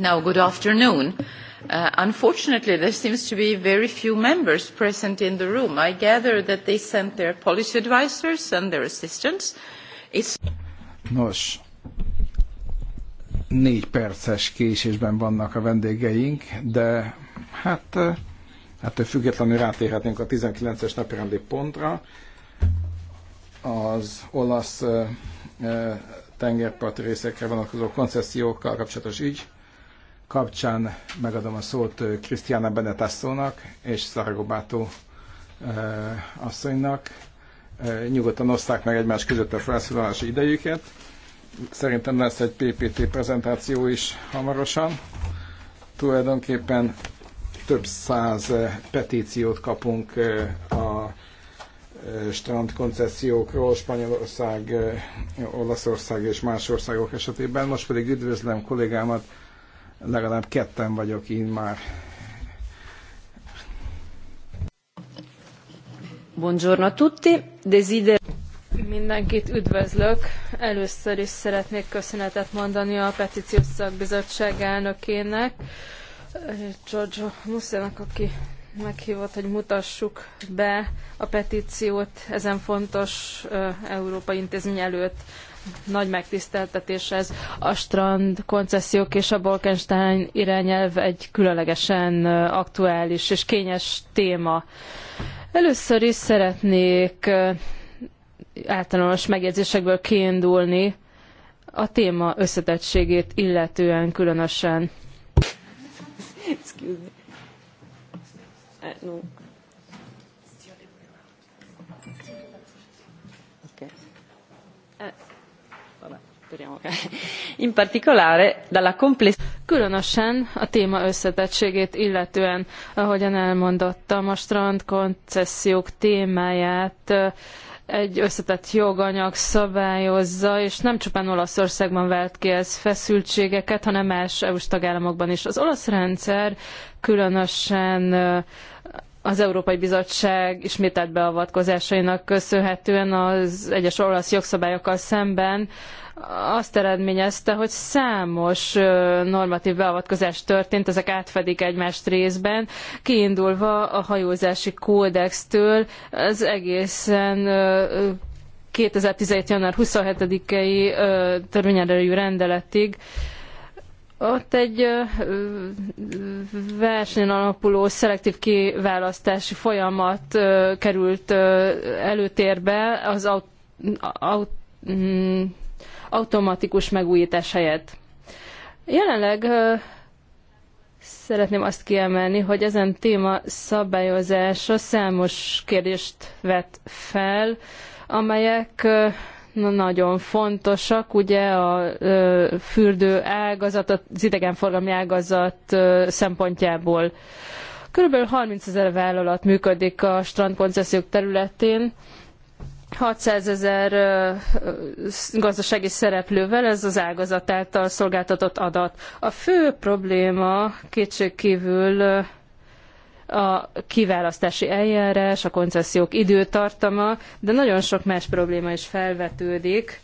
Now, good afternoon. Uh, unfortunately, there seems to be very few members present in the room. I gather that they sent their policy advisors and their assistants. It's... Nos, négy perces késésben vannak a vendégeink, de hát uh, ettől függetlenül rátérhetnénk a 19-es napirendi pontra. Az olasz uh, tengerparti részekre vonatkozó koncesziókkal kapcsolatos ügy kapcsán megadom a szót Krisztiána Benetasszónak és Szaragobátó asszonynak. Nyugodtan oszták meg egymás között a felszólalási idejüket. Szerintem lesz egy PPT prezentáció is hamarosan. Tulajdonképpen több száz petíciót kapunk a strandkoncesziókról Spanyolország, Olaszország és más országok esetében. Most pedig üdvözlöm kollégámat, Legalább ketten vagyok én már. Buongiorno tutti. Desider... Mindenkit üdvözlök. Először is szeretnék köszönetet mondani a Petíciós Szakbizottság elnökének, Giorgio Muszenak, aki meghívott, hogy mutassuk be a petíciót ezen fontos uh, európai intézmény előtt nagy megtiszteltetés ez. A strand koncesziók és a Bolkenstein irányelv egy különlegesen aktuális és kényes téma. Először is szeretnék általános megjegyzésekből kiindulni a téma összetettségét illetően különösen. Excuse me. Uh, no. Különösen a téma összetettségét illetően, ahogyan elmondottam, a strandkoncesziók témáját eh, egy összetett joganyag szabályozza, és nem csupán Olaszországban vált ki ez feszültségeket, hanem más EU-s tagállamokban is. Az olasz rendszer különösen eh, az Európai Bizottság ismételt beavatkozásainak köszönhetően az egyes olasz jogszabályokkal szemben azt eredményezte, hogy számos normatív beavatkozás történt, ezek átfedik egymást részben, kiindulva a hajózási kódextől az egészen 2017. január 27-i törvényerőjű rendeletig. Ott egy versenyen alapuló szelektív kiválasztási folyamat került előtérbe az aut- aut- automatikus megújítás helyett. Jelenleg szeretném azt kiemelni, hogy ezen téma szabályozása számos kérdést vet fel, amelyek nagyon fontosak, ugye a fürdő ágazat, az idegenforgalmi ágazat szempontjából. Körülbelül 30 ezer vállalat működik a strandkoncesziók területén, 600 ezer gazdasági szereplővel, ez az ágazat által szolgáltatott adat. A fő probléma kétségkívül a kiválasztási eljárás, a koncesziók időtartama, de nagyon sok más probléma is felvetődik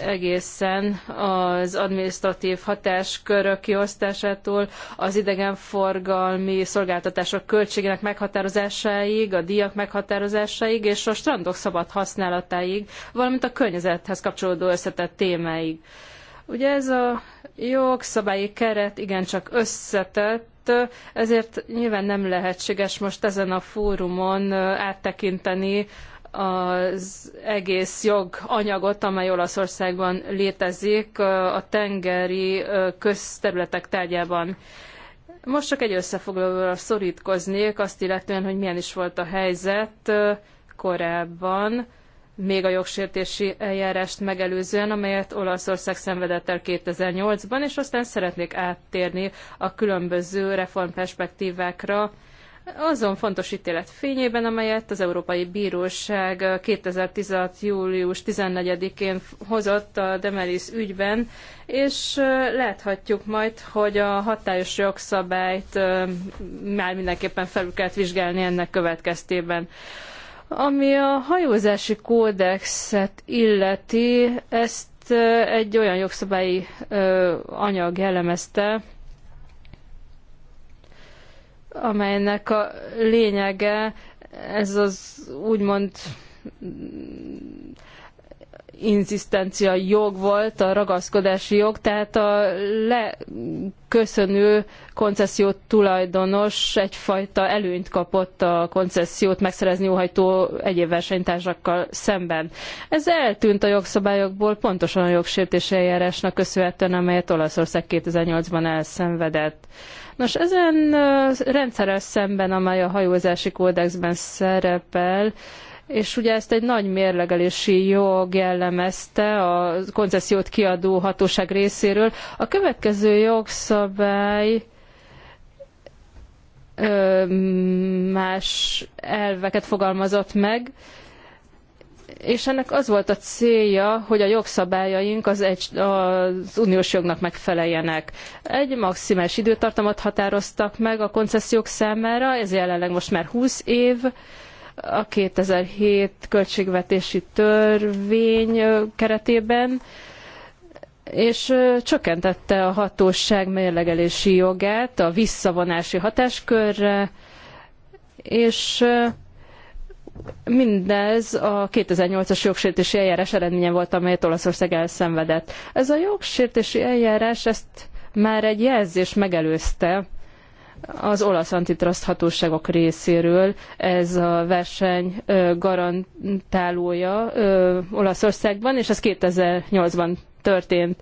egészen az adminisztratív hatáskörök kiosztásától az idegenforgalmi szolgáltatások költségének meghatározásáig, a díjak meghatározásáig és a strandok szabad használatáig, valamint a környezethez kapcsolódó összetett témáig. Ugye ez a jogszabályi keret igencsak összetett, ezért nyilván nem lehetséges most ezen a fórumon áttekinteni az egész joganyagot, amely Olaszországban létezik a tengeri közterületek tárgyában. Most csak egy összefoglalóra szorítkoznék, azt illetően, hogy milyen is volt a helyzet korábban, még a jogsértési eljárást megelőzően, amelyet Olaszország szenvedett el 2008-ban, és aztán szeretnék áttérni a különböző reformperspektívákra, azon fontos ítélet fényében, amelyet az Európai Bíróság 2016. Eh, július 14-én hozott a Demeris ügyben, és eh, láthatjuk majd, hogy a hatályos jogszabályt eh, már mindenképpen felül kellett vizsgálni ennek következtében. Ami a hajózási kódexet illeti, ezt egy olyan jogszabályi anyag jellemezte, amelynek a lényege ez az úgymond inzisztencia jog volt, a ragaszkodási jog, tehát a leköszönő koncesziót tulajdonos egyfajta előnyt kapott a koncesziót megszerezni óhajtó egyéb versenytársakkal szemben. Ez eltűnt a jogszabályokból pontosan a jogsértési eljárásnak köszönhetően, amelyet Olaszország 2008-ban elszenvedett. Nos, ezen rendszeres szemben, amely a hajózási kódexben szerepel, és ugye ezt egy nagy mérlegelési jog jellemezte a koncesziót kiadó hatóság részéről. A következő jogszabály más elveket fogalmazott meg, és ennek az volt a célja, hogy a jogszabályaink az, egy, az uniós jognak megfeleljenek. Egy maximális időtartamot határoztak meg a koncesziók számára, ez jelenleg most már 20 év, a 2007 költségvetési törvény keretében, és csökkentette a hatóság mérlegelési jogát a visszavonási hatáskörre, és Mindez a 2008-as jogsértési eljárás eredménye volt, amelyet Olaszország elszenvedett. Ez a jogsértési eljárás ezt már egy jelzés megelőzte az olasz antitrust hatóságok részéről. Ez a verseny garantálója Olaszországban, és ez 2008-ban történt.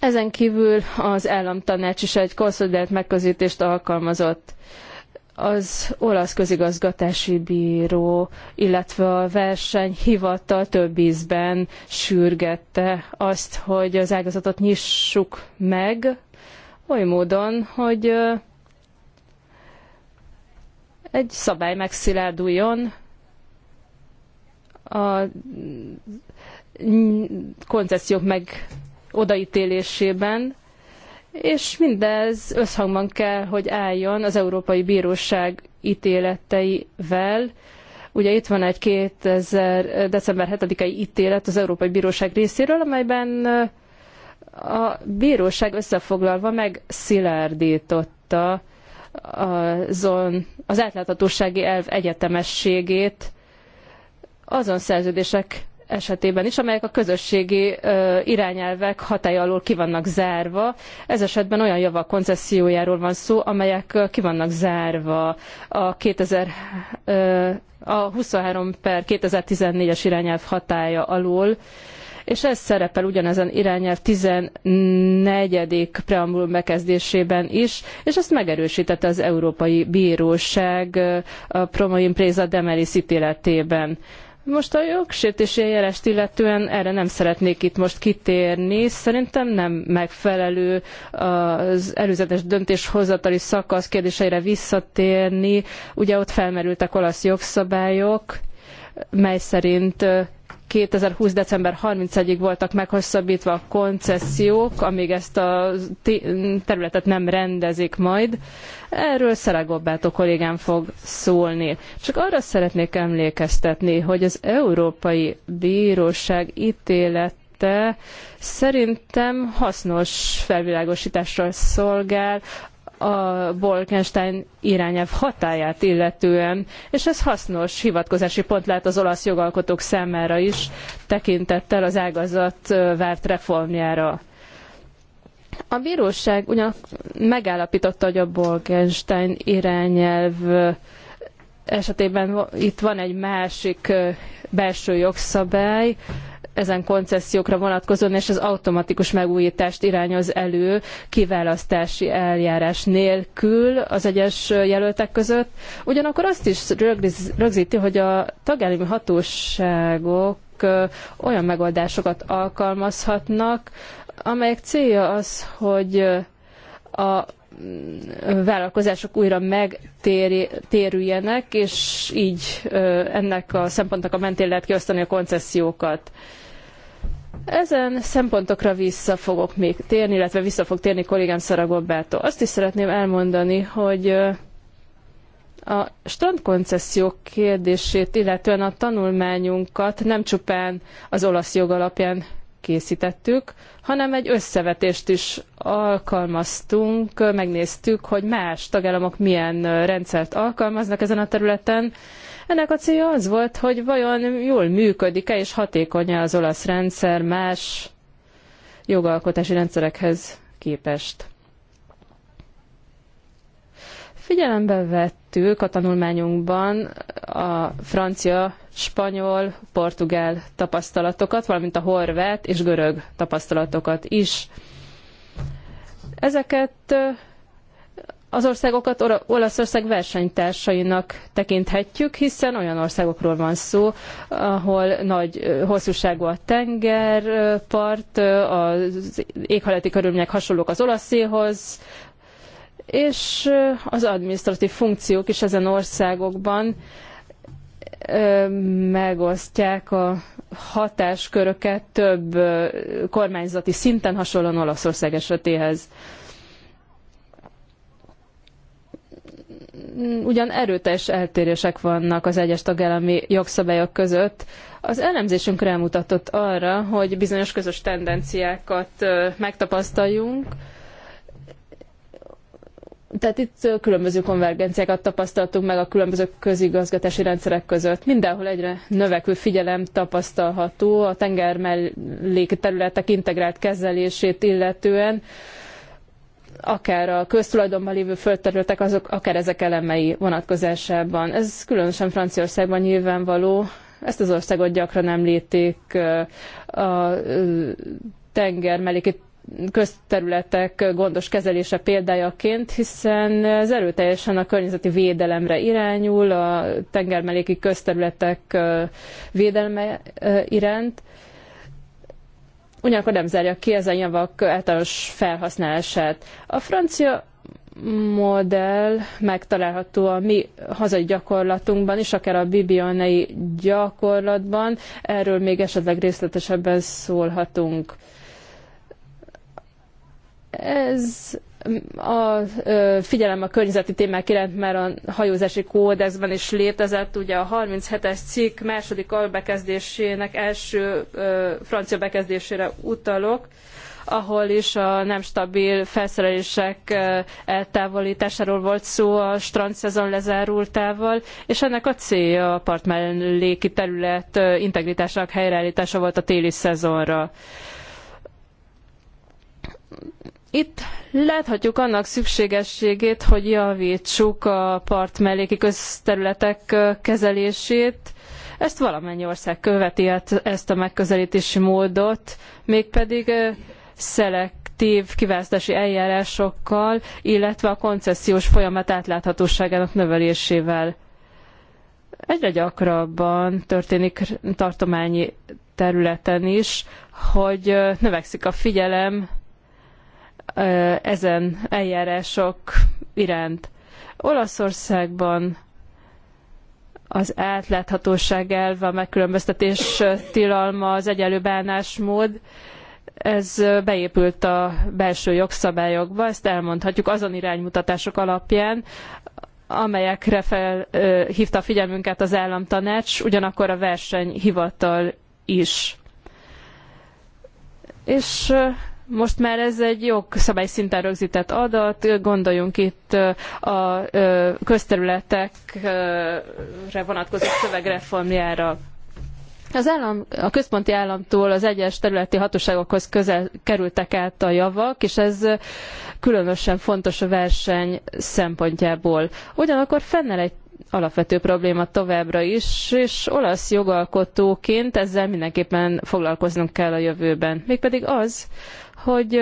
Ezen kívül az államtanács is egy konszolidált megközelítést alkalmazott az olasz közigazgatási bíró, illetve a versenyhivatal több ízben sürgette azt, hogy az ágazatot nyissuk meg, oly módon, hogy egy szabály megszilárduljon a koncesziók meg odaítélésében, és mindez összhangban kell, hogy álljon az Európai Bíróság ítéleteivel. Ugye itt van egy 2000. december 7-i ítélet az Európai Bíróság részéről, amelyben a bíróság összefoglalva megszilárdította azon, az átláthatósági elv egyetemességét azon szerződések esetében is, amelyek a közösségi irányelvek hatája alól ki vannak zárva. Ez esetben olyan javak koncessziójáról van szó, amelyek ki vannak zárva a 2000 a 23 per 2014-es irányelv hatája alól, és ez szerepel ugyanezen irányelv 14. preambulum bekezdésében is, és ezt megerősítette az Európai Bíróság a Promoimpreza Demeris ítéletében. Most a jogsértési eljárást illetően erre nem szeretnék itt most kitérni. Szerintem nem megfelelő az előzetes döntéshozatali szakasz kérdéseire visszatérni. Ugye ott felmerültek olasz jogszabályok, mely szerint 2020. december 31-ig voltak meghosszabbítva a koncesziók, amíg ezt a területet nem rendezik majd. Erről Szeregobbátó kollégám fog szólni. Csak arra szeretnék emlékeztetni, hogy az Európai Bíróság ítélete szerintem hasznos felvilágosításra szolgál a Bolkenstein irányelv hatáját illetően, és ez hasznos hivatkozási pont lehet az olasz jogalkotók számára is, tekintettel az ágazat várt reformjára. A bíróság ugyan megállapította, hogy a Bolkenstein irányelv esetében itt van egy másik belső jogszabály, ezen koncesziókra vonatkozóan, és az automatikus megújítást irányoz elő kiválasztási eljárás nélkül az egyes jelöltek között. Ugyanakkor azt is rögzíti, hogy a tagállami hatóságok olyan megoldásokat alkalmazhatnak, amelyek célja az, hogy a mm, vállalkozások újra megtérüljenek, és így ennek a szempontnak a mentén lehet kiosztani a koncesziókat. Ezen szempontokra vissza fogok még térni, illetve vissza fog térni kollégám Szaragobbától. Azt is szeretném elmondani, hogy a strandkoncesziók kérdését, illetően a tanulmányunkat nem csupán az olasz jog alapján készítettük, hanem egy összevetést is alkalmaztunk, megnéztük, hogy más tagállamok milyen rendszert alkalmaznak ezen a területen, ennek a célja az volt, hogy vajon jól működik-e és hatékony-e az olasz rendszer más jogalkotási rendszerekhez képest. Figyelembe vettük a tanulmányunkban a francia, spanyol, portugál tapasztalatokat, valamint a horvát és görög tapasztalatokat is. Ezeket az országokat Olaszország versenytársainak tekinthetjük, hiszen olyan országokról van szó, ahol nagy hosszúságú a tengerpart, az éghajlati körülmények hasonlók az olaszéhoz, és az administratív funkciók is ezen országokban megosztják a hatásköröket több kormányzati szinten, hasonlóan Olaszország esetéhez. ugyan erőteljes eltérések vannak az egyes tagállami jogszabályok között. Az elemzésünk rámutatott arra, hogy bizonyos közös tendenciákat megtapasztaljunk, tehát itt különböző konvergenciákat tapasztaltunk meg a különböző közigazgatási rendszerek között. Mindenhol egyre növekvő figyelem tapasztalható a tenger melléki területek integrált kezelését illetően akár a köztulajdonban lévő földterületek, azok akár ezek elemei vonatkozásában. Ez különösen Franciaországban nyilvánvaló. Ezt az országot gyakran említik a tenger melléki közterületek gondos kezelése példájaként, hiszen ez erőteljesen a környezeti védelemre irányul, a tengermeléki közterületek védelme iránt ugyanakkor nem zárja ki a javak általános felhasználását. A francia modell megtalálható a mi hazai gyakorlatunkban is, akár a bibionei gyakorlatban. Erről még esetleg részletesebben szólhatunk. Ez mm, a figyelem a környezeti témák iránt mert a hajózási kódexben is létezett. Ugye a 37-es cikk második albekezdésének első francia bekezdésére utalok ahol is a nem stabil felszerelések eltávolításáról volt szó a strandszezon lezárultával, és ennek a célja a partmelléki terület integritásának helyreállítása volt a téli szezonra itt láthatjuk annak szükségességét, hogy javítsuk a part melléki közterületek kezelését. Ezt valamennyi ország követi ezt a megközelítési módot, mégpedig szelektív kiválasztási eljárásokkal, illetve a koncesziós folyamat átláthatóságának növelésével. Egyre gyakrabban történik tartományi területen is, hogy növekszik a figyelem ezen eljárások iránt. Olaszországban az átláthatóság elve, a megkülönböztetés tilalma, az egyenlő bánásmód, ez beépült a belső jogszabályokba, ezt elmondhatjuk azon iránymutatások alapján, amelyekre felhívta a figyelmünket az államtanács, ugyanakkor a versenyhivatal is. És most már ez egy jogszabály szinten rögzített adat, gondoljunk itt a közterületekre vonatkozó szövegreformjára. Az állam, a központi államtól az egyes területi hatóságokhoz közel kerültek át a javak, és ez különösen fontos a verseny szempontjából. Ugyanakkor fennel egy alapvető probléma továbbra is, és olasz jogalkotóként ezzel mindenképpen foglalkoznunk kell a jövőben. Mégpedig az, hogy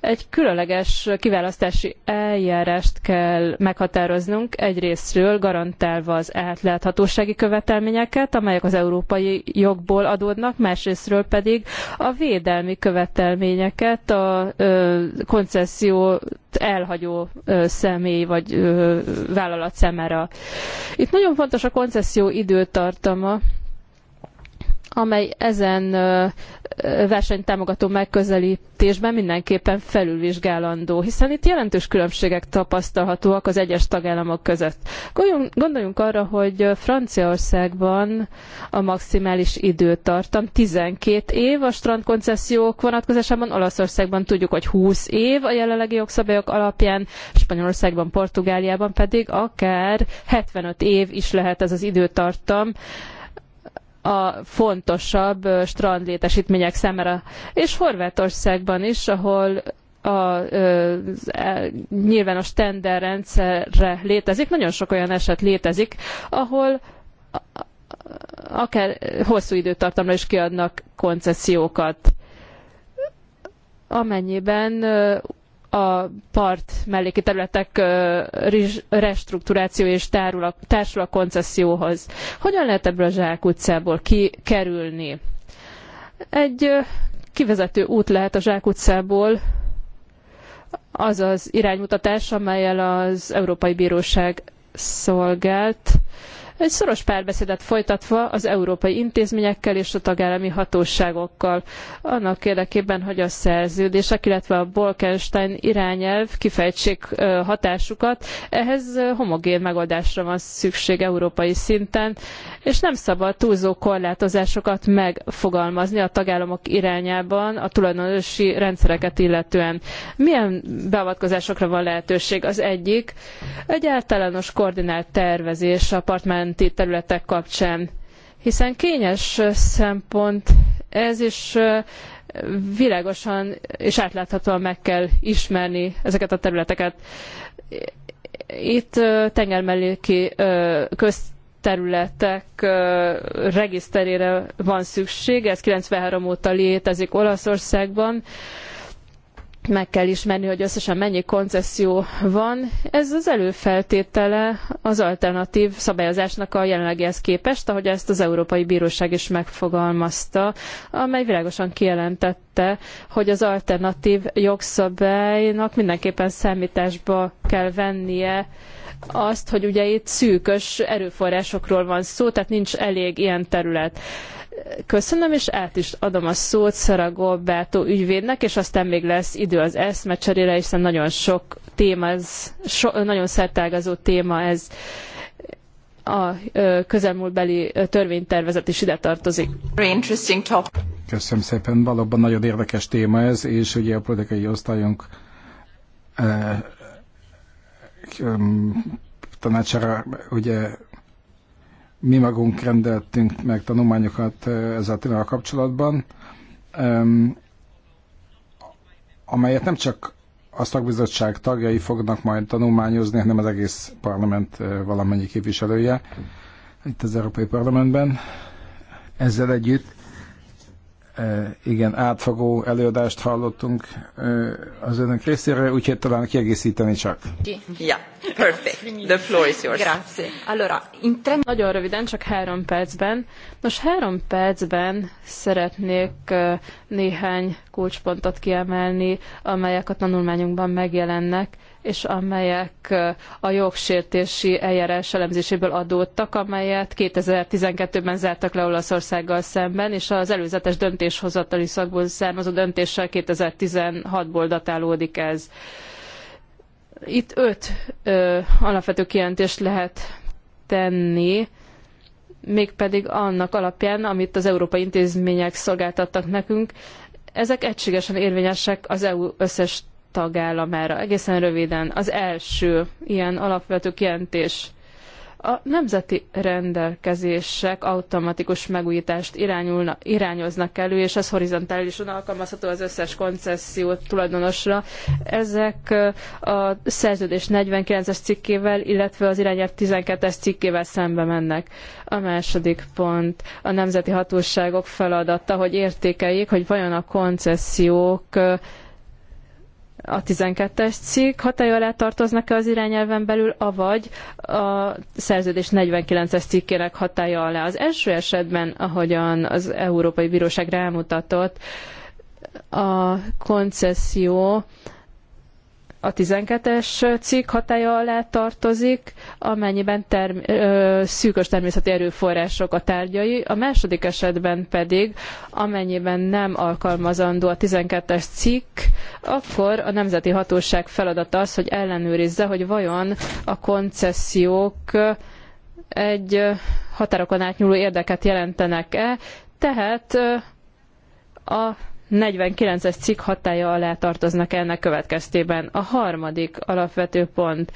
egy különleges kiválasztási eljárást kell meghatároznunk egyrésztről, garantálva az átláthatósági követelményeket, amelyek az európai jogból adódnak, másrésztről pedig a védelmi követelményeket a koncessziót elhagyó személy vagy vállalat számára. Itt nagyon fontos a koncesszió időtartama, amely ezen versenytámogató megközelítésben mindenképpen felülvizsgálandó, hiszen itt jelentős különbségek tapasztalhatóak az egyes tagállamok között. Gondoljunk arra, hogy Franciaországban a maximális időtartam 12 év, a strandkoncesziók vonatkozásában Olaszországban tudjuk, hogy 20 év a jelenlegi jogszabályok alapján, Spanyolországban, Portugáliában pedig akár 75 év is lehet ez az időtartam, a fontosabb strandlétesítmények számára. És Horvátországban is, ahol a, ö, e, nyilvános tenderrendszerre létezik, nagyon sok olyan eset létezik, ahol akár hosszú időtartamra is kiadnak koncesziókat amennyiben a part melléki területek restrukturációja és tárul társul a koncesszióhoz. Hogyan lehet ebből a zsákutcából kikerülni? Egy kivezető út lehet a zsákutcából az az iránymutatás, amelyel az Európai Bíróság szolgált egy szoros párbeszédet folytatva az európai intézményekkel és a tagállami hatóságokkal. Annak érdekében, hogy a szerződések, illetve a Bolkenstein irányelv kifejtsék hatásukat, ehhez homogén megoldásra van szükség európai szinten, és nem szabad túlzó korlátozásokat megfogalmazni a tagállamok irányában a tulajdonosi rendszereket illetően. Milyen beavatkozásokra van lehetőség? Az egyik egy általános koordinált tervezés apartman menti területek kapcsán. Hiszen kényes szempont ez, és világosan és átláthatóan meg kell ismerni ezeket a területeket. Itt tengermelléki közterületek regiszterére van szükség, ez 93 óta létezik Olaszországban meg kell ismerni, hogy összesen mennyi koncesszió van. Ez az előfeltétele az alternatív szabályozásnak a jelenlegihez képest, ahogy ezt az Európai Bíróság is megfogalmazta, amely világosan kijelentette, hogy az alternatív jogszabálynak mindenképpen számításba kell vennie azt, hogy ugye itt szűkös erőforrásokról van szó, tehát nincs elég ilyen terület. Köszönöm, és át is adom a szót Szara Golbátó ügyvédnek, és aztán még lesz idő az eszmecserére, hiszen nagyon sok téma ez, so, nagyon szertágazó téma ez a közelmúltbeli törvénytervezet is ide tartozik. Köszönöm szépen, valóban nagyon érdekes téma ez, és ugye a politikai osztályunk tanácsára ugye mi magunk rendeltünk meg tanulmányokat ezzel a témával kapcsolatban, amelyet nem csak a szakbizottság tagjai fognak majd tanulmányozni, hanem az egész parlament valamennyi képviselője itt az Európai Parlamentben. Ezzel együtt igen átfogó előadást hallottunk az önök részéről, úgyhogy talán kiegészíteni csak. Ja, perfect. The floor is yours. Grazie. Allora, in tre... Nagyon röviden, csak három percben. Nos, három percben szeretnék néhány kulcspontot kiemelni, amelyek a tanulmányunkban megjelennek, és amelyek a jogsértési eljárás elemzéséből adódtak, amelyet 2012-ben zártak le Olaszországgal szemben, és az előzetes döntéshozatali szakból származó döntéssel 2016-ból datálódik ez. Itt öt ö, alapvető kijelentést lehet tenni, mégpedig annak alapján, amit az európai intézmények szolgáltattak nekünk, ezek egységesen érvényesek az EU összes tagállamára. Egészen röviden, az első ilyen alapvető kijelentés. A nemzeti rendelkezések automatikus megújítást irányulna, irányoznak elő, és ez horizontálisan alkalmazható az összes koncesszió tulajdonosra. Ezek a szerződés 49-es cikkével, illetve az irányelv 12-es cikkével szembe mennek. A második pont a nemzeti hatóságok feladata, hogy értékeljék, hogy vajon a koncesziók a 12-es cikk hatálya alá tartoznak-e az irányelven belül, avagy a szerződés 49-es cikkének hatája alá. Az első esetben, ahogyan az Európai Bíróság rámutatott, a koncesszió a 12-es cikk hatája alá tartozik, amennyiben term- ö, szűkös természeti erőforrások a tárgyai, a második esetben pedig, amennyiben nem alkalmazandó a 12-es cikk, akkor a nemzeti hatóság feladata az, hogy ellenőrizze, hogy vajon a koncesziók egy határokon átnyúló érdeket jelentenek-e, tehát a 49-es cikk hatája alá tartoznak ennek következtében. A harmadik alapvető pont.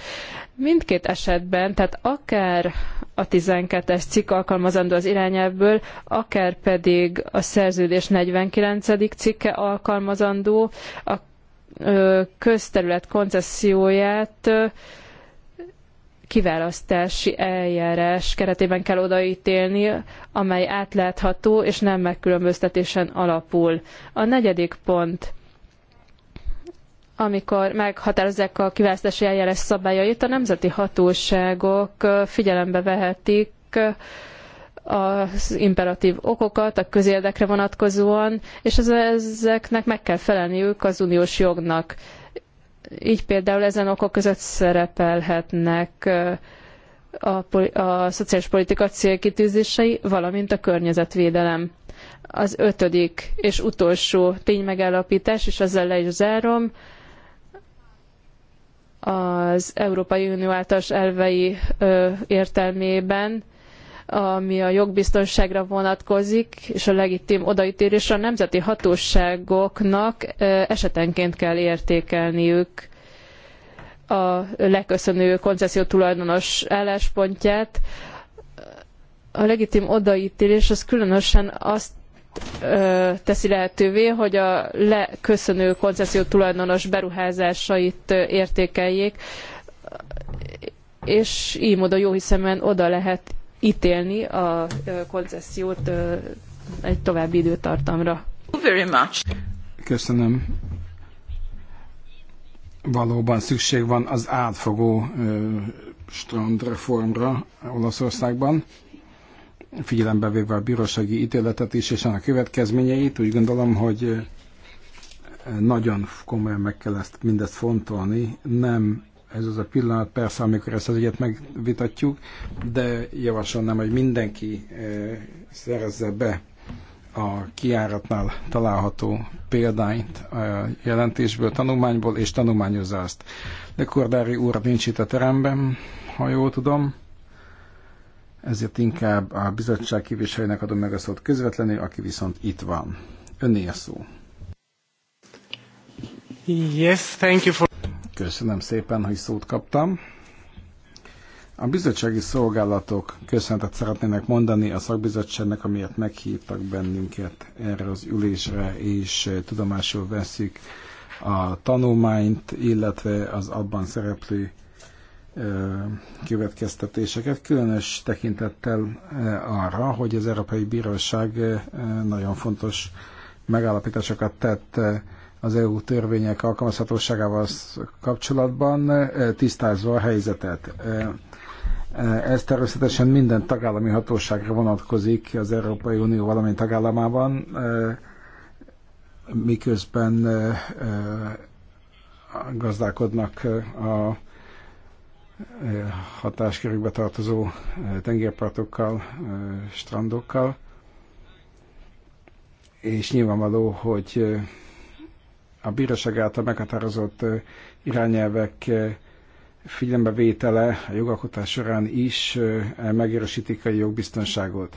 Mindkét esetben, tehát akár a 12-es cikk alkalmazandó az irányelvből, akár pedig a szerződés 49. cikke alkalmazandó, a közterület koncesszióját kiválasztási eljárás keretében kell odaítélni, amely átlátható és nem megkülönböztetésen alapul. A negyedik pont amikor meghatározzák a kiválasztási eljárás szabályait, a nemzeti hatóságok figyelembe vehetik az imperatív okokat a közérdekre vonatkozóan, és ezeknek meg kell felelniük az uniós jognak. Így például ezen okok között szerepelhetnek a, a szociális politika célkitűzései, valamint a környezetvédelem. Az ötödik és utolsó ténymegállapítás, és ezzel le is zárom, az Európai Unió általános elvei ö, értelmében ami a jogbiztonságra vonatkozik, és a legitim odaítélésre a nemzeti hatóságoknak esetenként kell értékelniük a leköszönő koncesszió tulajdonos álláspontját. A legitim odaítélés az különösen azt teszi lehetővé, hogy a leköszönő koncesszió tulajdonos beruházásait értékeljék, és így módon jó oda lehet ítélni a koncesziót egy további időtartamra. Very much. Köszönöm. Valóban szükség van az átfogó strandreformra Olaszországban, figyelembe véve a bírósági ítéletet is és annak következményeit. Úgy gondolom, hogy nagyon komolyan meg kell ezt mindezt fontolni. Nem ez az a pillanat persze, amikor ezt az ügyet megvitatjuk, de javasolnám, hogy mindenki eh, szerezze be a kiáratnál található példányt a jelentésből, tanulmányból, és tanulmányozza azt. De Kordári úr nincs itt a teremben, ha jól tudom, ezért inkább a bizottság képviselőnek adom meg a szót közvetlenül, aki viszont itt van. Önné a szó. Yes, thank you for Köszönöm szépen, hogy szót kaptam. A bizottsági szolgálatok köszönetet szeretnének mondani a szakbizottságnak, amiért meghívtak bennünket erre az ülésre, és tudomásul veszik a tanulmányt, illetve az abban szereplő következtetéseket, különös tekintettel arra, hogy az Európai Bíróság nagyon fontos megállapításokat tett az EU törvények alkalmazhatóságával kapcsolatban, e, tisztázva a helyzetet. E, e, ez természetesen minden tagállami hatóságra vonatkozik az Európai Unió valamint tagállamában, miközben gazdálkodnak a hatáskörükbe tartozó tengerpartokkal, strandokkal, és nyilvánvaló, hogy a bíróság által meghatározott irányelvek figyelembevétele a jogalkotás során is megerősítik a jogbiztonságot.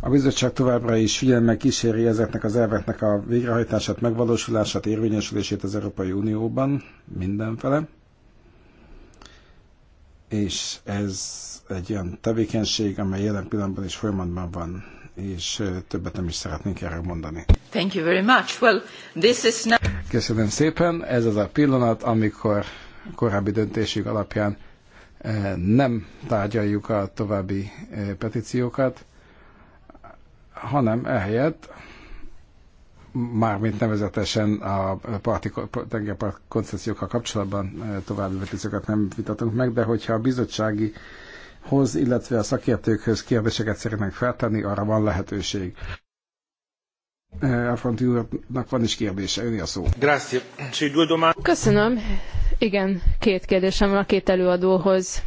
A bizottság továbbra is figyelemmel kíséri ezeknek az elveknek a végrehajtását, megvalósulását, érvényesülését az Európai Unióban mindenfele. És ez egy olyan tevékenység, amely jelen pillanatban is folyamatban van és többet nem is szeretnék erre mondani. Thank you very much. Well, this is now. Köszönöm szépen. Ez az a pillanat, amikor korábbi döntésük alapján nem tárgyaljuk a további petíciókat, hanem ehelyett mármint nevezetesen a parti, tengerpart koncesziókkal kapcsolatban további petíciókat nem vitatunk meg, de hogyha a bizottsági hoz, illetve a szakértőkhöz kérdéseket szeretnek feltenni, arra van lehetőség. Elfonti eh, úrnak van is kérdése, ő a szó. Köszönöm. Igen, két kérdésem van a két előadóhoz.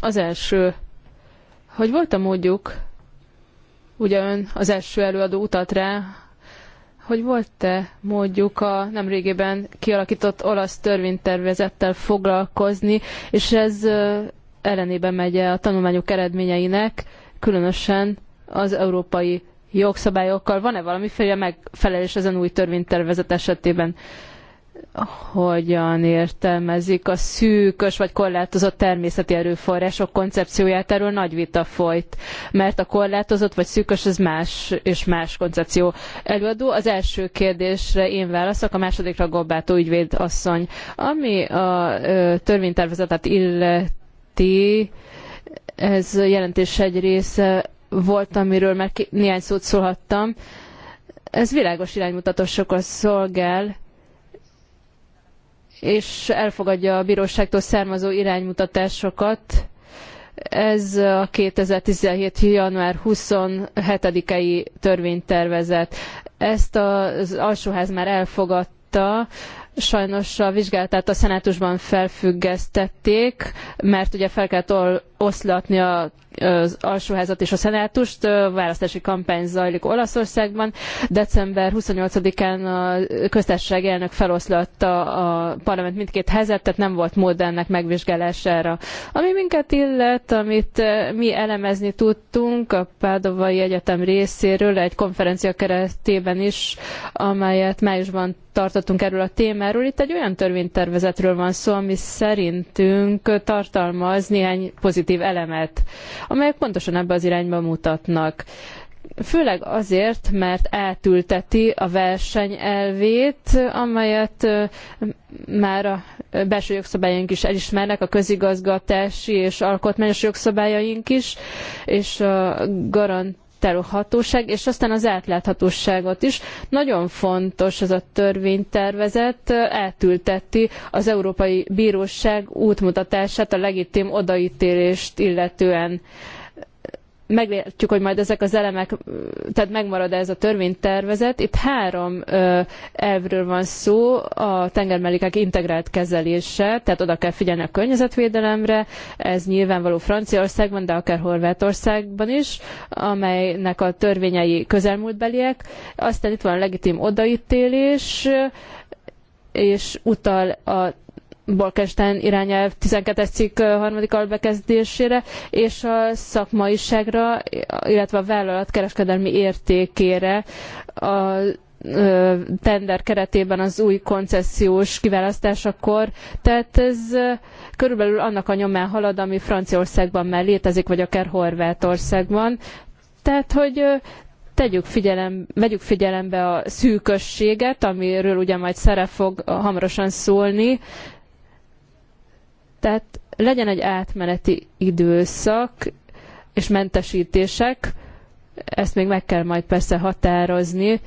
Az első, hogy volt a módjuk, ugye ön az első előadó utat rá, hogy volt-e módjuk a nemrégében kialakított olasz törvénytervezettel foglalkozni, és ez eh, ellenébe megy -e a tanulmányok eredményeinek, különösen az európai jogszabályokkal. Van-e valamiféle megfelelés ezen új törvénytervezet esetében? hogyan értelmezik a szűkös vagy korlátozott természeti erőforrások koncepcióját, erről nagy vita folyt, mert a korlátozott vagy szűkös ez más és más koncepció. Előadó, az első kérdésre én válaszok, a másodikra Gobbátó ügyvéd asszony. Ami a ö, törvénytervezetet illeti, illeti, ez jelentés egy része volt, amiről már néhány szót szólhattam. Ez világos iránymutatásokkal szolgál, és elfogadja a bíróságtól származó iránymutatásokat. Ez a 2017. január 27-i törvénytervezet. Ezt az alsóház már elfogadta, Sajnos a vizsgálatát a szenátusban felfüggesztették, mert ugye fel kellett oszlatni a az alsóházat és a szenátust. Választási kampány zajlik Olaszországban. December 28-án a köztársaság elnök feloszlatta a parlament mindkét házát, tehát nem volt mód ennek megvizsgálására. Ami minket illet, amit mi elemezni tudtunk a Pádovai Egyetem részéről egy konferencia keretében is, amelyet májusban tartottunk erről a témáról. Itt egy olyan törvénytervezetről van szó, ami szerintünk tartalmaz néhány pozitív elemet, amelyek pontosan ebbe az irányba mutatnak. Főleg azért, mert átülteti a verseny elvét, amelyet már a belső jogszabályaink is elismernek, a közigazgatási és alkotmányos jogszabályaink is, és a garant tárolhatóság, és aztán az átláthatóságot is. Nagyon fontos ez a törvénytervezet, átülteti az Európai Bíróság útmutatását a legitim odaítélést illetően meglátjuk, hogy majd ezek az elemek, tehát megmarad -e ez a törvénytervezet. Itt három ö, elvről van szó, a tengermelikák integrált kezelése, tehát oda kell figyelni a környezetvédelemre, ez nyilvánvaló Franciaországban, de akár Horvátországban is, amelynek a törvényei közelmúltbeliek. Aztán itt van a legitim odaítélés, és utal a Bolkenstein irányelv 12-es cikk harmadik albekezdésére, és a szakmaiságra, illetve a vállalat kereskedelmi értékére a tender keretében az új koncesziós kiválasztásakor. Tehát ez körülbelül annak a nyomán halad, ami Franciaországban már létezik, vagy akár Horvátországban. Tehát, hogy tegyük figyelem, vegyük figyelembe a szűkösséget, amiről ugye majd Szere fog hamarosan szólni, tehát legyen egy átmeneti időszak és mentesítések, ezt még meg kell majd persze határozni,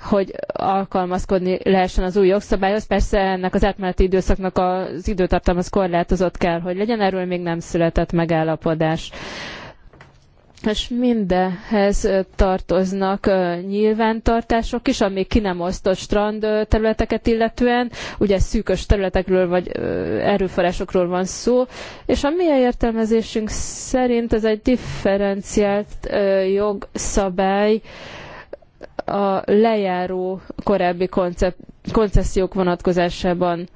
hogy alkalmazkodni lehessen az új jogszabályhoz. Persze ennek az átmeneti időszaknak az időtartalma az korlátozott kell, hogy legyen, erről még nem született megállapodás és mindehez tartoznak nyilvántartások is, amik ki nem osztott strand területeket illetően, ugye szűkös területekről vagy erőforrásokról van szó, és a mi értelmezésünk szerint ez egy differenciált jogszabály a lejáró korábbi koncepciók vonatkozásában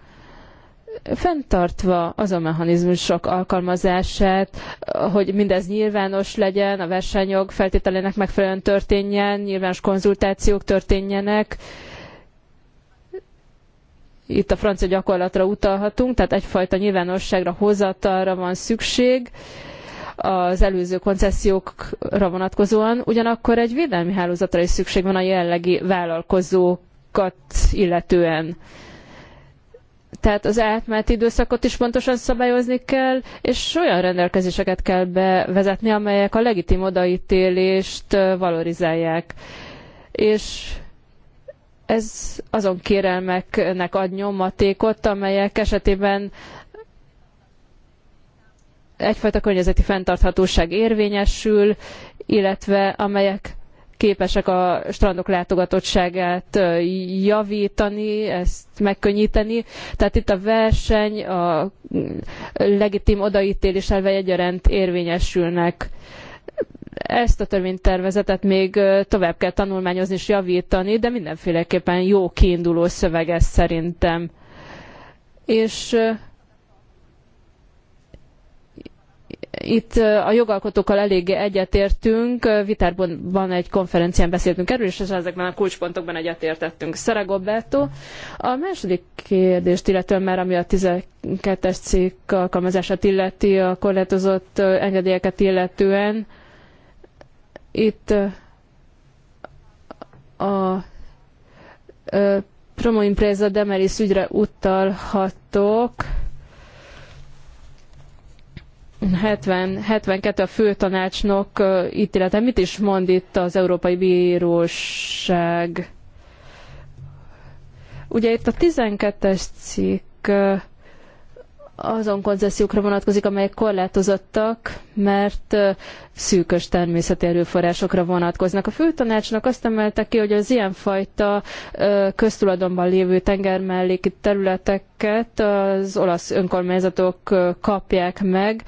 fenntartva azon mechanizmusok alkalmazását, hogy mindez nyilvános legyen, a versenyjog feltételének megfelelően történjen, nyilvános konzultációk történjenek. Itt a francia gyakorlatra utalhatunk, tehát egyfajta nyilvánosságra, hozatalra van szükség az előző koncesziókra vonatkozóan, ugyanakkor egy védelmi hálózatra is szükség van a jellegi vállalkozókat illetően. Tehát az átmeneti időszakot is pontosan szabályozni kell, és olyan rendelkezéseket kell bevezetni, amelyek a legitim odaítélést valorizálják. És ez azon kérelmeknek ad nyomatékot, amelyek esetében egyfajta környezeti fenntarthatóság érvényesül, illetve amelyek képesek a strandok látogatottságát javítani, ezt megkönnyíteni. Tehát itt a verseny, a legitim odaítélés elve egyaránt érvényesülnek. Ezt a törvénytervezetet még tovább kell tanulmányozni és javítani, de mindenféleképpen jó kiinduló szöveg ez szerintem. És itt a jogalkotókkal eléggé egyetértünk, van egy konferencián beszéltünk erről, és ezekben a kulcspontokban egyetértettünk. Szeregobberto, a második kérdést illetően már, ami a 12-es cikk alkalmazását illeti, a korlátozott engedélyeket illetően, itt a Promo Impreza Demeris ügyre utalhatok, 70-72 a főtanácsnok ítélete. Mit is mond itt az Európai Bíróság? Ugye itt a 12-es cikk azon koncesziókra vonatkozik, amelyek korlátozottak, mert szűkös természeti erőforrásokra vonatkoznak. A főtanácsnak azt emelte ki, hogy az ilyenfajta köztulajdonban lévő tengermelléki területeket az olasz önkormányzatok kapják meg,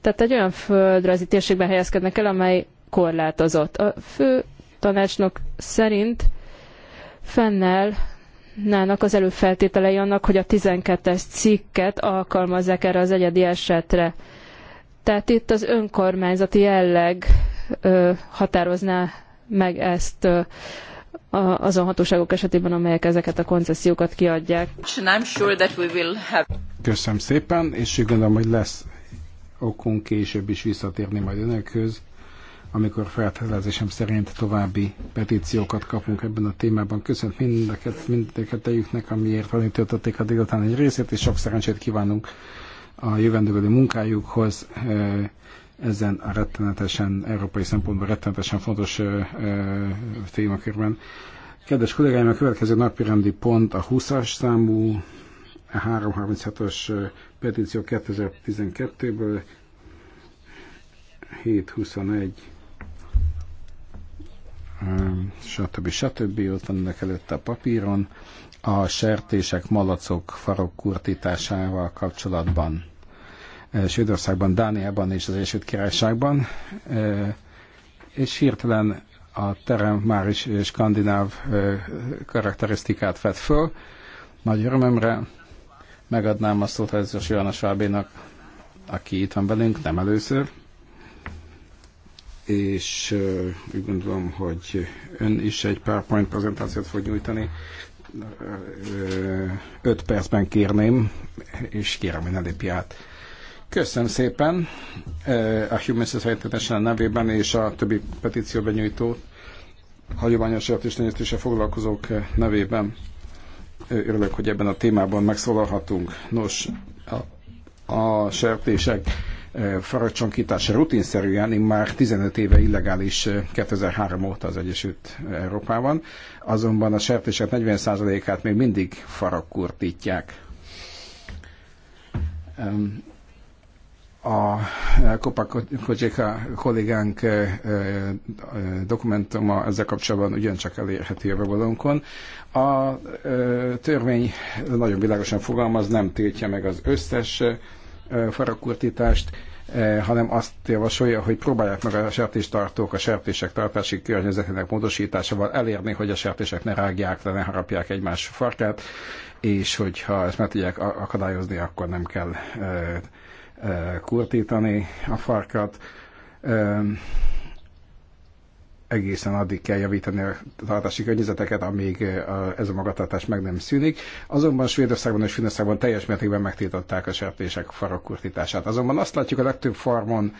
tehát egy olyan földrajzi térségben helyezkednek el, amely korlátozott. A fő tanácsnok szerint fennel nának az előfeltételei annak, hogy a 12-es cikket alkalmazzák erre az egyedi esetre. Tehát itt az önkormányzati jelleg ö, határozná meg ezt ö, a, azon hatóságok esetében, amelyek ezeket a koncesziókat kiadják. Köszönöm szépen, és úgy gondolom, hogy lesz okunk később is visszatérni majd önökhöz amikor feltételezésem szerint további petíciókat kapunk ebben a témában. Köszönöm mindeket, mindeket eljüknek, amiért tanítottatték a délután egy részét, és sok szerencsét kívánunk a jövendőbeli munkájukhoz eh, ezen a rettenetesen, európai szempontból rettenetesen fontos eh, eh, témakörben. Kedves kollégáim, a következő napirendi pont a 20-as számú, a 337-ös petíció 2012-ből, 721 Hm, stb. stb. ott van ennek előtt a papíron, a sertések, malacok farokkurtításával kapcsolatban. Svédországban, Dániában és az Egyesült Királyságban, és hirtelen a terem már is skandináv karakterisztikát vett föl. Nagy örömömre megadnám a szót ez a Fábénak, aki itt van velünk, nem először és úgy gondolom, hogy ön is egy PowerPoint prezentációt fog nyújtani. 5 percben kérném, és kérem, hogy ne lépj át. Köszönöm szépen a Human Society nevében és a többi petíció benyújtó hagyományos értésnényeztése foglalkozók nevében. Örülök, hogy ebben a témában megszólalhatunk. Nos, a, a sertések faragcsonkítás rutinszerűen már 15 éve illegális 2003 óta az Egyesült Európában, azonban a sertések 40%-át még mindig faragkurtítják. A Kopa Kocsika kollégánk dokumentuma ezzel kapcsolatban ugyancsak elérhető a weboldalunkon. A törvény nagyon világosan fogalmaz, nem tiltja meg az összes farakurtítást, hanem azt javasolja, hogy próbálják meg a sertéstartók, a sertések tartási környezetének módosításával elérni, hogy a sertések ne rágják, ne harapják egymás farkát, és hogyha ezt meg tudják akadályozni, akkor nem kell kurtítani a farkat egészen addig kell javítani a tartási környezeteket, amíg ez a magatartás meg nem szűnik. Azonban Svédországban és Finnországban teljes mértékben megtiltották a sertések farokkurtítását. Azonban azt látjuk a legtöbb farmon,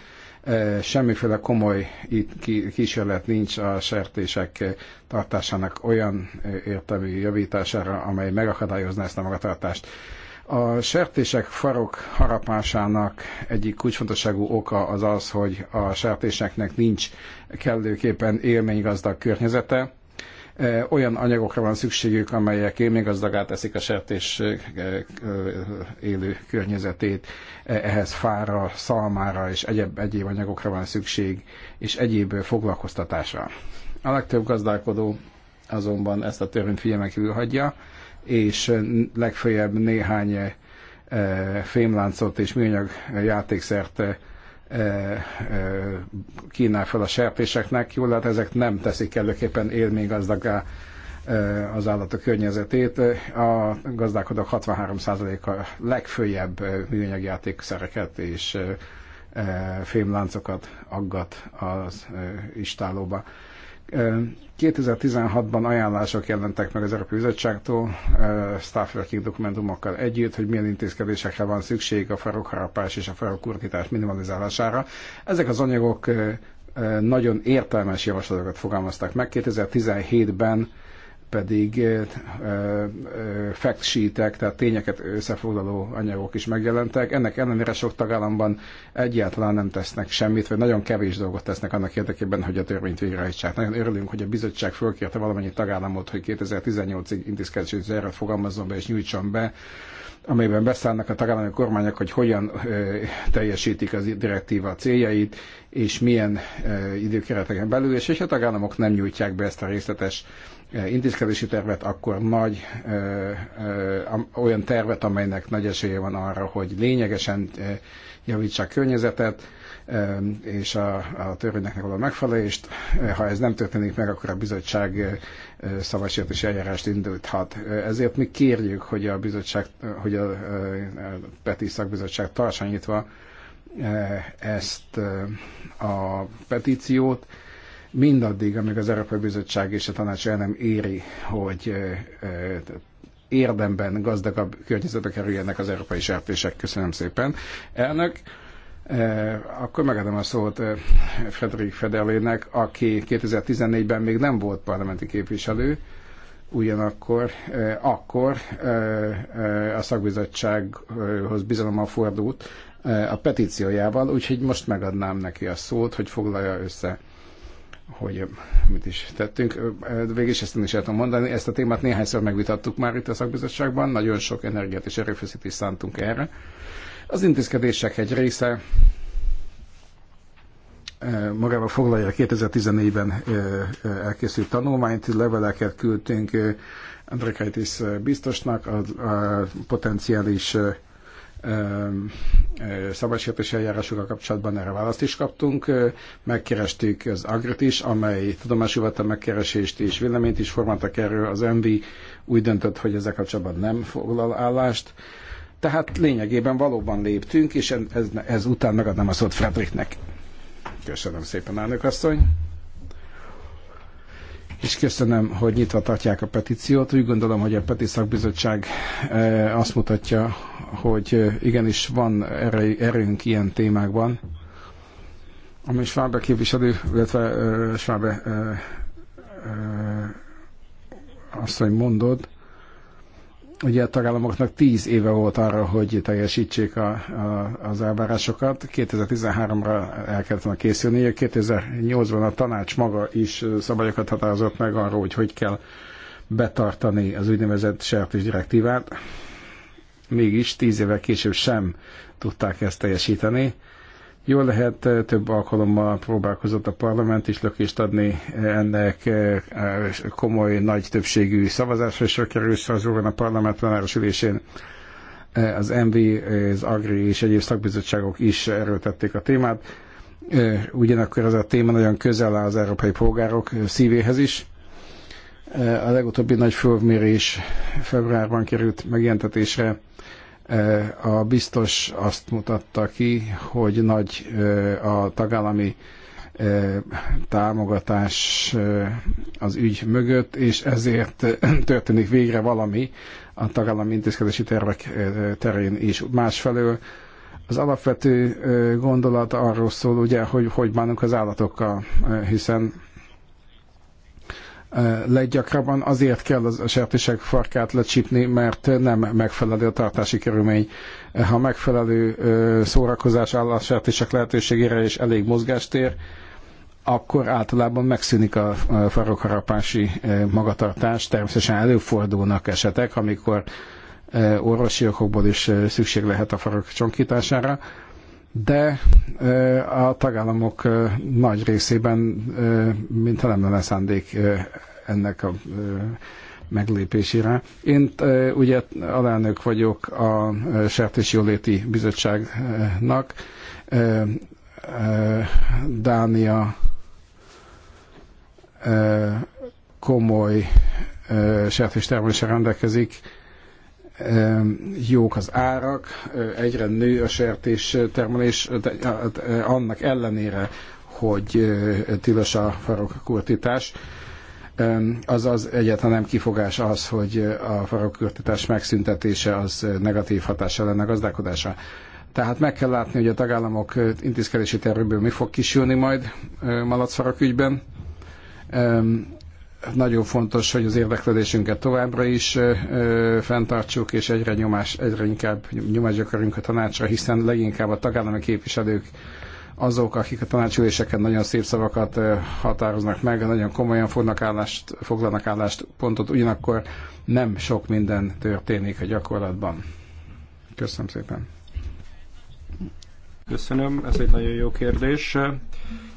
semmiféle komoly kísérlet nincs a sertések tartásának olyan értelmű javítására, amely megakadályozná ezt a magatartást. A sertések farok harapásának egyik kulcsfontosságú oka az az, hogy a sertéseknek nincs kellőképpen élménygazdag környezete. Olyan anyagokra van szükségük, amelyek élménygazdagát teszik a sertés élő környezetét. E, ehhez fára, szalmára és egyéb, egyéb anyagokra van szükség, és egyéb foglalkoztatásra. A legtöbb gazdálkodó azonban ezt a törvényt figyelmen kívül hagyja, és legfeljebb néhány eh, fémláncot és műanyag játékszert eh, eh, kínál fel a sertéseknek. Jól lehet, ezek nem teszik kellőképpen élménygazdagá az állatok környezetét. A gazdálkodók 63%-a legfőjebb műanyag játékszereket és fémláncokat aggat az istálóba. 2016-ban ajánlások jelentek meg az Európai Bizottságtól, eh, staffrakik dokumentumokkal együtt, hogy milyen intézkedésekre van szükség a farokharapás és a farokkurtítás minimalizálására. Ezek az anyagok eh, eh, nagyon értelmes javaslatokat fogalmaztak meg. 2017-ben pedig eh, eh, fact sheetek, tehát tényeket összefoglaló anyagok is megjelentek. Ennek ellenére sok tagállamban egyáltalán nem tesznek semmit, vagy nagyon kevés dolgot tesznek annak érdekében, hogy a törvényt végrehajtsák. Nagyon örülünk, hogy a bizottság fölkérte valamennyi tagállamot, hogy 2018-ig intézkedési zárat fogalmazzon be és nyújtson be amelyben beszállnak a tagállami kormányok, hogy hogyan teljesítik az direktíva céljait, és milyen időkereteken belül, és ha a tagállamok nem nyújtják be ezt a részletes intézkedési tervet, akkor nagy olyan tervet, amelynek nagy esélye van arra, hogy lényegesen javítsák környezetet, és a, a törvényeknek való megfelelést. Ha ez nem történik meg, akkor a bizottság szabadsértési eljárást indulthat. Ezért mi kérjük, hogy a, bizottság, hogy a PETI szakbizottság tartsa nyitva e, ezt e, a petíciót, mindaddig, amíg az Európai Bizottság és a tanács el nem éri, hogy e, érdemben gazdagabb környezetbe kerüljenek az európai sertések. Köszönöm szépen. Elnök, Eh, akkor megadom a szót eh, Frederik Fedelének, aki 2014-ben még nem volt parlamenti képviselő, ugyanakkor eh, akkor a szakbizottsághoz bizalommal fordult a petíciójával, úgyhogy most megadnám neki a szót, hogy foglalja össze hogy mit is tettünk. Végig is ezt nem is el tudom mondani, ezt a témát néhányszor megvitattuk már itt a szakbizottságban, nagyon sok energiát és erőfeszítést szántunk erre. Az intézkedések egy része e, magába foglalja 2014-ben e, e, elkészült tanulmányt, leveleket küldtünk Andrekaitis biztosnak, a, a potenciális szabadsértési eljárásokkal kapcsolatban erre választ is kaptunk. Megkerestük az Agrit is, amely tudomásul vette megkeresést és véleményt is formáltak erről. Az MV úgy döntött, hogy ezzel kapcsolatban nem foglal állást. Tehát lényegében valóban léptünk, és ez, ez után megadnám a szót Fredriknek. Köszönöm szépen, elnök asszony. És köszönöm, hogy nyitva tartják a petíciót. Úgy gondolom, hogy a Peti Szakbizottság eh, azt mutatja, hogy eh, igenis van erőnk ilyen témákban. Ami Schwabe képviselő, illetve eh, Schwabe azt, hogy mondod, Ugye a tagállamoknak 10 éve volt arra, hogy teljesítsék a, a, az elvárásokat. 2013-ra el kellett volna 2008-ban a tanács maga is szabályokat határozott meg arról, hogy hogy kell betartani az úgynevezett sertés direktívát. Mégis 10 éve később sem tudták ezt teljesíteni Jól lehet, eh, több alkalommal próbálkozott a parlament is lökést adni eh, ennek eh, komoly, nagy többségű szavazásra és kerül Strasbourgon szóval a parlament plenáros ülésén. Az MV, az Agri és egyéb szakbizottságok is erőltették a témát. Ugyanakkor ez a téma nagyon közel áll az európai polgárok szívéhez is. A legutóbbi nagy fölmérés februárban került megjelentetésre Eh, a biztos azt mutatta ki, hogy nagy eh, a tagállami eh, támogatás az ügy mögött, és ezért történik végre valami a tagállami intézkedési tervek terén is. Másfelől az alapvető gondolat arról szól, ugye, hogy hogy bánunk az állatokkal, hiszen leggyakrabban azért kell az sertések farkát lecsípni, mert nem megfelelő a tartási körülmény. Ha megfelelő szórakozás áll a sertések lehetőségére és elég mozgástér, akkor általában megszűnik a farokharapási magatartás. Természetesen előfordulnak esetek, amikor orvosi okokból is szükség lehet a farok csonkítására, de a tagállamok nagy részében, mintha nem lenne szándék ennek a meglépésére. Én ugye alelnök vagyok a Sertés Jóléti Bizottságnak, Dánia komoly sertés rendelkezik, jók az árak, egyre nő a sertés termelés, annak ellenére, hogy tilos a farokkurtítás. Azaz egyetlen nem kifogás az, hogy a farokkurtítás megszüntetése az negatív hatása lenne a gazdálkodásra. Tehát meg kell látni, hogy a tagállamok intézkedési tervéből mi fog kisülni majd malacfarok ügyben nagyon fontos, hogy az érdeklődésünket továbbra is fenntartsuk, és egyre, nyomás, egyre inkább nyomás gyakorlunk a tanácsra, hiszen leginkább a tagállami képviselők azok, akik a tanácsüléseken nagyon szép szavakat határoznak meg, nagyon komolyan fognak állást, foglalnak állást pontot, ugyanakkor nem sok minden történik a gyakorlatban. Köszönöm szépen. Köszönöm, ez egy nagyon jó kérdés,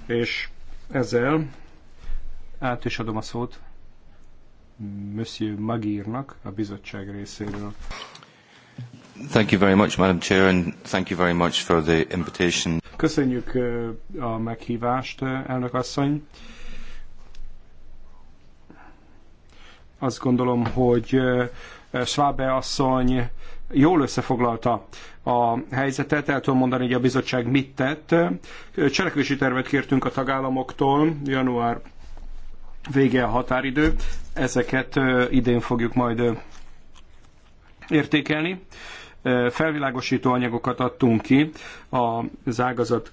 és ezzel át is adom a szót Monsieur Magírnak a bizottság részéről. Thank you very much, Madam Chair, and thank you very much for the invitation. Köszönjük a meghívást, elnök asszony. Azt gondolom, hogy Schwabe asszony jól összefoglalta a helyzetet, el tudom mondani, hogy a bizottság mit tett. Cselekvési tervet kértünk a tagállamoktól január vége a határidő. Ezeket idén fogjuk majd értékelni. Felvilágosító anyagokat adtunk ki az ágazat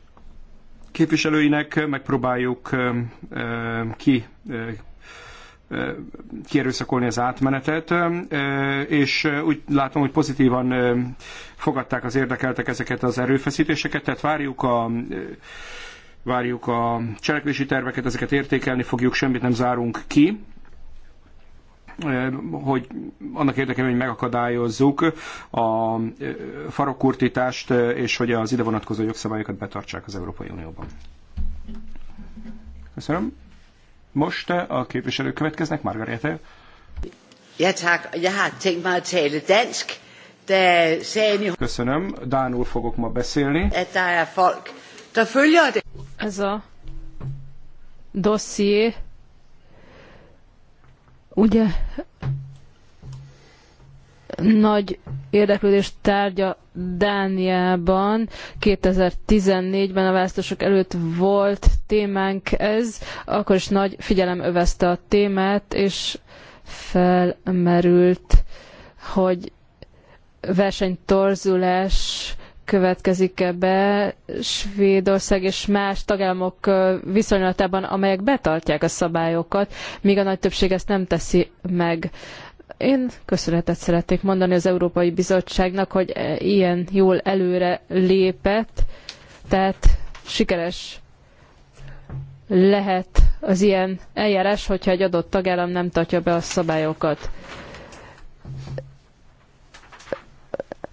képviselőinek, megpróbáljuk ki kierőszakolni az átmenetet, és úgy látom, hogy pozitívan fogadták az érdekeltek ezeket az erőfeszítéseket, tehát várjuk a várjuk a cselekvési terveket, ezeket értékelni fogjuk, semmit nem zárunk ki eh, hogy annak érdekében, hogy megakadályozzuk a eh, farokkurtítást, eh, és hogy az ide vonatkozó jogszabályokat betartsák az Európai Unióban. Köszönöm. Most a képviselők következnek, Margarete. Ja, tak. Ja, hát, tenk tænkt mig tale dansk, De szényi... Köszönöm. Dánul fogok ma beszélni. At der er folk, der følger det. Ez a dosszié, ugye nagy érdeklődést tárgya Dániában. 2014-ben a választások előtt volt témánk ez, akkor is nagy figyelem övezte a témát, és felmerült, hogy versenytorzulás következik-e be Svédország és más tagállamok viszonylatában, amelyek betartják a szabályokat, míg a nagy többség ezt nem teszi meg. Én köszönetet szeretnék mondani az Európai Bizottságnak, hogy e, ilyen jól előre lépett, tehát sikeres lehet az ilyen eljárás, hogyha egy adott tagállam nem tartja be a szabályokat.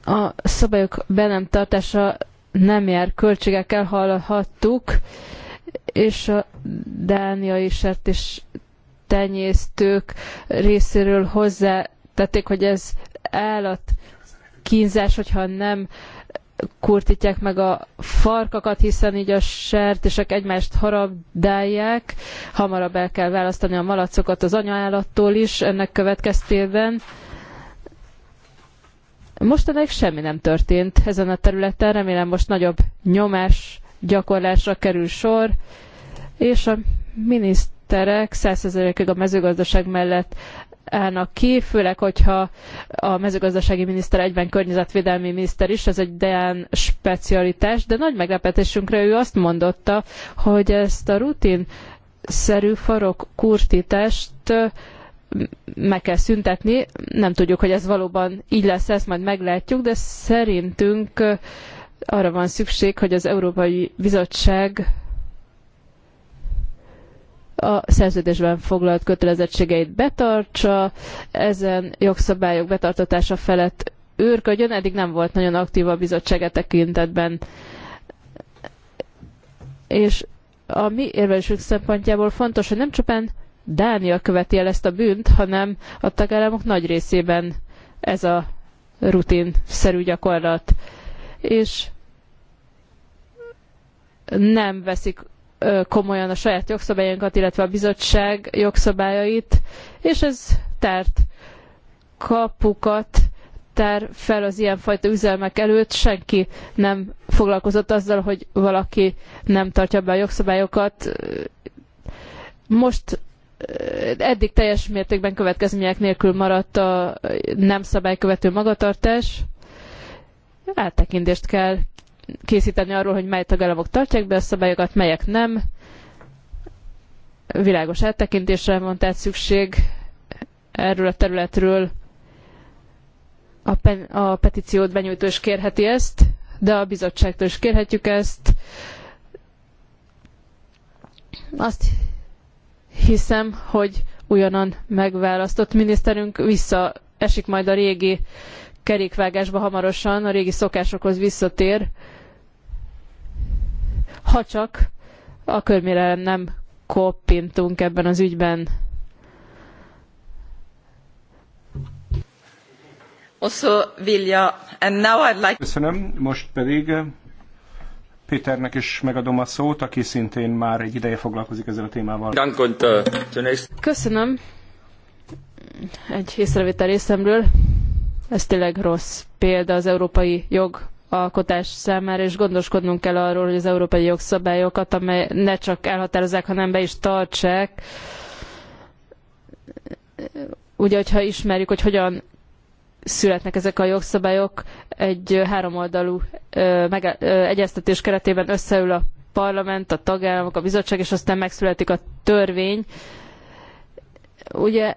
A szabályok be nem tartása nem jár költségekkel, hallhattuk, és a dániai sertés tenyésztők részéről hozzá tették, hogy ez állat kínzás, hogyha nem kurtítják meg a farkakat, hiszen így a sertések egymást harabdálják. Hamarabb el kell választani a malacokat az anyaállattól is ennek következtében. Mostanáig semmi nem történt ezen a területen, remélem most nagyobb nyomás gyakorlásra kerül sor, és a miniszterek százszerzelékig a mezőgazdaság mellett állnak ki, főleg, hogyha a mezőgazdasági miniszter egyben környezetvédelmi miniszter is, ez egy Deán specialitás, de nagy meglepetésünkre ő azt mondotta, hogy ezt a rutin szerű farok kurtítást meg kell szüntetni. Nem tudjuk, hogy ez valóban így lesz, ezt majd meglátjuk, de szerintünk arra van szükség, hogy az Európai Bizottság a szerződésben foglalt kötelezettségeit betartsa, ezen jogszabályok betartatása felett őrködjön, eddig nem volt nagyon aktív a bizottsága e tekintetben. És a mi érvelésünk szempontjából fontos, hogy nem csupán Dánia követi el ezt a bűnt, hanem a tagállamok nagy részében ez a rutinszerű gyakorlat. És nem veszik komolyan a saját jogszabályainkat, illetve a bizottság jogszabályait, és ez tárt kapukat tár fel az ilyenfajta üzelmek előtt, senki nem foglalkozott azzal, hogy valaki nem tartja be a jogszabályokat. Most eddig teljes mértékben következmények nélkül maradt a nem szabálykövető magatartás. Áttekintést kell készíteni arról, hogy mely tagállamok tartják be a szabályokat, melyek nem. Világos áttekintésre van tehát szükség erről a területről. A, pen, a petíciót benyújtó is kérheti ezt, de a bizottságtól is kérhetjük ezt. Azt hiszem, hogy újonnan megválasztott miniszterünk visszaesik majd a régi kerékvágásba hamarosan, a régi szokásokhoz visszatér, ha csak a körmére nem koppintunk ebben az ügyben. Also, Vilja, and now I'd like... Köszönöm, most pedig Péternek is megadom a szót, aki szintén már egy ideje foglalkozik ezzel a témával. Köszönöm. Egy észrevétel részemről. Ez tényleg rossz példa az európai jog alkotás számára, és gondoskodnunk kell arról, hogy az európai jogszabályokat, amely ne csak elhatározzák, hanem be is tartsák. Ugye, hogyha ismerjük, hogy hogyan születnek ezek a jogszabályok. Egy háromoldalú egyeztetés keretében összeül a parlament, a tagállamok, a bizottság, és aztán megszületik a törvény. Ugye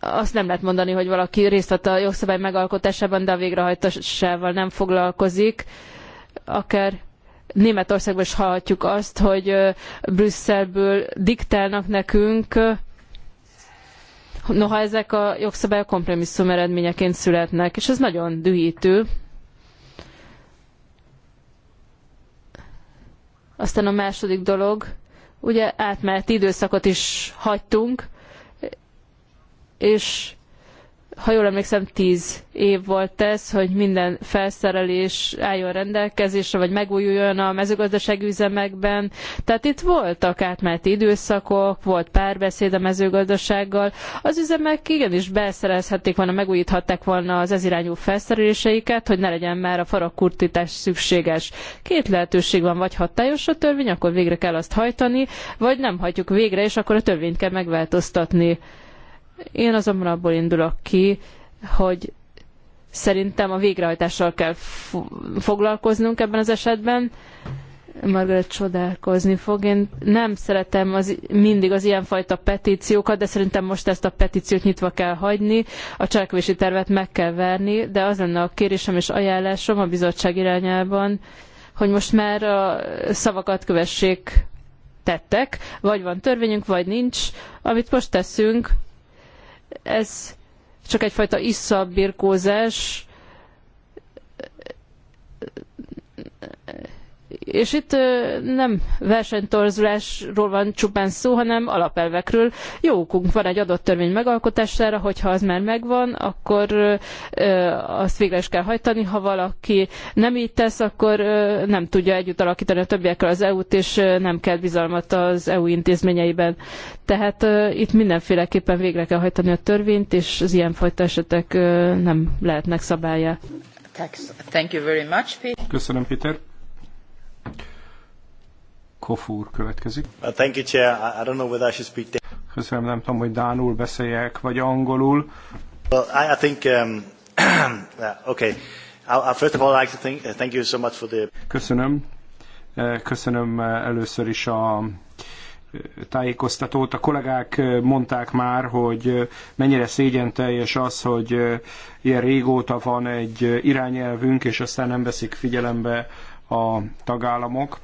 azt nem lehet mondani, hogy valaki részt vett a jogszabály megalkotásában, de a végrehajtásával nem foglalkozik. Akár Németországban is hallhatjuk azt, hogy Brüsszelből diktálnak nekünk, noha ezek a jogszabályok kompromisszum eredményeként születnek, és ez nagyon dühítő. Aztán a második dolog, ugye átmeneti időszakot is hagytunk, és ha jól emlékszem, tíz év volt ez, hogy minden felszerelés álljon rendelkezésre, vagy megújuljon a mezőgazdasági üzemekben. Tehát itt voltak átmeneti időszakok, volt párbeszéd a mezőgazdasággal. Az üzemek igenis beszerezhették volna, megújíthatták volna az ez irányú felszereléseiket, hogy ne legyen már a farakkurtítás szükséges. Két lehetőség van, vagy hatályos a törvény, akkor végre kell azt hajtani, vagy nem hajtjuk végre, és akkor a törvényt kell megváltoztatni. Én azonban abból indulok ki, hogy szerintem a végrehajtással kell foglalkoznunk ebben az esetben. Margaret csodálkozni fog. Én nem szeretem az, mindig az ilyenfajta petíciókat, de szerintem most ezt a petíciót nyitva kell hagyni, a cselekvési tervet meg kell verni, de az lenne a kérésem és ajánlásom a bizottság irányában, hogy most már a szavakat kövessék tettek, vagy van törvényünk, vagy nincs, amit most teszünk, ez csak egyfajta visszabirkózás és itt nem versenytorzulásról van csupán szó, hanem alapelvekről. Jó okunk van egy adott törvény megalkotására, hogyha az már megvan, akkor azt végre is kell hajtani. Ha valaki nem így tesz, akkor nem tudja együtt alakítani a többiekkel az EU-t, és nem kell bizalmat az EU intézményeiben. Tehát itt mindenféleképpen végre kell hajtani a törvényt, és az ilyenfajta esetek nem lehetnek szabályá. Köszönöm, Kofúr következik. Uh, thank you, Chair. I don't know whether I should speak... Köszönöm, nem tudom, hogy dánul beszéljek, vagy angolul. Well, I, I think, um, okay. I, first of all, I'd like to thank, uh, thank you so much for the... Köszönöm. Uh, köszönöm először is a tájékoztatót. A kollégák mondták már, hogy mennyire szégyen teljes az, hogy ilyen régóta van egy irányelvünk, és aztán nem veszik figyelembe a tagállamok.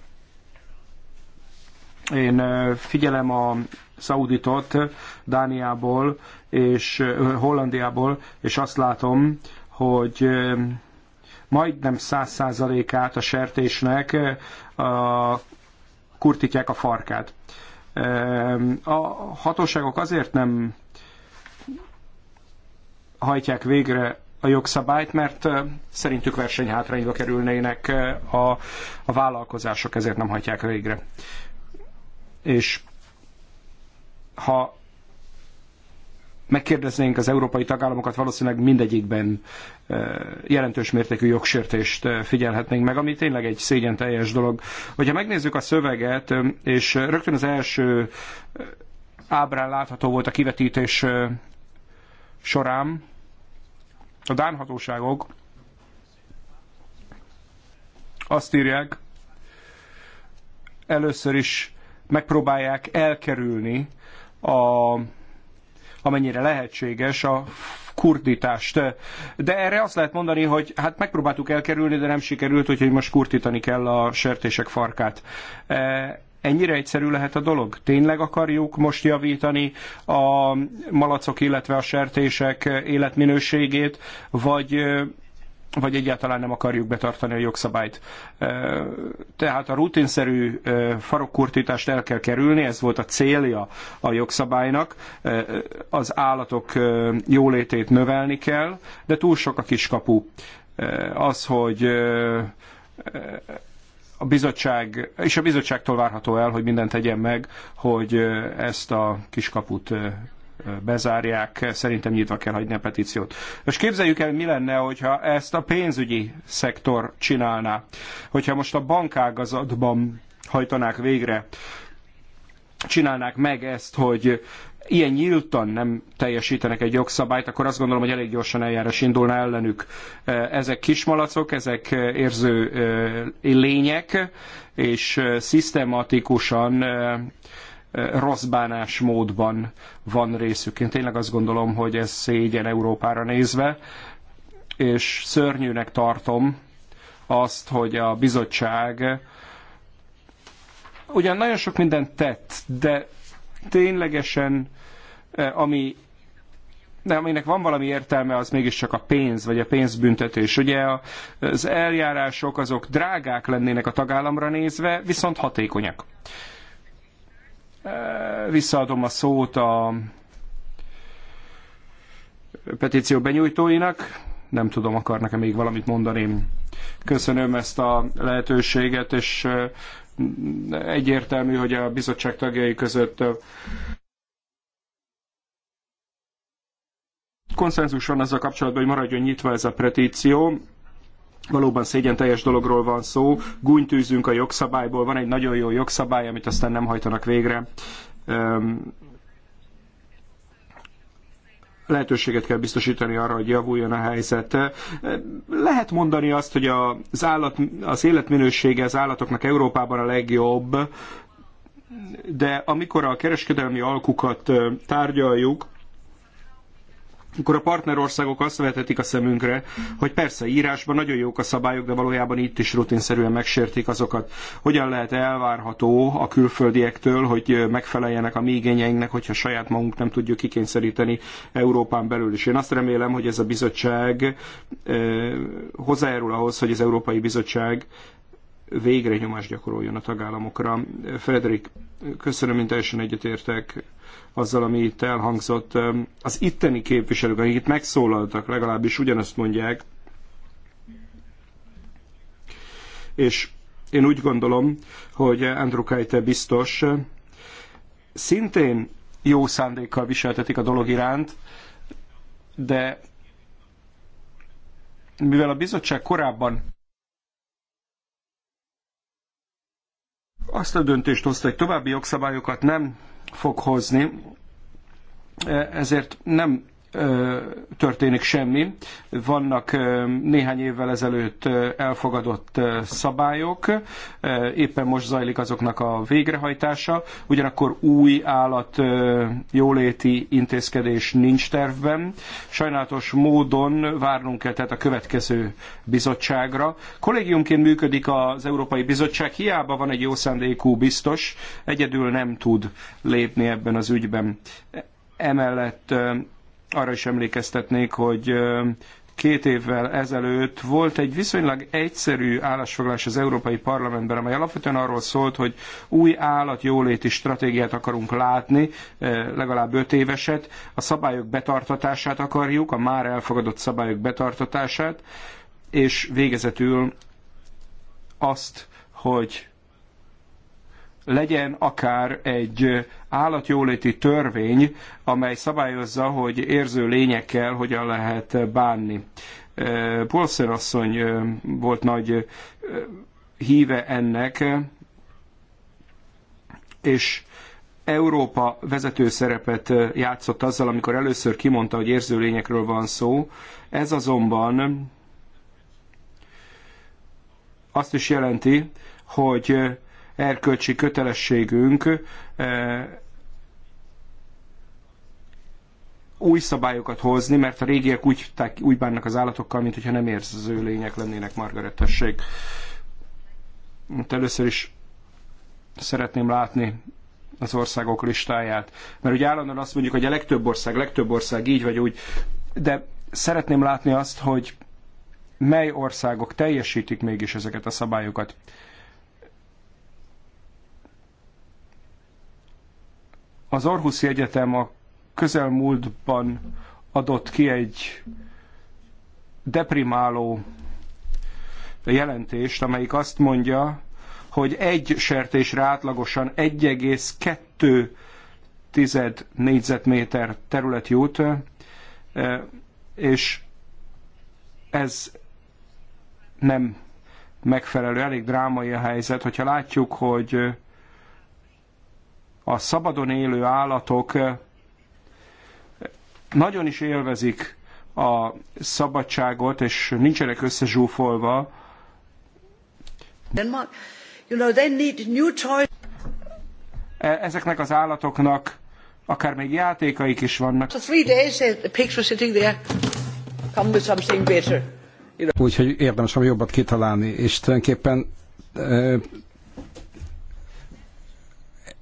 Én figyelem a Szauditot Dániából és Hollandiából, és azt látom, hogy majdnem száz százalékát a sertésnek a, kurtítják a farkát. A hatóságok azért nem hajtják végre a jogszabályt, mert szerintük versenyhátrányba kerülnének a, a vállalkozások, ezért nem hajtják végre és ha megkérdeznénk az európai tagállamokat, valószínűleg mindegyikben jelentős mértékű jogsértést figyelhetnénk meg, ami tényleg egy szégyen teljes dolog. Hogyha megnézzük a szöveget, és rögtön az első ábrán látható volt a kivetítés során, a dán hatóságok azt írják, először is megpróbálják elkerülni a, amennyire lehetséges a kurtítást. De erre azt lehet mondani, hogy hát megpróbáltuk elkerülni, de nem sikerült, úgyhogy most kurtítani kell a sertések farkát. E, ennyire egyszerű lehet a dolog? Tényleg akarjuk most javítani a malacok, illetve a sertések életminőségét, vagy vagy egyáltalán nem akarjuk betartani a jogszabályt. Tehát a rutinszerű farokkurtítást el kell kerülni, ez volt a célja a jogszabálynak. Az állatok jólétét növelni kell, de túl sok a kiskapu. Az, hogy a bizottság, és a bizottságtól várható el, hogy mindent tegyen meg, hogy ezt a kiskaput bezárják, szerintem nyitva kell hagyni a petíciót. És képzeljük el, mi lenne, hogyha ezt a pénzügyi szektor csinálná, hogyha most a bankágazatban hajtanák végre, csinálnák meg ezt, hogy ilyen nyíltan nem teljesítenek egy jogszabályt, akkor azt gondolom, hogy elég gyorsan eljárás indulna ellenük. Ezek kismalacok, ezek érző lények, és szisztematikusan rossz bánásmódban van részük. Én tényleg azt gondolom, hogy ez szégyen Európára nézve, és szörnyűnek tartom azt, hogy a bizottság ugyan nagyon sok mindent tett, de ténylegesen e, ami de aminek van valami értelme, az mégiscsak a pénz, vagy a pénzbüntetés. Ugye az eljárások azok drágák lennének a tagállamra nézve, viszont hatékonyak. Visszaadom a szót a petíció benyújtóinak. Nem tudom, akarnak-e még valamit mondani. Köszönöm ezt a lehetőséget, és egyértelmű, hogy a bizottság tagjai között konszenzus van azzal kapcsolatban, hogy maradjon nyitva ez a petíció. Valóban szégyen teljes dologról van szó, gúnytűzünk a jogszabályból, van egy nagyon jó jogszabály, amit aztán nem hajtanak végre. lehetőséget kell biztosítani arra, hogy javuljon a helyzet. Lehet mondani azt, hogy az, állat, az életminősége az állatoknak Európában a legjobb, de amikor a kereskedelmi alkukat tárgyaljuk, akkor a partnerországok azt vethetik a szemünkre, hogy persze írásban nagyon jók a szabályok, de valójában itt is rutinszerűen megsértik azokat. Hogyan lehet elvárható a külföldiektől, hogy megfeleljenek a mi igényeinknek, hogyha saját magunk nem tudjuk kikényszeríteni Európán belül is. Én azt remélem, hogy ez a bizottság eh, hozzájárul ahhoz, hogy az Európai Bizottság végre nyomást gyakoroljon a tagállamokra. Frederik, köszönöm, mint teljesen egyetértek azzal, ami itt elhangzott. Az itteni képviselők, akik itt megszólaltak, legalábbis ugyanazt mondják, és én úgy gondolom, hogy Andrew Kajte biztos szintén jó szándékkal viseltetik a dolog iránt, de mivel a bizottság korábban azt a döntést hozta, hogy további jogszabályokat nem fog hozni. Ezért nem történik semmi. Vannak néhány évvel ezelőtt elfogadott szabályok, éppen most zajlik azoknak a végrehajtása, ugyanakkor új állat jóléti intézkedés nincs tervben. Sajnálatos módon várnunk kell tehát a következő bizottságra. Kollégiumként működik az Európai Bizottság, hiába van egy jó szándékú biztos, egyedül nem tud lépni ebben az ügyben. Emellett arra is emlékeztetnék, hogy két évvel ezelőtt volt egy viszonylag egyszerű állásfoglalás az Európai Parlamentben, amely alapvetően arról szólt, hogy új állatjóléti stratégiát akarunk látni, legalább öt éveset, a szabályok betartatását akarjuk, a már elfogadott szabályok betartatását, és végezetül azt, hogy legyen akár egy állatjóléti törvény, amely szabályozza, hogy érző lényekkel hogyan lehet bánni. Polszer asszony volt nagy híve ennek, és Európa vezető szerepet játszott azzal, amikor először kimondta, hogy érző lényekről van szó. Ez azonban azt is jelenti, hogy erkölcsi kötelességünk e, új szabályokat hozni, mert a régiek úgy, úgy bánnak az állatokkal, mint hogyha nem érző lények lennének, Margaret, tessék. Először is szeretném látni az országok listáját. Mert ugye állandóan azt mondjuk, hogy a legtöbb ország, legtöbb ország így vagy úgy, de szeretném látni azt, hogy mely országok teljesítik mégis ezeket a szabályokat. Az Orhuszi Egyetem a közelmúltban adott ki egy deprimáló jelentést, amelyik azt mondja, hogy egy sertésre átlagosan 1,2 négyzetméter terület jut, e, és ez nem megfelelő, elég drámai a helyzet, hogyha látjuk, hogy a szabadon élő állatok eh, nagyon is élvezik a szabadságot, és nincsenek összezsúfolva. E, ezeknek az állatoknak akár még játékaik is vannak. Eh, Úgyhogy érdemes valami jobbat kitalálni, és tulajdonképpen eh,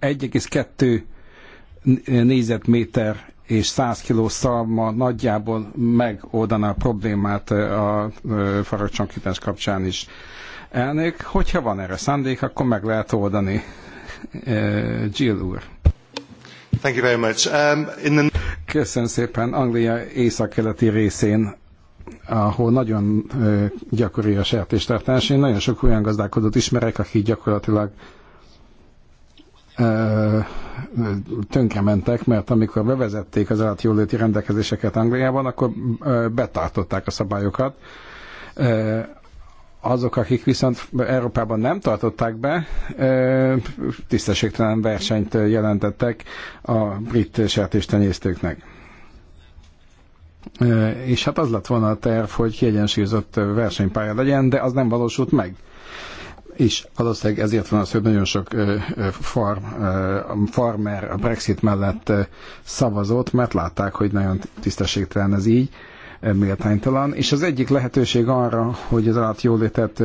1,2 négyzetméter és 100 kiló szalma nagyjából megoldaná a problémát a faragcsonkítás kapcsán is. Elnök, hogyha van erre szándék, akkor meg lehet oldani. Jill úr. Thank you very much. Um, in the... Köszönöm szépen. Anglia északkeleti részén ahol nagyon gyakori a sertéstartás. Én nagyon sok olyan gazdálkodót ismerek, akik gyakorlatilag tönkrementek, mert amikor bevezették az jóléti rendelkezéseket Angliában, akkor betartották a szabályokat. Azok, akik viszont Európában nem tartották be, tisztességtelen versenyt jelentettek a brit sertéstenyésztőknek. És hát az lett volna a terv, hogy kiegyensúlyozott versenypálya legyen, de az nem valósult meg is. Valószínűleg ezért van az, hogy nagyon sok farm, farmer a Brexit mellett szavazott, mert látták, hogy nagyon tisztességtelen ez így, méltánytalan. És az egyik lehetőség arra, hogy az állatjólétet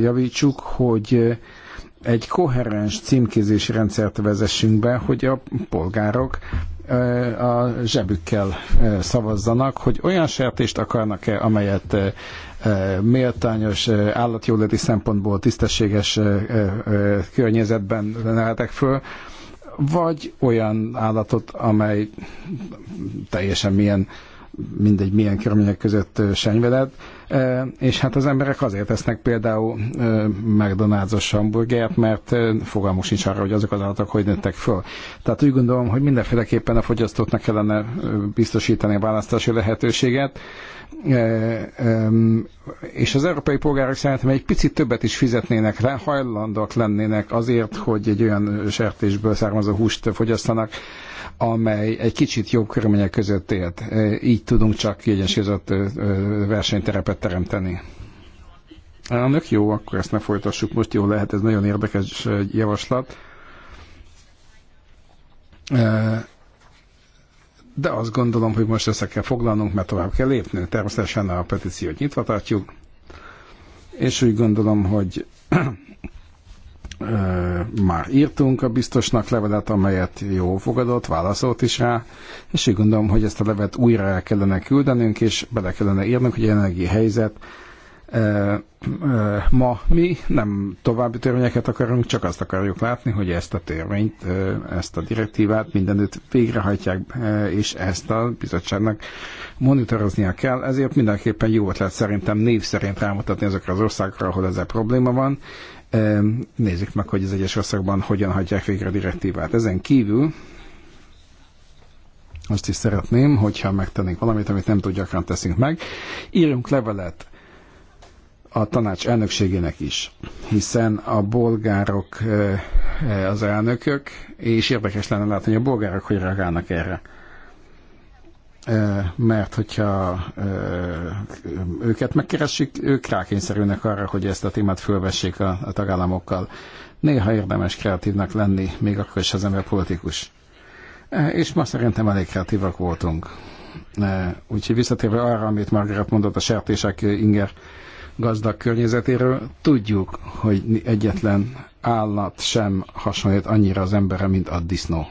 javítsuk, hogy egy koherens címkézési rendszert vezessünk be, hogy a polgárok a zsebükkel szavazzanak, hogy olyan sertést akarnak-e, amelyet méltányos, állatjóléti szempontból tisztességes környezetben lehetek föl, vagy olyan állatot, amely teljesen milyen, mindegy milyen körülmények között senyvedett, és hát az emberek azért tesznek például McDonald's-os hamburgert, mert fogalmuk sincs arra, hogy azok az állatok hogy nőttek föl. Tehát úgy gondolom, hogy mindenféleképpen a fogyasztóknak kellene biztosítani a választási lehetőséget, és az európai polgárok szerintem egy picit többet is fizetnének le, hajlandók lennének azért, hogy egy olyan sertésből származó húst fogyasztanak, amely egy kicsit jobb körülmények között élt. E, így tudunk csak kiegyensúlyozott e, e, versenyterepet teremteni. Elnök, jó, akkor ezt ne folytassuk most, jó lehet, ez nagyon érdekes javaslat. De azt gondolom, hogy most össze kell foglalnunk, mert tovább kell lépni. Természetesen a petíciót nyitva tartjuk, és úgy gondolom, hogy már írtunk a biztosnak levelet, amelyet jó fogadott, válaszolt is rá, és így gondolom, hogy ezt a levet újra el kellene küldenünk, és bele kellene írnunk, hogy a jelenlegi helyzet ma mi nem további törvényeket akarunk, csak azt akarjuk látni, hogy ezt a törvényt, ezt a direktívát mindenütt végrehajtják, és ezt a bizottságnak monitoroznia kell. Ezért mindenképpen jó ötlet szerintem név szerint rámutatni azokra az országokra, ahol ez a probléma van, Nézzük meg, hogy az egyes országban hogyan hagyják végre a direktívát. Ezen kívül azt is szeretném, hogyha megtennénk valamit, amit nem túl gyakran teszünk meg. Írjunk levelet a tanács elnökségének is, hiszen a bolgárok eh, eh, az elnökök, és érdekes lenne látni, hogy a bolgárok hogy reagálnak erre mert hogyha őket megkeressük, ők rákényszerülnek arra, hogy ezt a témát fölvessék a, a tagállamokkal. Néha érdemes kreatívnak lenni, még akkor is az ember politikus. És ma szerintem elég kreatívak voltunk. Úgyhogy visszatérve arra, amit Margaret mondott a sertések inger gazdag környezetéről, tudjuk, hogy egyetlen állat sem hasonlít annyira az emberre, mint a disznó.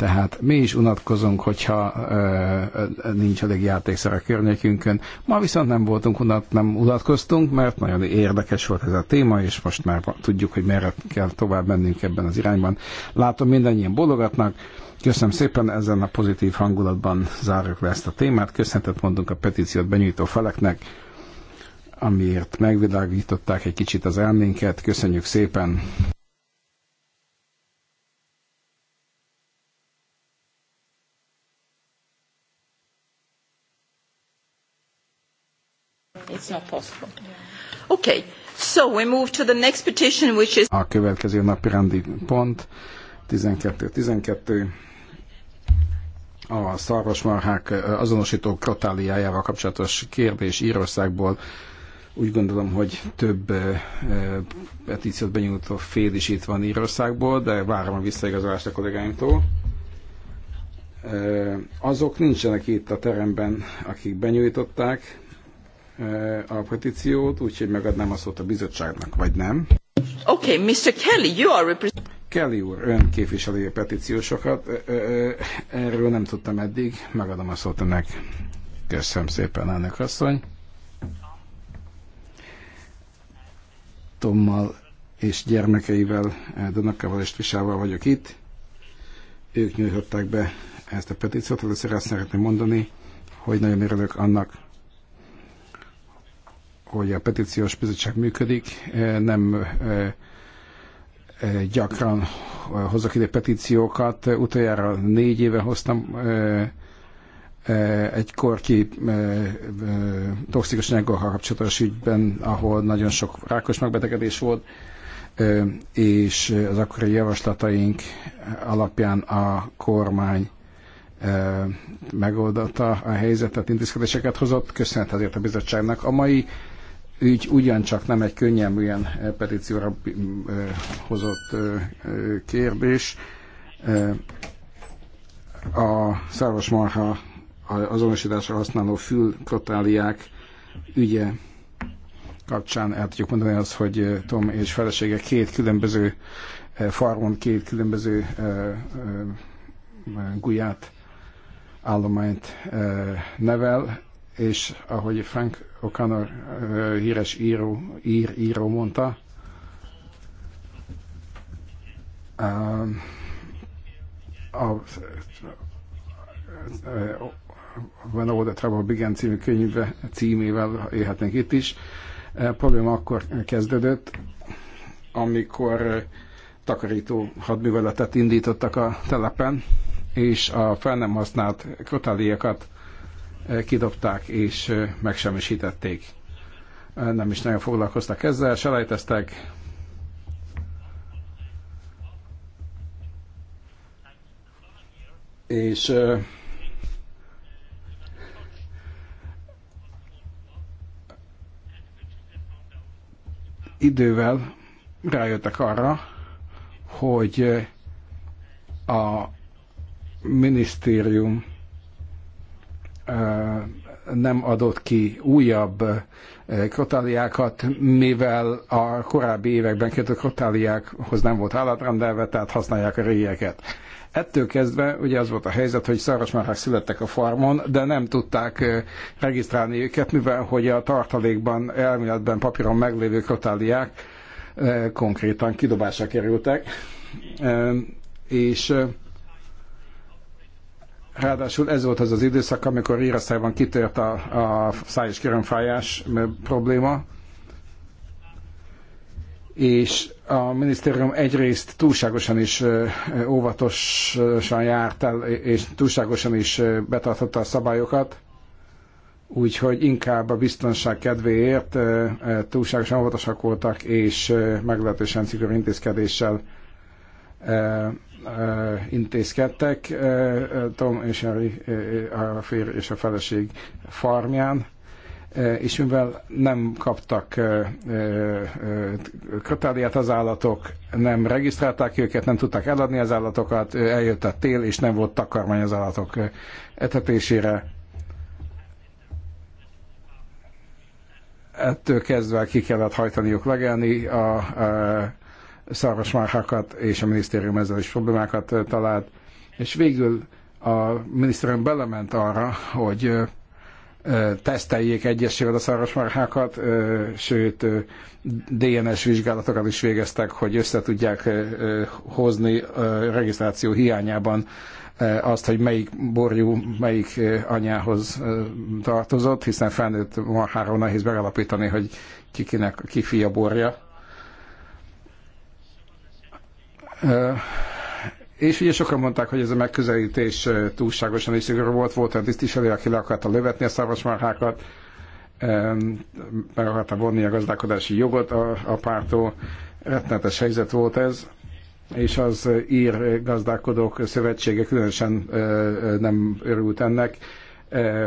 Tehát mi is unatkozunk, hogyha ö, ö, nincs elég játékszer a környékünkön. Ma viszont nem voltunk unat, nem unatkoztunk, mert nagyon érdekes volt ez a téma, és most már tudjuk, hogy merre kell tovább mennünk ebben az irányban. Látom, mindannyian bologatnak. Köszönöm szépen, ezen a pozitív hangulatban zárjuk le ezt a témát. Köszönetet mondunk a petíciót benyújtó feleknek, amiért megvilágították egy kicsit az elménket. Köszönjük szépen! It's not possible. Okay, so we move to the next petition, which is... A következő napi rendi pont, 12-12, a szarvasmarhák azonosító krotáliájával kapcsolatos kérdés Írországból. Úgy gondolom, hogy több petíciót benyújtó fél is itt van Írországból, de várom a visszaigazolást a kollégáimtól azok nincsenek itt a teremben, akik benyújtották a petíciót, úgyhogy megadnám a szót a bizottságnak, vagy nem. Okay, Mr. Kelly, you are representing. Kelly úr, ön képviseli a petíciósokat. Erről nem tudtam eddig, megadom a szót önnek. Köszönöm szépen, elnök asszony. Tommal és gyermekeivel, Donakával és Tvisával vagyok itt. Ők nyújtották be ezt a petíciót. Először azt szeretném mondani, hogy nagyon örülök annak, hogy a petíciós bizottság működik, eh, nem eh, eh, gyakran hozok ide petíciókat. Utoljára négy éve hoztam egy korki toxikus anyagokkal kapcsolatos ügyben, ahol nagyon sok rákos megbetegedés volt, és az akkori javaslataink alapján a kormány megoldotta a helyzetet, intézkedéseket hozott, köszönhet azért a bizottságnak. A mai ügy ugyancsak nem egy könnyelműen eh, petícióra eh, hozott eh, kérdés. A szarvasmarha azonosításra használó fülprotáliák ügye kapcsán el tudjuk mondani azt, hogy Tom és felesége két különböző farmon, két különböző gulyát állományt nevel, és ahogy Frank O'Connor híres író, ír, író mondta, a When All the Trouble Began című könyve címével élhetnénk itt is. A probléma akkor kezdődött, amikor takarító hadműveletet indítottak a telepen, és a fel nem használt krotáliakat kidobták és megsemmisítették. Nem is nagyon foglalkoztak ezzel, lejteztek. És idővel rájöttek arra, hogy a minisztérium nem adott ki újabb kotáliákat, mivel a korábbi években kötött kotáliákhoz nem volt állatrendelve, tehát használják a régieket. Ettől kezdve ugye az volt a helyzet, hogy szarvasmarhák születtek a farmon, de nem tudták regisztrálni őket, mivel hogy a tartalékban, elméletben papíron meglévő kotáliák konkrétan kidobásra kerültek, és Ráadásul ez volt az az időszak, amikor Írasztályban kitört a, a száj és körömfájás probléma, és a minisztérium egyrészt túlságosan is óvatosan járt el, és túlságosan is betartotta a szabályokat, úgyhogy inkább a biztonság kedvéért túlságosan óvatosak voltak, és meglehetősen szigorú intézkedéssel Eh, intézkedtek eh, Tom és Harry, eh, a fér és a feleség farmján, és mivel nem kaptak kötáliát az állatok, nem regisztrálták őket, nem tudták eladni az állatokat, eljött a tél, és nem volt takarmány az állatok etetésére. Ettől kezdve ki kellett hajtaniuk legelni a, a szarvasmarhákat, és a minisztérium ezzel is problémákat talált. És végül a minisztérium belement arra, hogy teszteljék egyesével a szarvasmarhákat, sőt DNS vizsgálatokat is végeztek, hogy össze tudják hozni regisztráció hiányában azt, hogy melyik borjú melyik anyához tartozott, hiszen felnőtt marháról nehéz megalapítani, hogy kikinek, ki fia borja. És ugye sokan mondták, hogy ez a megközelítés túlságosan is szigorú volt, volt a tisztviselő, aki le akarta lövetni a szarvasmarhákat, meg akarta vonni a gazdálkodási jogot a, a pártól. Rettenetes helyzet volt ez, és az ír gazdálkodók szövetsége különösen nem örült ennek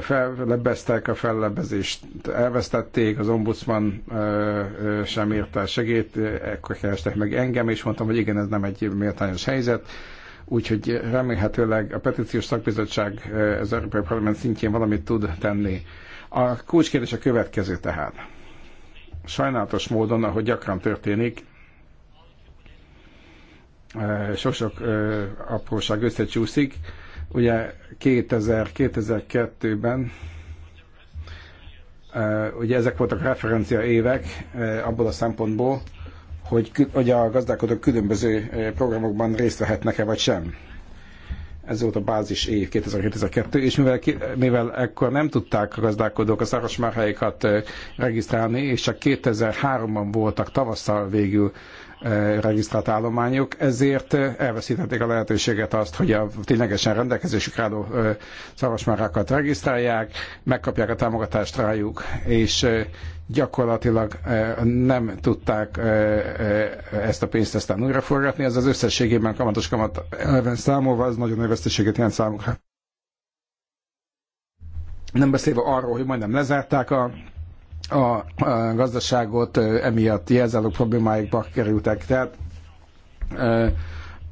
fellebeztek a fellebbezést, elvesztették, az ombudsman sem írta a segét, ekkor kerestek meg engem, és mondtam, hogy igen, ez nem egy méltányos helyzet, úgyhogy remélhetőleg a petíciós szakbizottság az Európai Parlament szintjén valamit tud tenni. A kulcskérdés a következő tehát. Sajnálatos módon, ahogy gyakran történik, sok-sok apróság összecsúszik, Ugye 2000-2002-ben ugye ezek voltak referencia évek abból a szempontból, hogy, hogy a gazdálkodók különböző programokban részt vehetnek-e vagy sem. Ez volt a bázis év 2002, és mivel, mivel ekkor nem tudták a gazdálkodók a szarvasmarháikat regisztrálni, és csak 2003-ban voltak tavasszal végül regisztrált állományok, ezért elveszítették a lehetőséget azt, hogy a ténylegesen rendelkezésükre álló szarvasmárákat regisztrálják, megkapják a támogatást rájuk, és gyakorlatilag nem tudták ezt a pénzt aztán újraforgatni, ez az összességében kamatos kamat elven számolva, az nagyon nagy veszteséget jelent számukra. Nem beszélve arról, hogy majdnem lezárták a a gazdaságot emiatt jelzálók problémáikba kerültek. Tehát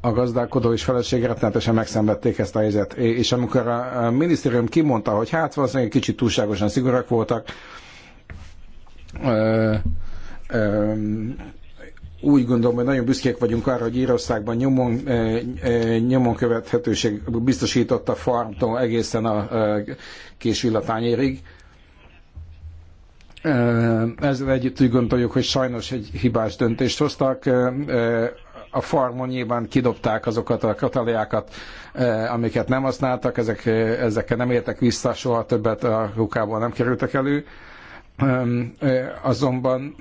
a gazdálkodó és felesége rettenetesen megszenvedték ezt a helyzet. És amikor a minisztérium kimondta, hogy hát valószínűleg kicsit túlságosan szigorúak voltak, úgy gondolom, hogy nagyon büszkék vagyunk arra, hogy Írországban nyomon, nyomon követhetőség biztosított a farmtól egészen a késvillatányérig. Ezzel együtt úgy gondoljuk, hogy sajnos egy hibás döntést hoztak. A farmon nyilván kidobták azokat a kataliákat, amiket nem használtak, ezek, ezekkel nem értek vissza, soha többet a rukából nem kerültek elő azonban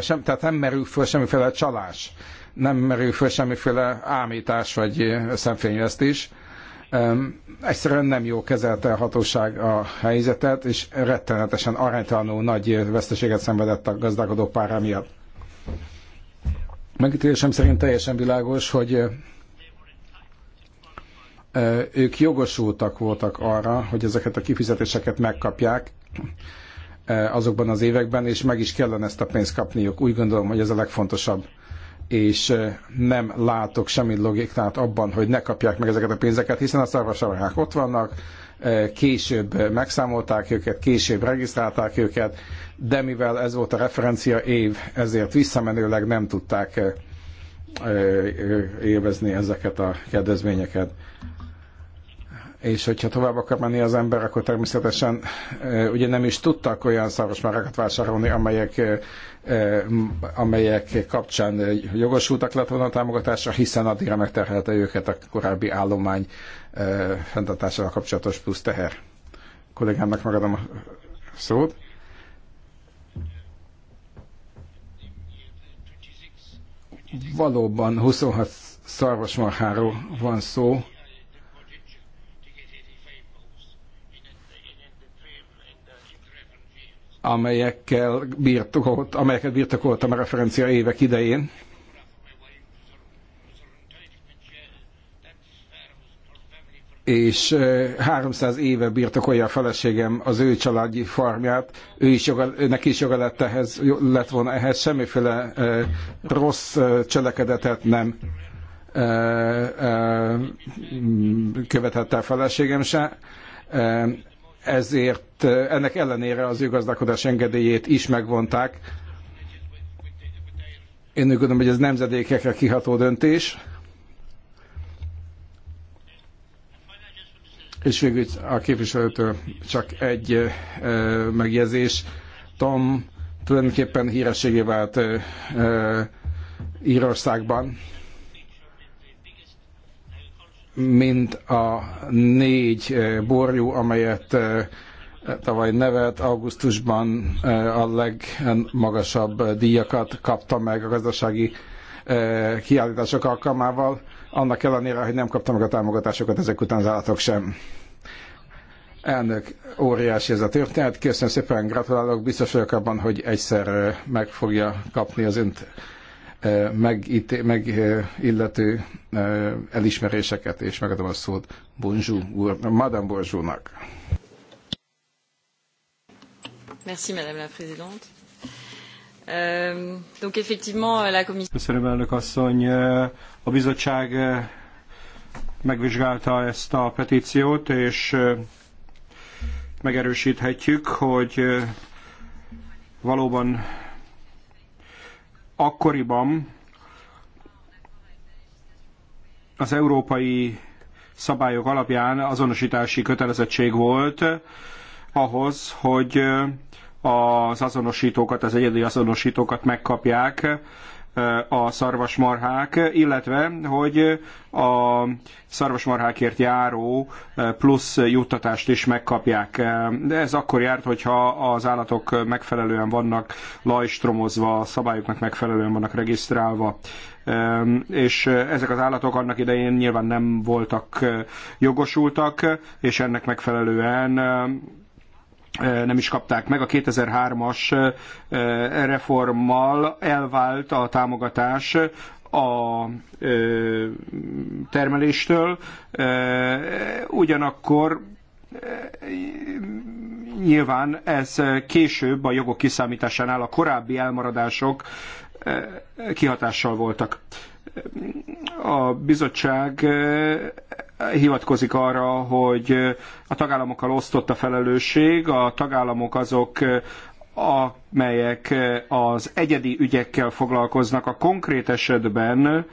sem, tehát nem merül föl semmiféle csalás, nem merül föl semmiféle ámítás vagy szemfényvesztés. is egyszerűen nem jó kezelte a hatóság a helyzetet, és rettenetesen aránytalanul nagy veszteséget szenvedett a gazdálkodó pára miatt. Megítélésem szerint teljesen világos, hogy ők jogosultak voltak arra, hogy ezeket a kifizetéseket megkapják azokban az években, és meg is kellene ezt a pénzt kapniuk. Úgy gondolom, hogy ez a legfontosabb és eh, nem látok semmi logikát abban, hogy ne kapják meg ezeket a pénzeket, hiszen a szarvasarahák ott vannak, eh, később eh, megszámolták őket, később regisztrálták őket, de mivel ez volt a referencia év, ezért visszamenőleg nem tudták élvezni ezeket a kedvezményeket és hogyha tovább akar menni az ember, akkor természetesen ugye nem is tudtak olyan szarvasmárakat vásárolni, amelyek, amelyek kapcsán jogosultak lett volna a támogatásra, hiszen addigra megterhelte őket a korábbi állomány fenntartásával kapcsolatos plusz teher. A kollégámnak megadom a szót. Valóban 26 szarvasmarháról van szó, amelyekkel birtokolt, amelyeket birtokoltam a referencia évek idején. és 300 eh, éve birtokolja a feleségem az ő családi farmját, ő is joga, neki is joga lett, ehhez, lett volna ehhez, semmiféle eh, rossz eh, cselekedetet nem eh, eh, követett el feleségem se. Eh, ezért eh, ennek ellenére az ő gazdálkodás engedélyét is megvonták. Én úgy gondolom, hogy ez nemzedékekre kiható döntés. És végül a képviselőtől csak egy eh, megjegyzés. Tom tulajdonképpen hírességé vált eh, Írországban mint a négy eh, borjú, amelyet eh, tavaly nevet, augusztusban eh, a legmagasabb díjakat kapta meg a gazdasági kiállítások alkalmával, annak ellenére, hogy nem kapta meg a támogatásokat ezek után az állatok sem. Elnök, óriási ez a történet. Köszönöm szépen, gratulálok. Biztos vagyok abban, hogy egyszer meg fogja kapni az önt megít, megillető elismeréseket, és megadom a szót Bonjour Madame Bonjournak. Merci, Madame la Présidente. Donc effectivement, la commission... Köszönöm, elnök asszony. A bizottság megvizsgálta ezt a petíciót, és megerősíthetjük, hogy valóban akkoriban az európai szabályok alapján azonosítási kötelezettség volt ahhoz, hogy az azonosítókat, az egyedi azonosítókat megkapják a szarvasmarhák, illetve hogy a szarvasmarhákért járó eh, plusz juttatást is megkapják. De ez akkor járt, hogyha az állatok megfelelően vannak lajstromozva, szabályoknak megfelelően vannak regisztrálva. És ezek az állatok annak idején nyilván nem voltak eh, jogosultak, és ennek megfelelően nem is kapták meg. A 2003-as reformmal elvált a támogatás a termeléstől, ugyanakkor nyilván ez később a jogok kiszámításánál a korábbi elmaradások kihatással voltak. A bizottság hivatkozik arra, hogy a tagállamokkal osztott a felelősség, a tagállamok azok amelyek az egyedi ügyekkel foglalkoznak. A konkrét esetben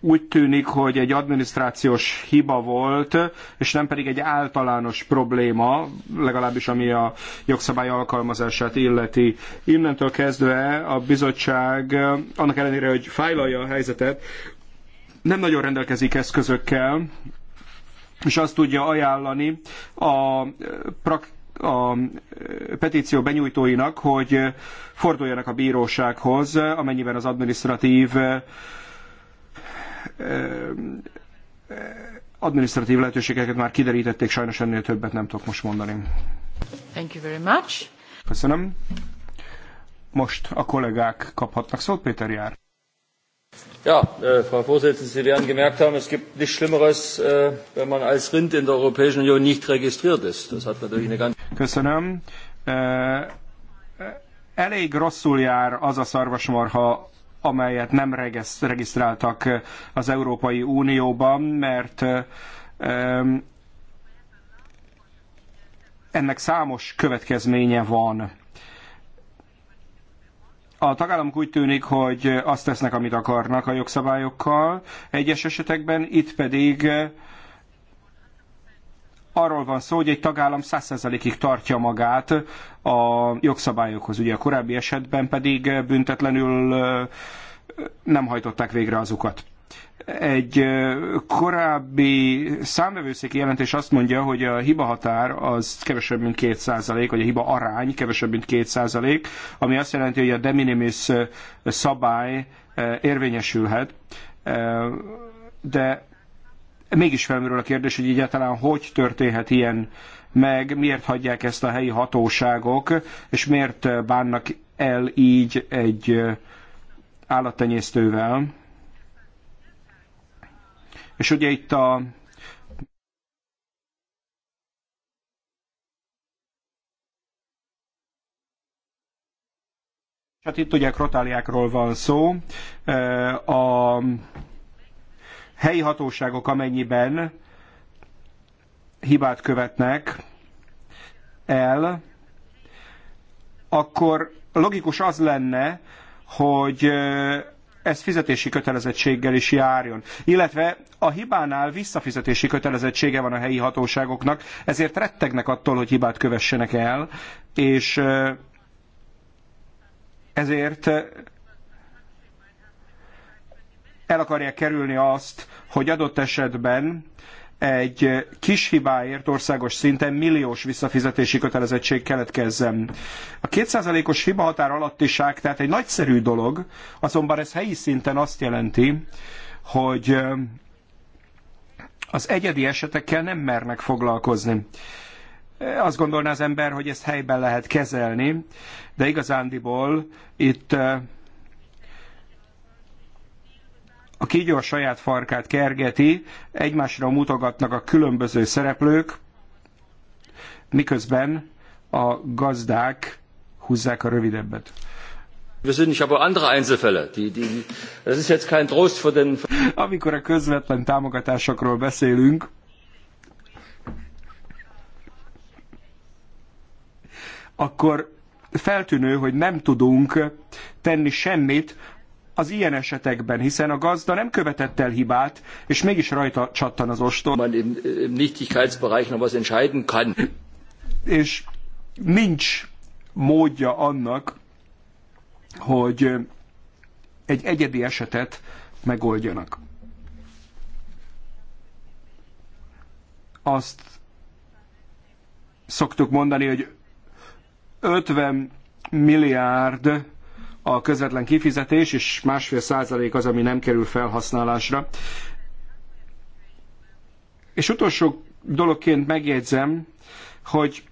úgy tűnik, hogy egy adminisztrációs hiba volt, és nem pedig egy általános probléma, legalábbis ami a jogszabály alkalmazását illeti. Innentől kezdve a bizottság, annak ellenére, hogy fájlalja a helyzetet, nem nagyon rendelkezik eszközökkel, és azt tudja ajánlani a, a petíció benyújtóinak, hogy forduljanak a bírósághoz, amennyiben az administratív administratív lehetőségeket már kiderítették, sajnos ennél többet nem tudok most mondani. Thank you very much. Köszönöm. Most a kollégák kaphatnak szót, Péter Jár. Ja, äh, Frau Vorsitzende, Sie werden gemerkt haben, es gibt nichts Schlimmeres, äh, wenn man als Rind in der Europäischen Union nicht registriert ist. Das hat natürlich eine ganz... Köszönöm. Äh, äh elég rosszul jár az a szarvasmarha, amelyet nem regisztráltak az Európai Unióban, mert ennek számos következménye van a tagállamok úgy tűnik, hogy azt tesznek, amit akarnak a jogszabályokkal, egyes esetekben itt pedig arról van szó, hogy egy tagállam 100%-ig tartja magát a jogszabályokhoz. Ugye a korábbi esetben pedig büntetlenül nem hajtották végre azokat. Egy korábbi számvevőszéki jelentés azt mondja, hogy a hiba határ az kevesebb, mint 2%, vagy a hiba arány kevesebb, mint 2%, ami azt jelenti, hogy a de minimis szabály érvényesülhet. De mégis felmerül a kérdés, hogy egyáltalán hogy történhet ilyen meg, miért hagyják ezt a helyi hatóságok, és miért bánnak el így egy állattenyésztővel, és ugye itt a Hát itt ugye krotáliákról van szó. A helyi hatóságok amennyiben hibát követnek el, akkor logikus az lenne, hogy ez fizetési kötelezettséggel is járjon. Illetve a hibánál visszafizetési kötelezettsége van a helyi hatóságoknak, ezért rettegnek attól, hogy hibát kövessenek el, és ezért el akarják kerülni azt, hogy adott esetben egy kis hibáért országos szinten milliós visszafizetési kötelezettség keletkezzen. A kétszázalékos hibahatár alattiság tehát egy nagyszerű dolog, azonban ez helyi szinten azt jelenti, hogy az egyedi esetekkel nem mernek foglalkozni. Azt gondolná az ember, hogy ezt helyben lehet kezelni, de igazándiból itt a kígyó a saját farkát kergeti, egymásra mutogatnak a különböző szereplők, miközben a gazdák húzzák a rövidebbet. Amikor a közvetlen támogatásokról beszélünk, akkor feltűnő, hogy nem tudunk tenni semmit az ilyen esetekben, hiszen a gazda nem követett el hibát, és mégis rajta csattan az ostor. Man im, im Nichtigkeitsbereich noch was entscheiden kann. És nincs módja annak, hogy egy egyedi esetet megoldjanak. Azt szoktuk mondani, hogy 50 milliárd a közvetlen kifizetés, és másfél százalék az, ami nem kerül felhasználásra. És utolsó dologként megjegyzem, hogy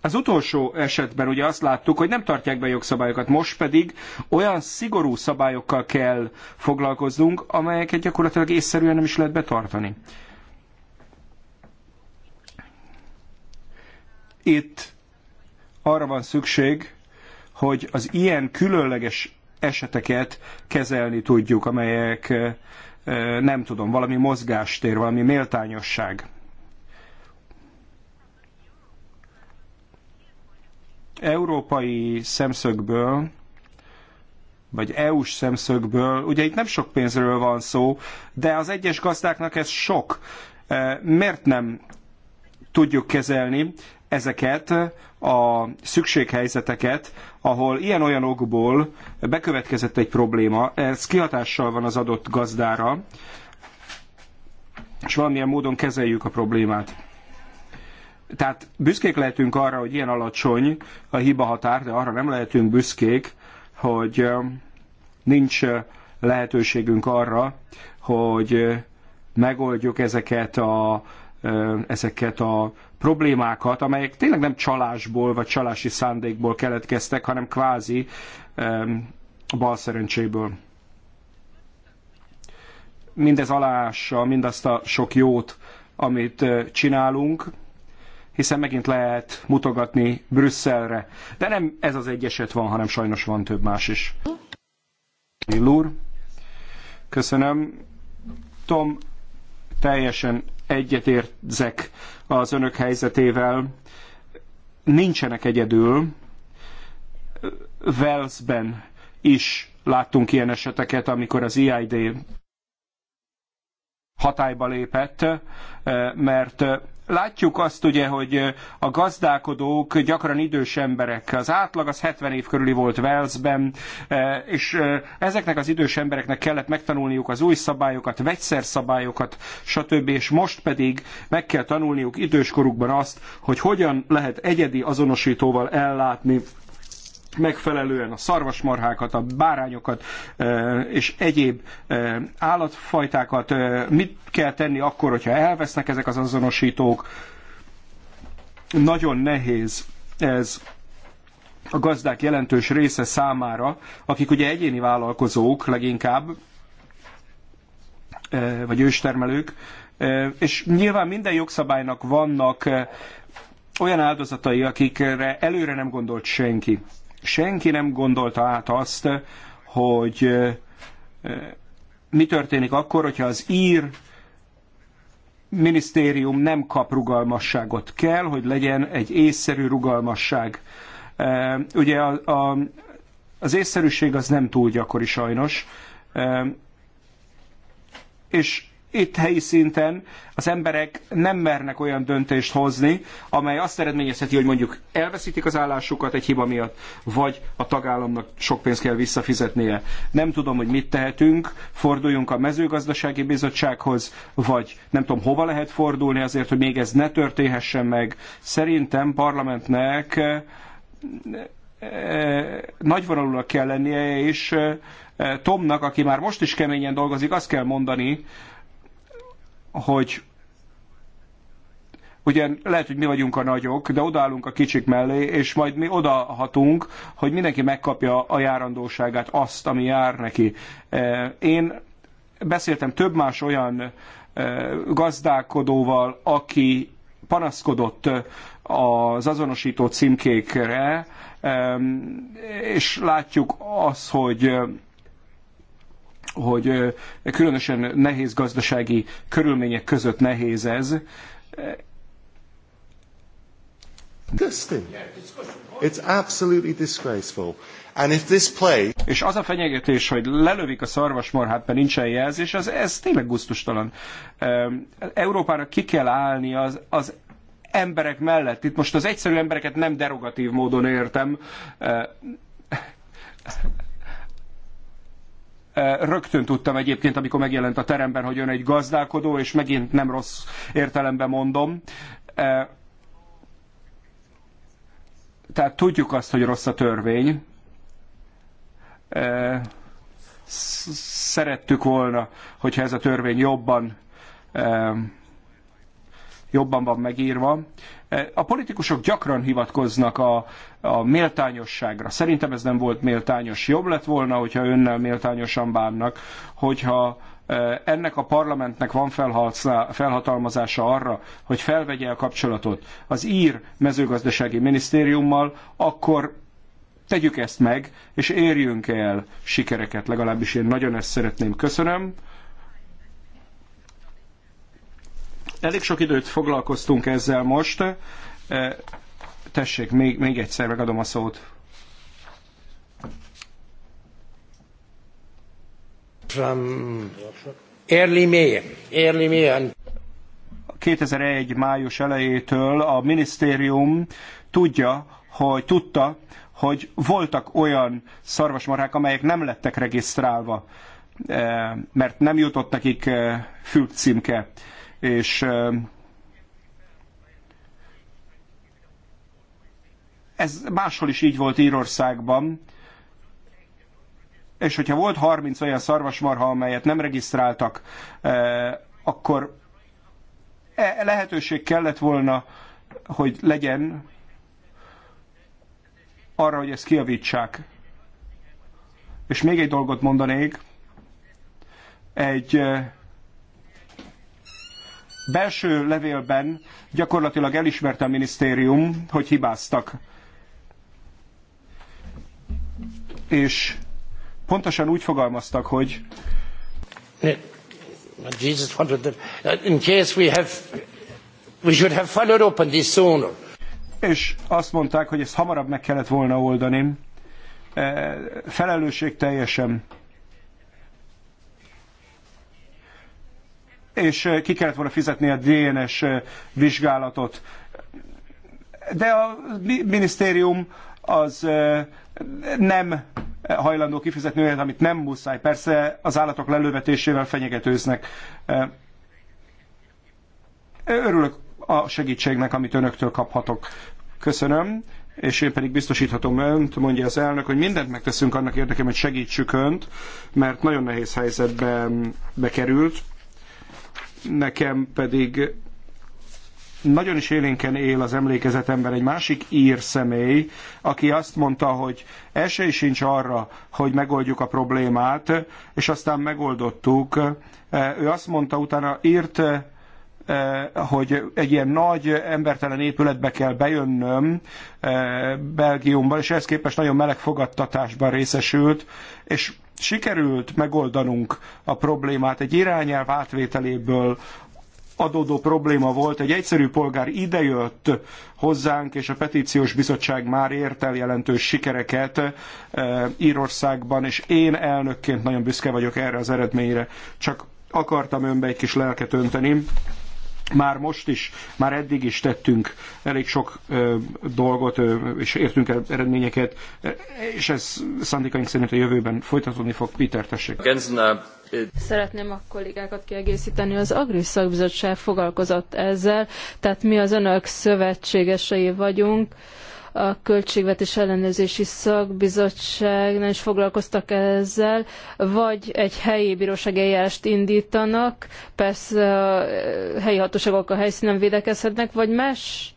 az utolsó esetben ugye azt láttuk, hogy nem tartják be jogszabályokat, most pedig olyan szigorú szabályokkal kell foglalkoznunk, amelyeket gyakorlatilag észszerűen nem is lehet betartani. Itt arra van szükség, hogy az ilyen különleges eseteket kezelni tudjuk, amelyek nem tudom, valami mozgástér, valami méltányosság. Európai szemszögből vagy EU-s szemszögből, ugye itt nem sok pénzről van szó, de az egyes gazdáknak ez sok. Miért nem tudjuk kezelni, ezeket a szükséghelyzeteket, ahol ilyen-olyan okból bekövetkezett egy probléma, ez kihatással van az adott gazdára, és valamilyen módon kezeljük a problémát. Tehát büszkék lehetünk arra, hogy ilyen alacsony a hiba határ, de arra nem lehetünk büszkék, hogy nincs lehetőségünk arra, hogy megoldjuk ezeket a, ezeket a problémákat, amelyek tényleg nem csalásból vagy csalási szándékból keletkeztek, hanem kvázi um, balszerencséből. Mindez aláássa mindazt a sok jót, amit csinálunk, hiszen megint lehet mutogatni Brüsszelre. De nem ez az egy eset van, hanem sajnos van több más is. Lillúr, köszönöm. Tom, teljesen egyetértzek az önök helyzetével. Nincsenek egyedül. Velszben is láttunk ilyen eseteket, amikor az EID hatályba lépett, eh, mert látjuk azt ugye, hogy a gazdálkodók gyakran idős emberek. Az átlag az 70 év körüli volt Walesben, és ezeknek az idős embereknek kellett megtanulniuk az új szabályokat, vegyszerszabályokat, stb. És most pedig meg kell tanulniuk időskorukban azt, hogy hogyan lehet egyedi azonosítóval ellátni megfelelően a szarvasmarhákat, a bárányokat és egyéb állatfajtákat. Mit kell tenni akkor, hogyha elvesznek ezek az azonosítók? Nagyon nehéz ez a gazdák jelentős része számára, akik ugye egyéni vállalkozók leginkább, vagy őstermelők, és nyilván minden jogszabálynak vannak olyan áldozatai, akikre előre nem gondolt senki senki nem gondolta át azt, hogy mi történik akkor, hogyha az ír minisztérium nem kap rugalmasságot. Kell, hogy legyen egy észszerű rugalmasság. Ugye a, a, az észszerűség az nem túl gyakori sajnos, és itt helyi szinten az emberek nem mernek olyan döntést hozni, amely azt eredményezheti, hogy mondjuk elveszítik az állásukat egy hiba miatt, vagy a tagállamnak sok pénzt kell visszafizetnie. Nem tudom, hogy mit tehetünk, forduljunk a mezőgazdasági bizottsághoz, vagy nem tudom, hova lehet fordulni azért, hogy még ez ne történhessen meg. Szerintem parlamentnek eh, eh, nagyvonalúnak kell lennie, és eh, Tomnak, aki már most is keményen dolgozik, azt kell mondani, hogy ugye lehet, hogy mi vagyunk a nagyok, de odaállunk a kicsik mellé, és majd mi odahatunk, hogy mindenki megkapja a járandóságát, azt, ami jár neki. E, én beszéltem több más olyan e, gazdálkodóval, aki panaszkodott e, az azonosító címkékre, és látjuk azt, hogy hogy különösen nehéz gazdasági körülmények között nehéz ez. It's absolutely disgraceful. And if this play... És az a fenyegetés, hogy lelövik a szarvasmarhát, mert nincsen jelzés, az, ez tényleg guztustalan. Európának ki kell állni az, az emberek mellett. Itt most az egyszerű embereket nem derogatív módon értem. Rögtön tudtam egyébként, amikor megjelent a teremben, hogy ön egy gazdálkodó, és megint nem rossz értelemben mondom. Tehát tudjuk azt, hogy rossz a törvény. Szerettük volna, hogyha ez a törvény jobban jobban van megírva. E, a politikusok gyakran hivatkoznak a, a méltányosságra. Szerintem ez nem volt méltányos. Jobb lett volna, hogyha önnel méltányosan bánnak, hogyha e, ennek a parlamentnek van felhatalmazása arra, hogy felvegye a kapcsolatot az ír mezőgazdasági minisztériummal, akkor tegyük ezt meg, és érjünk el sikereket. Legalábbis én nagyon ezt szeretném. Köszönöm. Elég sok időt foglalkoztunk ezzel most. E, tessék, még, még egyszer megadom a szót. From early May, early May. 2001. május elejétől a minisztérium tudja, hogy tudta, hogy voltak olyan szarvasmarhák, amelyek nem lettek regisztrálva, e, mert nem jutott nekik e, fülcímke. címke és ez máshol is így volt Írországban, és hogyha volt 30 olyan szarvasmarha, amelyet nem regisztráltak, akkor e lehetőség kellett volna, hogy legyen arra, hogy ezt kiavítsák. És még egy dolgot mondanék, egy belső levélben gyakorlatilag elismerte a minisztérium, hogy hibáztak. És pontosan úgy fogalmaztak, hogy Jesus wanted uh, In case we have, we should have followed up on this sooner. És azt mondták, hogy ezt hamarabb meg kellett volna oldani. Uh, felelősség teljesen és ki kellett volna fizetni a DNS vizsgálatot. De a minisztérium az nem hajlandó kifizetni olyat, amit nem muszáj. Persze az állatok lelövetésével fenyegetőznek. Örülök a segítségnek, amit önöktől kaphatok. Köszönöm, és én pedig biztosíthatom önt, mondja az elnök, hogy mindent megteszünk annak érdekében, hogy segítsük önt, mert nagyon nehéz helyzetbe bekerült Nekem pedig nagyon is élénken él az emlékezetemben egy másik ír személy, aki azt mondta, hogy esély sincs arra, hogy megoldjuk a problémát, és aztán megoldottuk. E, ő azt mondta, utána írt, e, e, hogy egy ilyen nagy embertelen épületbe kell bejönnöm Belgiumban, és ehhez képest nagyon meleg fogadtatásban részesült, és sikerült megoldanunk a problémát egy irányelv átvételéből, adódó probléma volt, egy egyszerű polgár idejött hozzánk, és a petíciós bizottság már ért el jelentős sikereket e, Írországban, és én elnökként nagyon büszke vagyok erre az eredményre, csak akartam önbe egy kis lelket önteni, már most is, már eddig is tettünk elég sok ö, dolgot, ö, és értünk el eredményeket, és ez szándékaink szerint a jövőben folytatódni fog. Péter, tessék. Szeretném a kollégákat kiegészíteni. Az Agri Szakbizottság foglalkozott ezzel, tehát mi az önök szövetségesei vagyunk a Költségvetés Ellenőrzési szakbizottság nem is foglalkoztak ezzel, vagy egy helyi bíróság eljárást indítanak, persze a eh, helyi hatóságok a helyszínen védekezhetnek, vagy más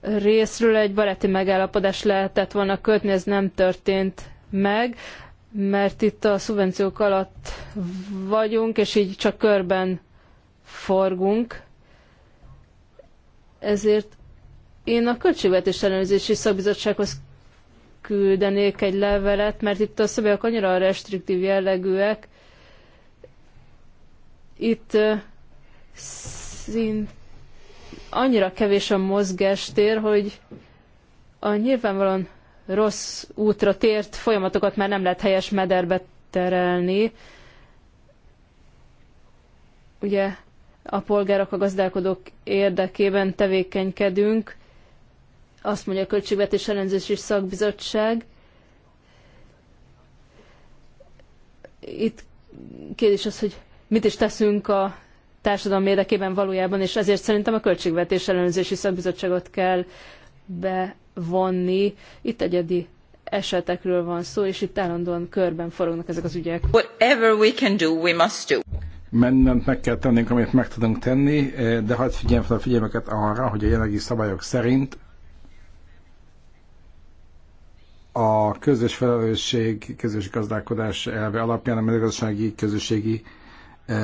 részről egy baráti megállapodás lehetett volna kötni, ez nem történt meg, mert itt a szubvenciók alatt vagyunk, és így csak körben forgunk. Ezért én a Költségvetés Ellenőrzési Szakbizottsághoz küldenék egy levelet, mert itt a szabályok annyira restriktív jellegűek. Itt szint annyira kevés a mozgástér, hogy a nyilvánvalóan rossz útra tért folyamatokat már nem lehet helyes mederbe terelni. Ugye a polgárok, a gazdálkodók érdekében tevékenykedünk, azt mondja a Költségvetés Ellenzési Szakbizottság. Itt kérdés az, hogy mit is teszünk a társadalom érdekében valójában, és ezért szerintem a Költségvetés és Szakbizottságot kell bevonni. Itt egyedi esetekről van szó, és itt állandóan körben forognak ezek az ügyek. Whatever we can do, we must do. Mindent meg kell tennünk, amit meg tudunk tenni, de hadd figyeljem fel a figyelmeket arra, hogy a jelenlegi szabályok szerint a közös felelősség, közös gazdálkodás elve alapján a mezőgazdasági közösségi e,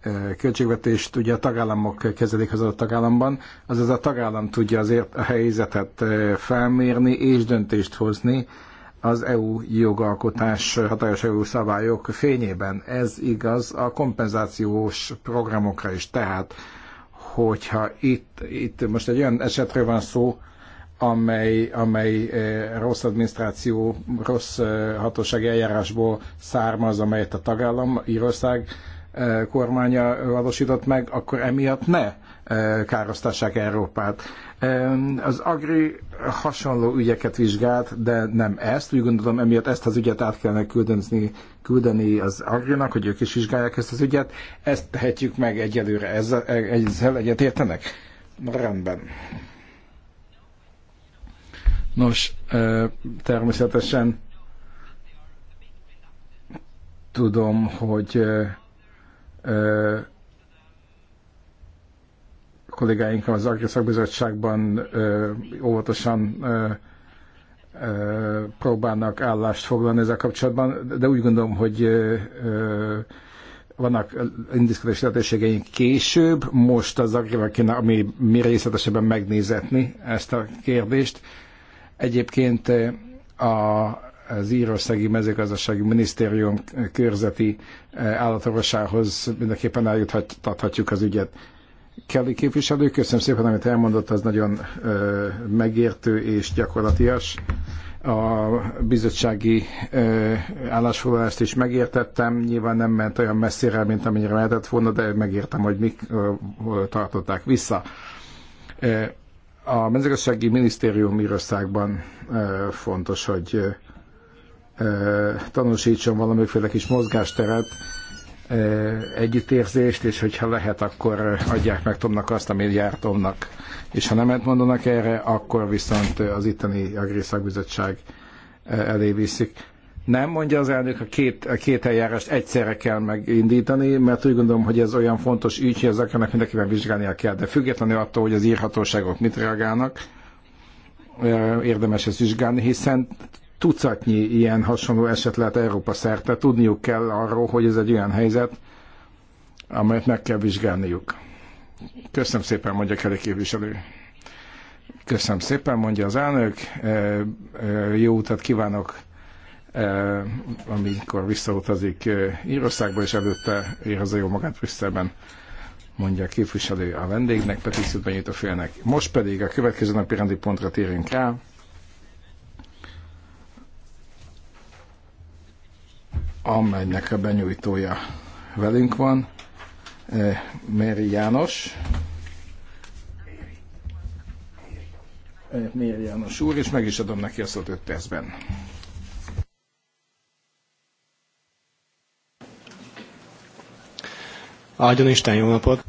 e, költségvetést ugye a tagállamok kezelik az adott tagállamban, azaz a tagállam tudja azért a helyzetet e, felmérni és döntést hozni az EU jogalkotás, hatályos EU szabályok fényében. Ez igaz a kompenzációs programokra is, tehát hogyha itt, itt most egy olyan esetről van szó, amely, amely eh, rossz adminisztráció, rossz eh, hatósági eljárásból származ, amelyet a tagállam, Írország eh, kormánya valósított meg, akkor emiatt ne károsztassák Európát. Az Agri hasonló ügyeket vizsgált, de nem ezt. Úgy gondolom, emiatt ezt az ügyet át kellene küldeni, küldeni az Agrinak, hogy ők is vizsgálják ezt az ügyet. Ezt tehetjük meg egyelőre. Ezzel, ezzel értenek? Rendben. Nos, természetesen tudom, hogy kollégáink az Agri Szakbizottságban óvatosan próbálnak állást foglalni ezzel kapcsolatban, de úgy gondolom, hogy vannak indiszkodási lehetőségeink később, most az agrivel kéne, ami mi részletesebben megnézetni ezt a kérdést. Egyébként eh, a, az Írországi Mezőgazdasági Minisztérium körzeti eh, állatorvosához mindenképpen eljuthatjuk az ügyet. Kelly képviselő, köszönöm szépen, amit elmondott, az nagyon ö, eh, megértő és gyakorlatias. A bizottsági ö, állásfoglalást is megértettem, nyilván nem ment olyan messzire, mint amennyire lehetett volna, de megértem, hogy mik ö, tartották vissza. A mezőgazdasági minisztérium Írországban fontos, hogy tanúsítson valamiféle kis mozgásteret, együttérzést, és hogyha lehet, akkor adják meg Tomnak azt, amit jár Tomnak. És ha nemet mondanak erre, akkor viszont az itteni agrészakbizottság elé viszik. Nem, mondja az elnök, a két, a két eljárást egyszerre kell megindítani, mert úgy gondolom, hogy ez olyan fontos ügy, hogy ezeknek mindenkiben vizsgálnia kell. De függetlenül attól, hogy az írhatóságok mit reagálnak, érdemes ezt vizsgálni, hiszen tucatnyi ilyen hasonló eset lehet Európa szerte. Tudniuk kell arról, hogy ez egy olyan helyzet, amelyet meg kell vizsgálniuk. Köszönöm szépen, mondja Kelly képviselő. Köszönöm szépen, mondja az elnök. Jó utat kívánok Eh, amikor visszautazik eh, Írországba, és előtte érezze jó magát Brüsszelben, mondja a képviselő a vendégnek, petíciót benyújt a félnek. Most pedig a következő napi rendi pontra térünk rá. amelynek a benyújtója velünk van, eh, Méri János. Méri János úr, és meg is adom neki a szót 5 percben. Áldjon Isten, jó napot!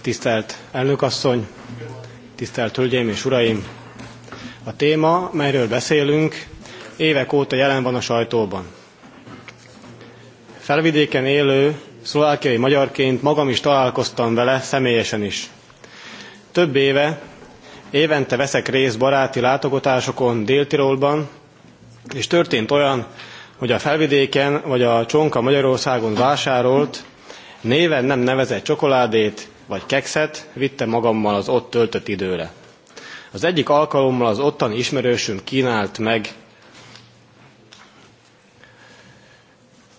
Tisztelt elnökasszony, tisztelt hölgyeim és uraim! A téma, melyről beszélünk, évek óta jelen van a sajtóban. Felvidéken élő szlovákiai magyarként magam is találkoztam vele személyesen is. Több éve évente veszek részt baráti látogatásokon Dél-Tirolban, és történt olyan, hogy a felvidéken vagy a Csonka Magyarországon vásárolt néven nem nevezett csokoládét vagy kekszet vittem magammal az ott töltött időre. Az egyik alkalommal az ottani ismerősöm kínált meg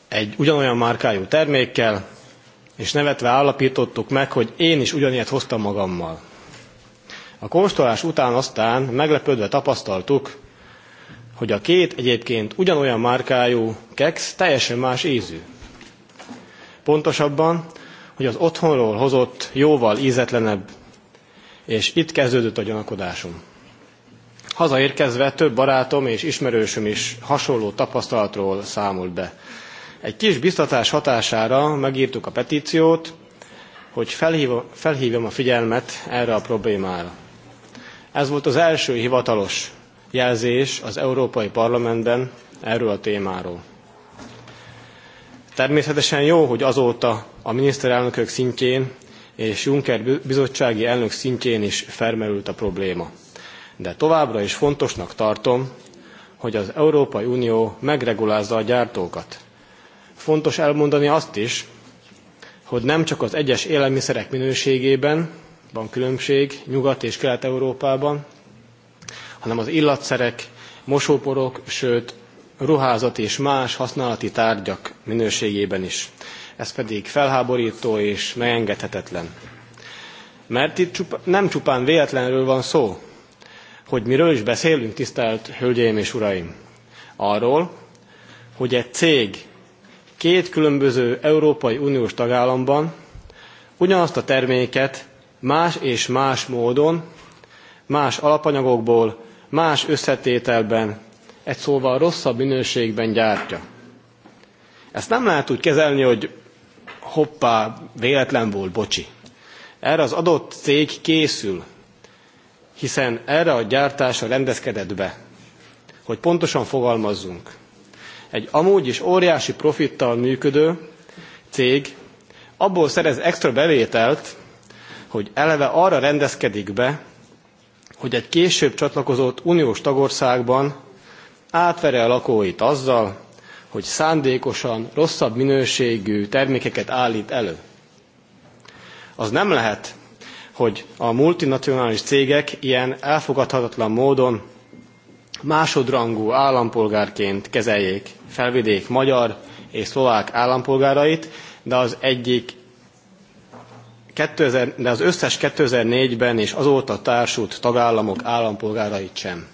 egy ugyanolyan márkájú termékkel, és nevetve állapítottuk meg, hogy én is ugyanilyet hoztam magammal. A kóstolás után aztán meglepődve tapasztaltuk, hogy a két egyébként ugyanolyan márkájú keksz teljesen más ízű. Pontosabban, hogy az otthonról hozott jóval ízetlenebb, és itt kezdődött a gyanakodásom. Hazaérkezve több barátom és ismerősöm is hasonló tapasztalatról számolt be. Egy kis biztatás hatására megírtuk a petíciót, hogy felhívom, felhívjam a figyelmet erre a problémára. Ez volt az első hivatalos jelzés az Európai Parlamentben erről a témáról. Természetesen jó, hogy azóta a miniszterelnökök szintjén és Juncker bizottsági elnök szintjén is felmerült a probléma. De továbbra is fontosnak tartom, hogy az Európai Unió megregulázza a gyártókat. Fontos elmondani azt is, hogy nem csak az egyes élelmiszerek minőségében van különbség Nyugat és Kelet-Európában, hanem az illatszerek, mosóporok, sőt ruházat és más használati tárgyak minőségében is. Ez pedig felháborító és megengedhetetlen. Mert itt nem csupán véletlenről van szó, hogy miről is beszélünk, tisztelt Hölgyeim és Uraim. Arról, hogy egy cég két különböző Európai Uniós tagállamban ugyanazt a terméket más és más módon, más alapanyagokból, más összetételben egy szóval rosszabb minőségben gyártja. Ezt nem lehet úgy kezelni, hogy hoppá, véletlen volt, bocsi. Erre az adott cég készül, hiszen erre a gyártásra rendezkedett be. Hogy pontosan fogalmazzunk. Egy amúgy is óriási profittal működő cég abból szerez extra bevételt, hogy eleve arra rendezkedik be, hogy egy később csatlakozott uniós tagországban átverje a lakóit azzal, hogy szándékosan rosszabb minőségű termékeket állít elő. Az nem lehet, hogy a multinacionális cégek ilyen elfogadhatatlan módon másodrangú állampolgárként kezeljék felvidék magyar és szlovák állampolgárait, de az egyik 2000, de az összes 2004-ben és azóta társult tagállamok állampolgárait sem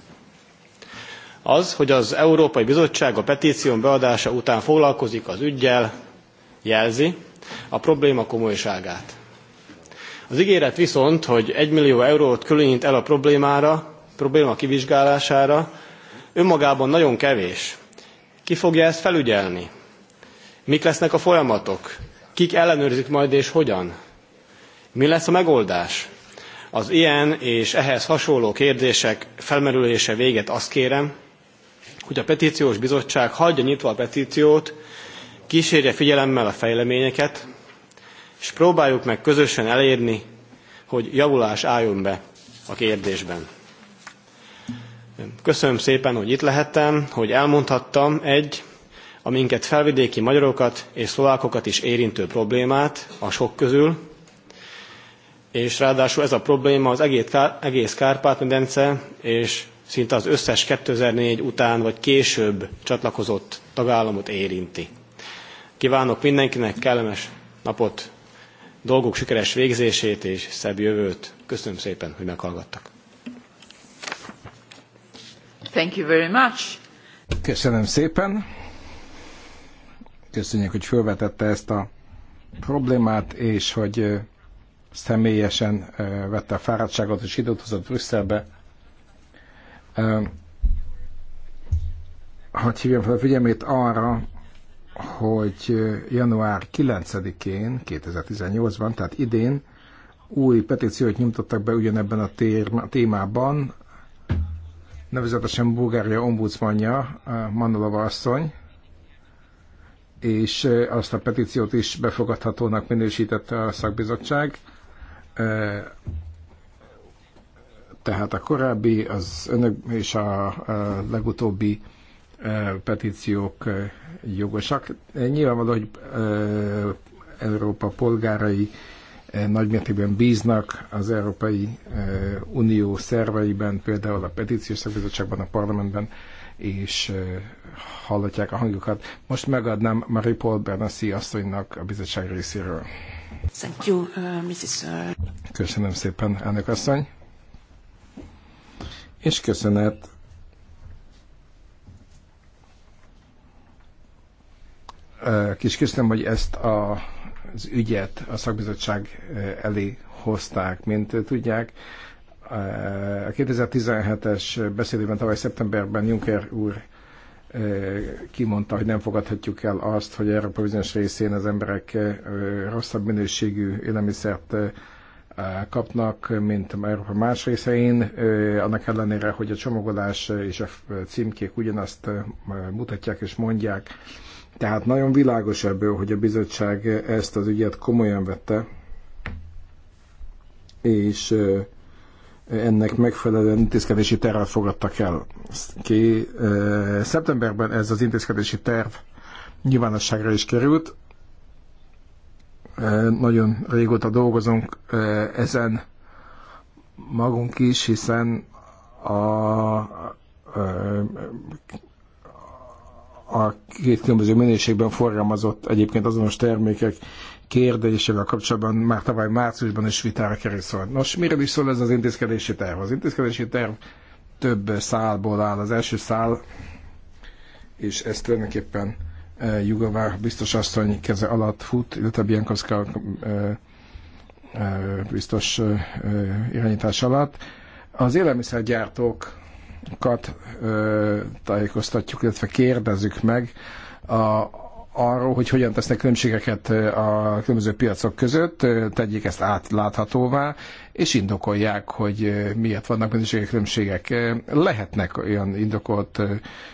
az, hogy az Európai Bizottság a petíción beadása után foglalkozik az ügyjel, jelzi a probléma komolyságát. Az ígéret viszont, hogy 1 millió eurót különít el a problémára, probléma kivizsgálására, önmagában nagyon kevés. Ki fogja ezt felügyelni? Mik lesznek a folyamatok? Kik ellenőrzik majd és hogyan? Mi lesz a megoldás? Az ilyen és ehhez hasonló kérdések felmerülése véget azt kérem, hogy a petíciós bizottság hagyja nyitva a petíciót, kísérje figyelemmel a fejleményeket, és próbáljuk meg közösen elérni, hogy javulás álljon be a kérdésben. Köszönöm szépen, hogy itt lehettem, hogy elmondhattam egy, a minket felvidéki magyarokat és szlovákokat is érintő problémát a sok közül, és ráadásul ez a probléma az egész Kárpát-medence és szinte az összes 2004 után vagy később csatlakozott tagállamot érinti. Kívánok mindenkinek kellemes napot, dolgok sikeres végzését és szebb jövőt. Köszönöm szépen, hogy meghallgattak. Thank you very much. Köszönöm szépen. Köszönjük, hogy felvetette ezt a problémát, és hogy személyesen vette a fáradtságot és időt hozott Brüsszelbe ha hívjam fel a figyelmét arra, hogy január 9-én, 2018-ban, tehát idén új petíciót nyomtattak be ugyanebben a témában, nevezetesen Bulgária ombudsmanja, Manolova asszony, és azt a petíciót is befogadhatónak minősítette a szakbizottság tehát a korábbi, az önök és a legutóbbi petíciók jogosak. Nyilvánvaló, hogy Európa polgárai nagymértékben bíznak az Európai Unió szerveiben, például a petíciós szervezetekben, a parlamentben, és hallatják a hangjukat. Most megadnám Marie-Paul Bernassi asszonynak a bizottság részéről. Thank you, uh, Mrs. Köszönöm szépen, elnök asszony és köszönet Kis köszönöm, hogy ezt a, az ügyet a szakbizottság elé hozták, mint tudják. A 2017-es beszédében tavaly szeptemberben Juncker úr kimondta, hogy nem fogadhatjuk el azt, hogy Európa bizonyos részén az emberek rosszabb minőségű élelmiszert kapnak, mint Európa más részein, annak ellenére, hogy a csomagolás és a címkék ugyanazt mutatják és mondják. Tehát nagyon világos ebből, hogy a bizottság ezt az ügyet komolyan vette, és ennek megfelelően intézkedési tervet fogadtak el. Ki, szeptemberben ez az intézkedési terv nyilvánosságra is került, nagyon régóta dolgozunk ezen magunk is, hiszen a, a két különböző minőségben forgalmazott egyébként azonos termékek kérdésével kapcsolatban már tavaly márciusban is vitára kerül szól. Nos, mire is szól ez az intézkedési terv? Az intézkedési terv több szálból áll. Az első szál, és ez tulajdonképpen Eh, Jugová biztos asszony keze alatt fut, illetve Biancoszka eh, eh, biztos irányítás alatt. Az élelmiszergyártókat tájékoztatjuk, illetve kérdezzük meg a, arról, hogy hogyan tesznek különbségeket a különböző piacok között, tegyék ezt átláthatóvá, és indokolják, hogy miért vannak minőségi különbségek. Lehetnek olyan indokolt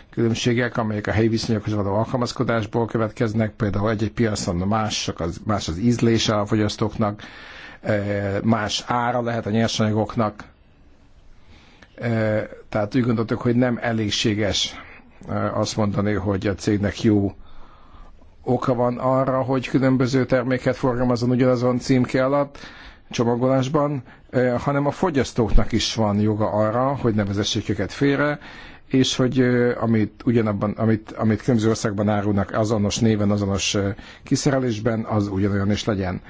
különbségek, amelyek a helyi viszonyokhoz való alkalmazkodásból következnek, például egy-egy piacon más, az, más az ízlése a fogyasztóknak, más ára lehet a nyersanyagoknak. Tehát úgy gondoltuk, hogy nem elégséges azt mondani, hogy a cégnek jó oka van arra, hogy különböző terméket forgalmazon ugyanazon címke alatt, csomagolásban, hanem a fogyasztóknak is van joga arra, hogy ne vezessék őket félre, és hogy amit ugyanabban, amit, amit különböző országban árulnak azonos néven, azonos kiszerelésben, az ugyanolyan is legyen.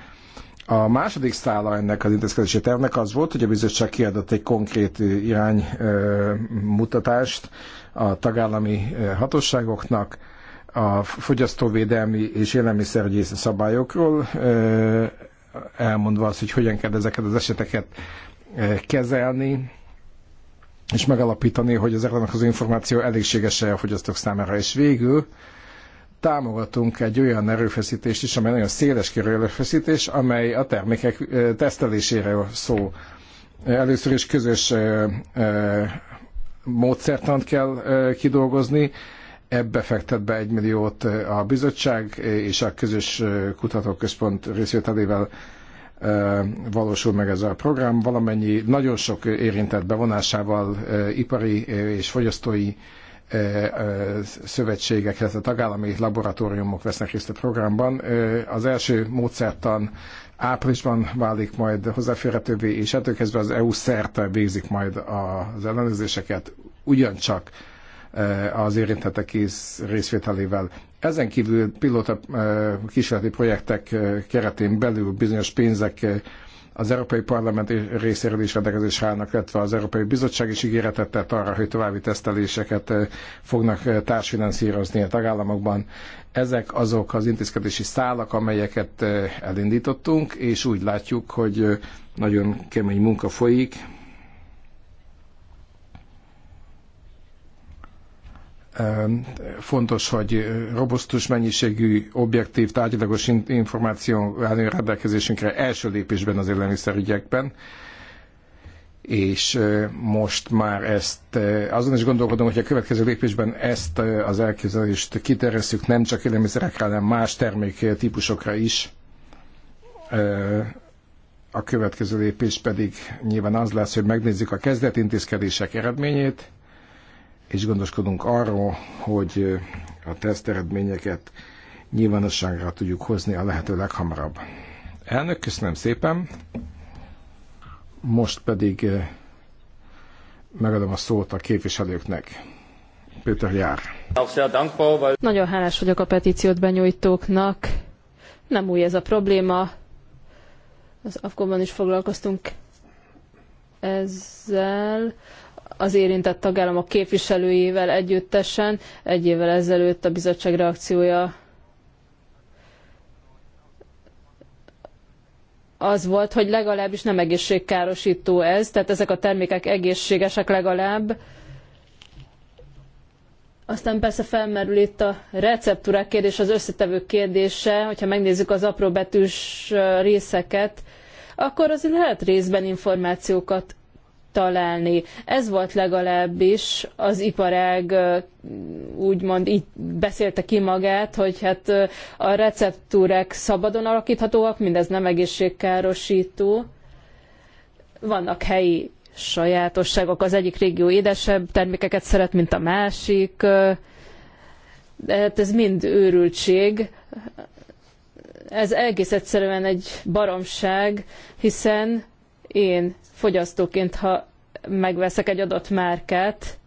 A második szála ennek az intézkedési tervnek az volt, hogy a bizottság kiadott egy konkrét iránymutatást a tagállami hatóságoknak, a fogyasztóvédelmi és élelmiszergyész szabályokról elmondva az, hogy hogyan kell ezeket az eseteket e, kezelni, és megalapítani, hogy ezeknek az információ elégséges-e a fogyasztók számára. És végül támogatunk egy olyan erőfeszítést is, amely nagyon széles körű erőfeszítés, amely a termékek e, tesztelésére szó. Először is közös e, módszertant kell kidolgozni, ebbe fektet be egy milliót a bizottság, és a közös kutatóközpont részvételével valósul meg ez a program. Valamennyi nagyon sok érintett bevonásával ipari és fogyasztói szövetségek, a tagállami laboratóriumok vesznek részt a programban. Az első módszertan áprilisban válik majd hozzáférhetővé, és ettől kezdve az EU szerte végzik majd az ellenőrzéseket, ugyancsak Eh, az érintettek részvételével. Ezen kívül pilóta eh, kísérleti projektek eh, keretén belül bizonyos pénzek az Európai Parlament részéről is rendelkezésre állnak, illetve az Európai Bizottság is ígéretet tett arra, hogy további teszteléseket fognak társfinanszírozni a tagállamokban. Ezek azok az intézkedési szálak, amelyeket elindítottunk, és úgy látjuk, hogy nagyon kemény munka folyik, fontos, hogy robusztus mennyiségű, objektív, tárgyalagos információ álljon rendelkezésünkre első lépésben az élelmiszerügyekben, és most már ezt, azon is gondolkodom, hogy a következő lépésben ezt az elképzelést kiterjesszük nem csak élelmiszerekre, hanem más termék típusokra is. A következő lépés pedig nyilván az lesz, hogy megnézzük a kezdetintézkedések eredményét, és gondoskodunk arról, hogy a teszt eredményeket nyilvánosságra tudjuk hozni a lehető leghamarabb. Elnök, köszönöm szépen. Most pedig megadom a szót a képviselőknek. Péter Jár. Nagyon hálás vagyok a petíciót benyújtóknak. Nem új ez a probléma. Az Afgóban is foglalkoztunk ezzel az érintett tagállamok képviselőjével együttesen. Egy évvel ezelőtt a bizottság reakciója az volt, hogy legalábbis nem egészségkárosító ez, tehát ezek a termékek egészségesek legalább. Aztán persze felmerül itt a receptúrák kérdés, az összetevők kérdése, hogyha megnézzük az apró betűs részeket, akkor azért lehet részben információkat találni. Ez volt legalábbis az iparág úgymond így beszélte ki magát, hogy hát a receptúrák szabadon alakíthatóak, mindez nem egészségkárosító. Vannak helyi sajátosságok, az egyik régió édesebb termékeket szeret, mint a másik. Hát ez mind őrültség. Ez egész egyszerűen egy baromság, hiszen én fogyasztóként, ha megveszek egy adott márkát,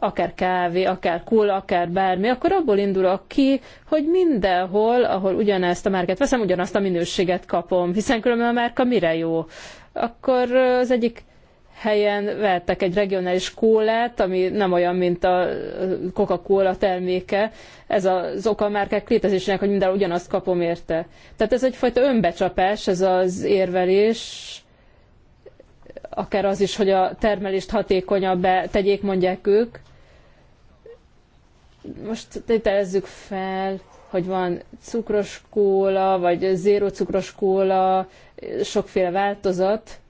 akár kávé, akár kul, akár bármi, akkor abból indulok ki, hogy mindenhol, ahol ugyanezt a márkát veszem, ugyanazt a minőséget kapom, hiszen különben a márka mire jó? Akkor az egyik helyen vettek egy regionális kólát, ami nem olyan, mint a Coca-Cola terméke. Ez az oka a márkák létezésének, hogy minden ugyanazt kapom érte. Tehát ez egyfajta önbecsapás, ez az érvelés, akár az is, hogy a termelést hatékonyabbá tegyék, mondják ők. Most tételezzük fel, hogy van cukros kóla, vagy zéro cukros kóla, sokféle változat,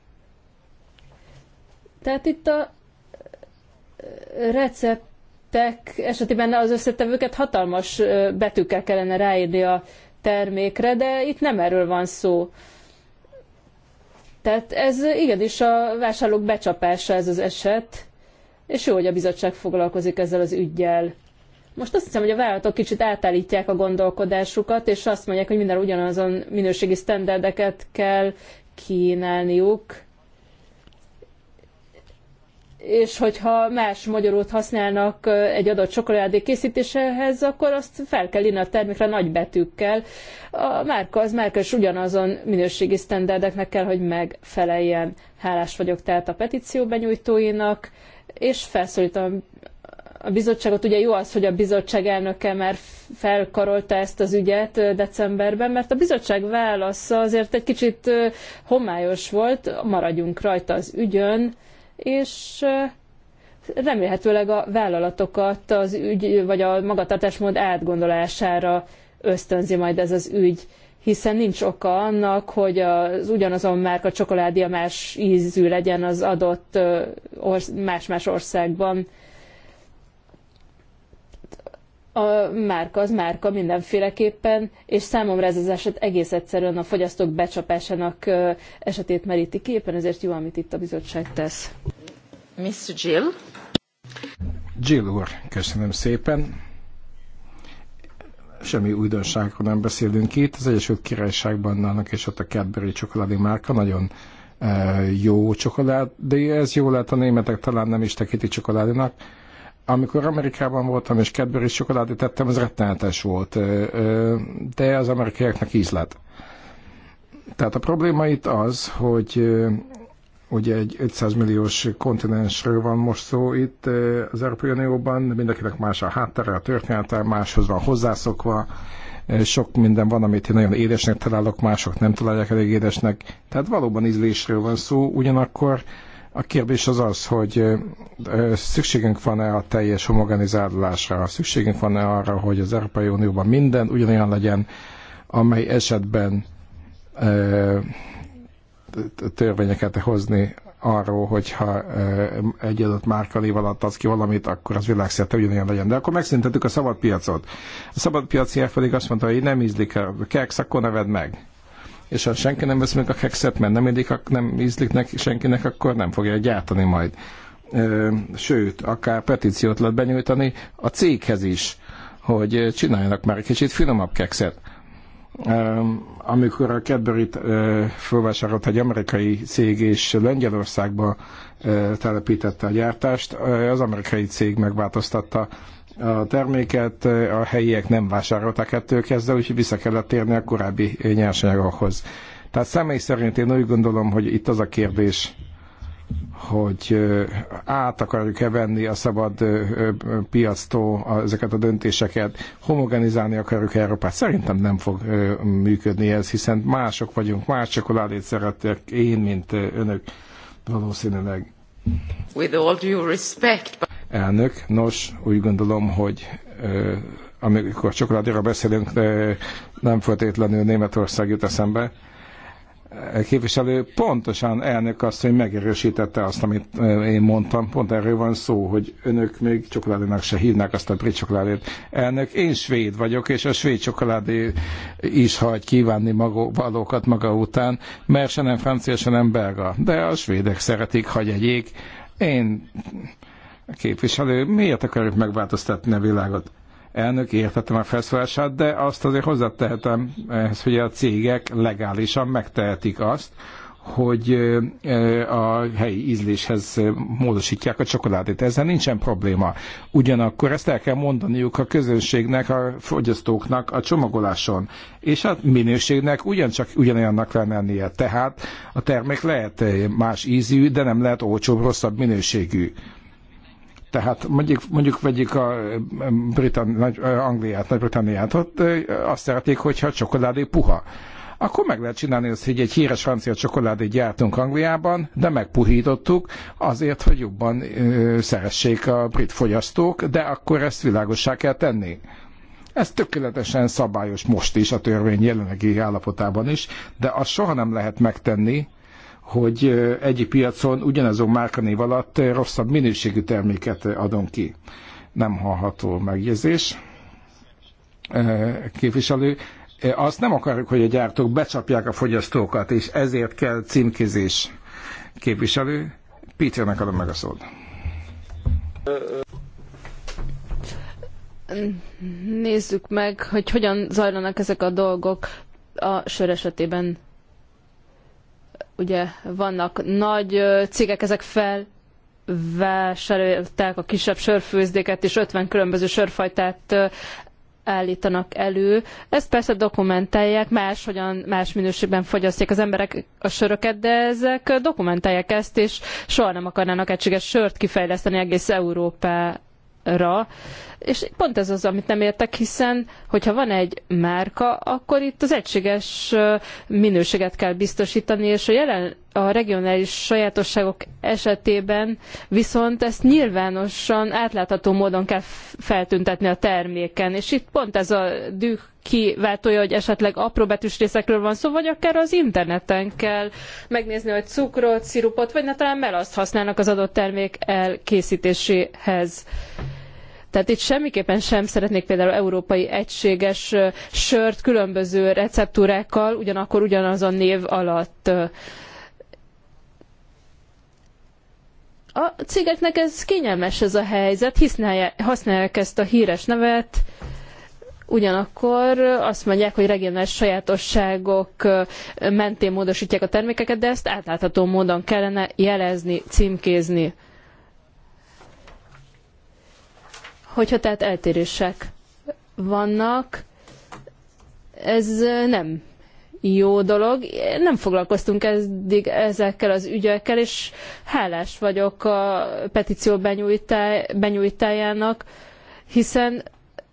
tehát itt a receptek esetében az összetevőket hatalmas betűkkel kellene ráírni a termékre, de itt nem erről van szó. Tehát ez igenis a vásárlók becsapása ez az eset, és jó, hogy a bizottság foglalkozik ezzel az ügyjel. Most azt hiszem, hogy a vállalatok kicsit átállítják a gondolkodásukat, és azt mondják, hogy minden ugyanazon minőségi sztenderdeket kell kínálniuk, és hogyha más magyarót használnak egy adott csokoládé készítéséhez, akkor azt fel kell inni a termékre nagy betűkkel. A márka az márka, és ugyanazon minőségi sztenderdeknek kell, hogy megfeleljen. Hálás vagyok tehát a petíció benyújtóinak, és felszólítom a bizottságot. Ugye jó az, hogy a bizottság elnöke már felkarolta ezt az ügyet decemberben, mert a bizottság válasza azért egy kicsit homályos volt, maradjunk rajta az ügyön és remélhetőleg a vállalatokat az ügy, vagy a magatartásmód átgondolására ösztönzi majd ez az ügy, hiszen nincs oka annak, hogy az ugyanazon márka csokoládé más ízű legyen az adott más-más országban a márka az márka mindenféleképpen, és számomra ez az eset egész egyszerűen a fogyasztók becsapásának esetét meríti ki, éppen ezért jó, amit itt a bizottság tesz. Mr. Jill. Jill úr, köszönöm szépen. Semmi újdonságról nem beszélünk itt. Az Egyesült Királyságban annak és ott a Cadbury csokoládé márka nagyon jó csokoládé, ez jó lehet a németek talán nem is tekinti csokoládénak amikor Amerikában voltam és is csokoládét tettem, ez rettenetes volt, de az amerikaiaknak ízlet. Tehát a probléma itt az, hogy ugye egy 500 milliós kontinensről van most szó itt az Európai Unióban, mindenkinek más a háttere, a története, máshoz van hozzászokva, sok minden van, amit én nagyon édesnek találok, mások nem találják elég édesnek. Tehát valóban ízlésről van szó, ugyanakkor a kérdés az az, hogy szükségünk van-e a teljes homogenizálásra, szükségünk van-e arra, hogy az Európai Unióban minden ugyanolyan legyen, amely esetben törvényeket hozni arról, hogyha egy adott márkanév alatt adsz ki valamit, akkor az világszerte ugyanilyen legyen. De akkor megszüntettük a szabad piacot. A szabad piaci pedig azt mondta, hogy nem ízlik a keksz, akkor neved meg és ha senki nem vesz meg a kekszet, mert nem, élik, nem ízlik neki senkinek, akkor nem fogja gyártani majd. Sőt, akár petíciót lehet benyújtani a céghez is, hogy csináljanak már egy kicsit finomabb kekszet. Amikor a Cadbury-t fölvásárolt egy amerikai cég, és Lengyelországba telepítette a gyártást, az amerikai cég megváltoztatta a terméket, a helyiek nem vásárolták ettől kezdve, úgyhogy vissza kellett térni a korábbi nyersanyagokhoz. Tehát személy szerint én úgy gondolom, hogy itt az a kérdés, hogy át akarjuk-e venni a szabad piactól ezeket a döntéseket, homogenizálni akarjuk Európát. Szerintem nem fog működni ez, hiszen mások vagyunk, más csokoládét szeretek én, mint önök valószínűleg. With all due respect elnök. Nos, úgy gondolom, hogy amikor csokoládéra beszélünk, nem feltétlenül Németország jut eszembe. Képviselő pontosan elnök azt, hogy megerősítette azt, amit én mondtam. Pont erről van szó, hogy önök még csokoládénak se hívnák azt a brit csokoládét. Elnök, én svéd vagyok, és a svéd csokoládé is hagy kívánni maga, valókat maga után, mert se nem francia, se nem belga. De a svédek szeretik, hagy egyék. Én képviselő, miért akarjuk megváltoztatni a világot? Elnök, értettem a felszólását, de azt azért hozzátehetem ehhez, hogy a cégek legálisan megtehetik azt, hogy a helyi ízléshez módosítják a csokoládét. Ezzel nincsen probléma. Ugyanakkor ezt el kell mondaniuk a közönségnek, a fogyasztóknak a csomagoláson. És a minőségnek ugyancsak ugyanolyannak kell lennie. Tehát a termék lehet más ízű, de nem lehet olcsóbb, rosszabb minőségű. Tehát mondjuk, mondjuk vegyük a Britan, Nagy, Angliát, Nagy-Britanniát, ott azt szeretnék, hogyha a csokoládé puha. Akkor meg lehet csinálni azt, hogy egy híres francia csokoládét gyártunk Angliában, de megpuhítottuk azért, hogy jobban ö, szeressék a brit fogyasztók, de akkor ezt világossá kell tenni. Ez tökéletesen szabályos most is a törvény jelenlegi állapotában is, de azt soha nem lehet megtenni, hogy egy piacon ugyanazon márkanév alatt rosszabb minőségű terméket adunk ki. Nem hallható megjegyzés. Képviselő, azt nem akarjuk, hogy a gyártók becsapják a fogyasztókat, és ezért kell címkézés. Képviselő, Péternek adom meg a szót. Nézzük meg, hogy hogyan zajlanak ezek a dolgok a sör esetében ugye vannak nagy cégek, ezek fel vásárolták a kisebb sörfőzdéket, és 50 különböző sörfajtát állítanak elő. Ezt persze dokumentálják, más, hogyan, más minőségben fogyasztják az emberek a söröket, de ezek dokumentálják ezt, és soha nem akarnának egységes sört kifejleszteni egész Európára. És pont ez az, amit nem értek, hiszen hogyha van egy márka, akkor itt az egységes minőséget kell biztosítani, és a jelen a regionális sajátosságok esetében viszont ezt nyilvánosan, átlátható módon kell feltüntetni a terméken. És itt pont ez a düh kiváltója, hogy esetleg apró betűs részekről van szó, vagy akár az interneten kell megnézni, hogy cukrot, szirupot, vagy talán melaszt használnak az adott termék elkészítéséhez. Tehát itt semmiképpen sem szeretnék például európai egységes sört különböző receptúrákkal, ugyanakkor ugyanaz a név alatt. A cégeknek ez kényelmes ez a helyzet, használják ezt a híres nevet, ugyanakkor azt mondják, hogy regionális sajátosságok mentén módosítják a termékeket, de ezt átlátható módon kellene jelezni, címkézni. Hogyha tehát eltérések vannak, ez nem jó dolog. Nem foglalkoztunk eddig ezekkel az ügyekkel, és hálás vagyok a petíció benyújtájának, hiszen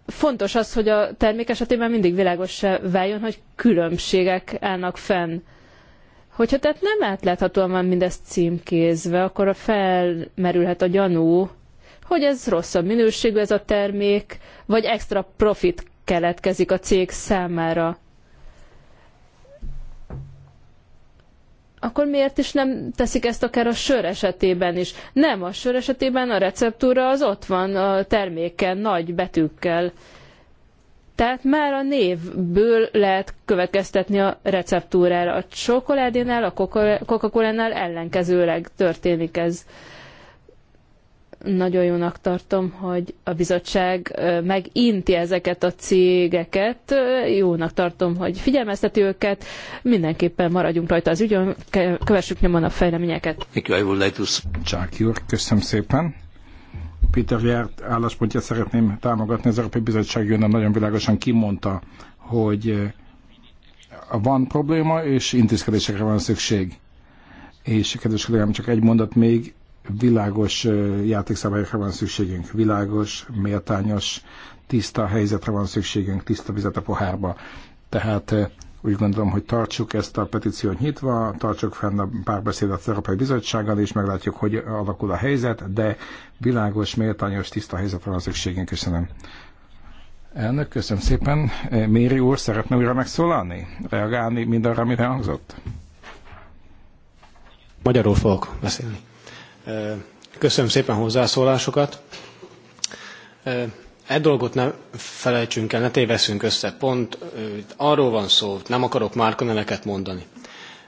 fontos az, hogy a termék esetében mindig se váljon, hogy különbségek állnak fenn. Hogyha tehát nem átláthatóan van mindez címkézve, akkor a felmerülhet a gyanú, hogy ez rosszabb minőségű ez a termék, vagy extra profit keletkezik a cég számára. akkor miért is nem teszik ezt akár a sör esetében is? Nem, a sör esetében a receptúra az ott van a terméken, nagy betűkkel. Tehát már a névből lehet következtetni a receptúrára. A csokoládénál, a Coca-Cola-nál ellenkezőleg történik ez. Nagyon jónak tartom, hogy a bizottság meginti ezeket a cégeket. Jónak tartom, hogy figyelmezteti őket. Mindenképpen maradjunk rajta az ügyön, kövessük nyomon a fejleményeket. Csák úr, köszönöm szépen. Peter Járt álláspontját szeretném támogatni. Az Európai Bizottság jönne nagyon világosan kimondta, hogy van probléma, és intézkedésekre van szükség. És kedves kollégám, csak egy mondat még, világos játékszabályokra van szükségünk, világos, méltányos, tiszta helyzetre van szükségünk, tiszta vizet a pohárba. Tehát úgy gondolom, hogy tartsuk ezt a petíciót nyitva, tartsuk fenn a párbeszédet az Európai Bizottsággal, és meglátjuk, hogy alakul a helyzet, de világos, méltányos, tiszta helyzetre van szükségünk. Köszönöm. Elnök, köszönöm szépen. Méri úr szeretne újra megszólalni? Reagálni mindarra, amit elhangzott? Magyarul fogok beszélni. Köszönöm szépen hozzászólásokat. Egy dolgot ne felejtsünk el, ne téveszünk össze. Pont arról van szó, nem akarok márkaneveket mondani,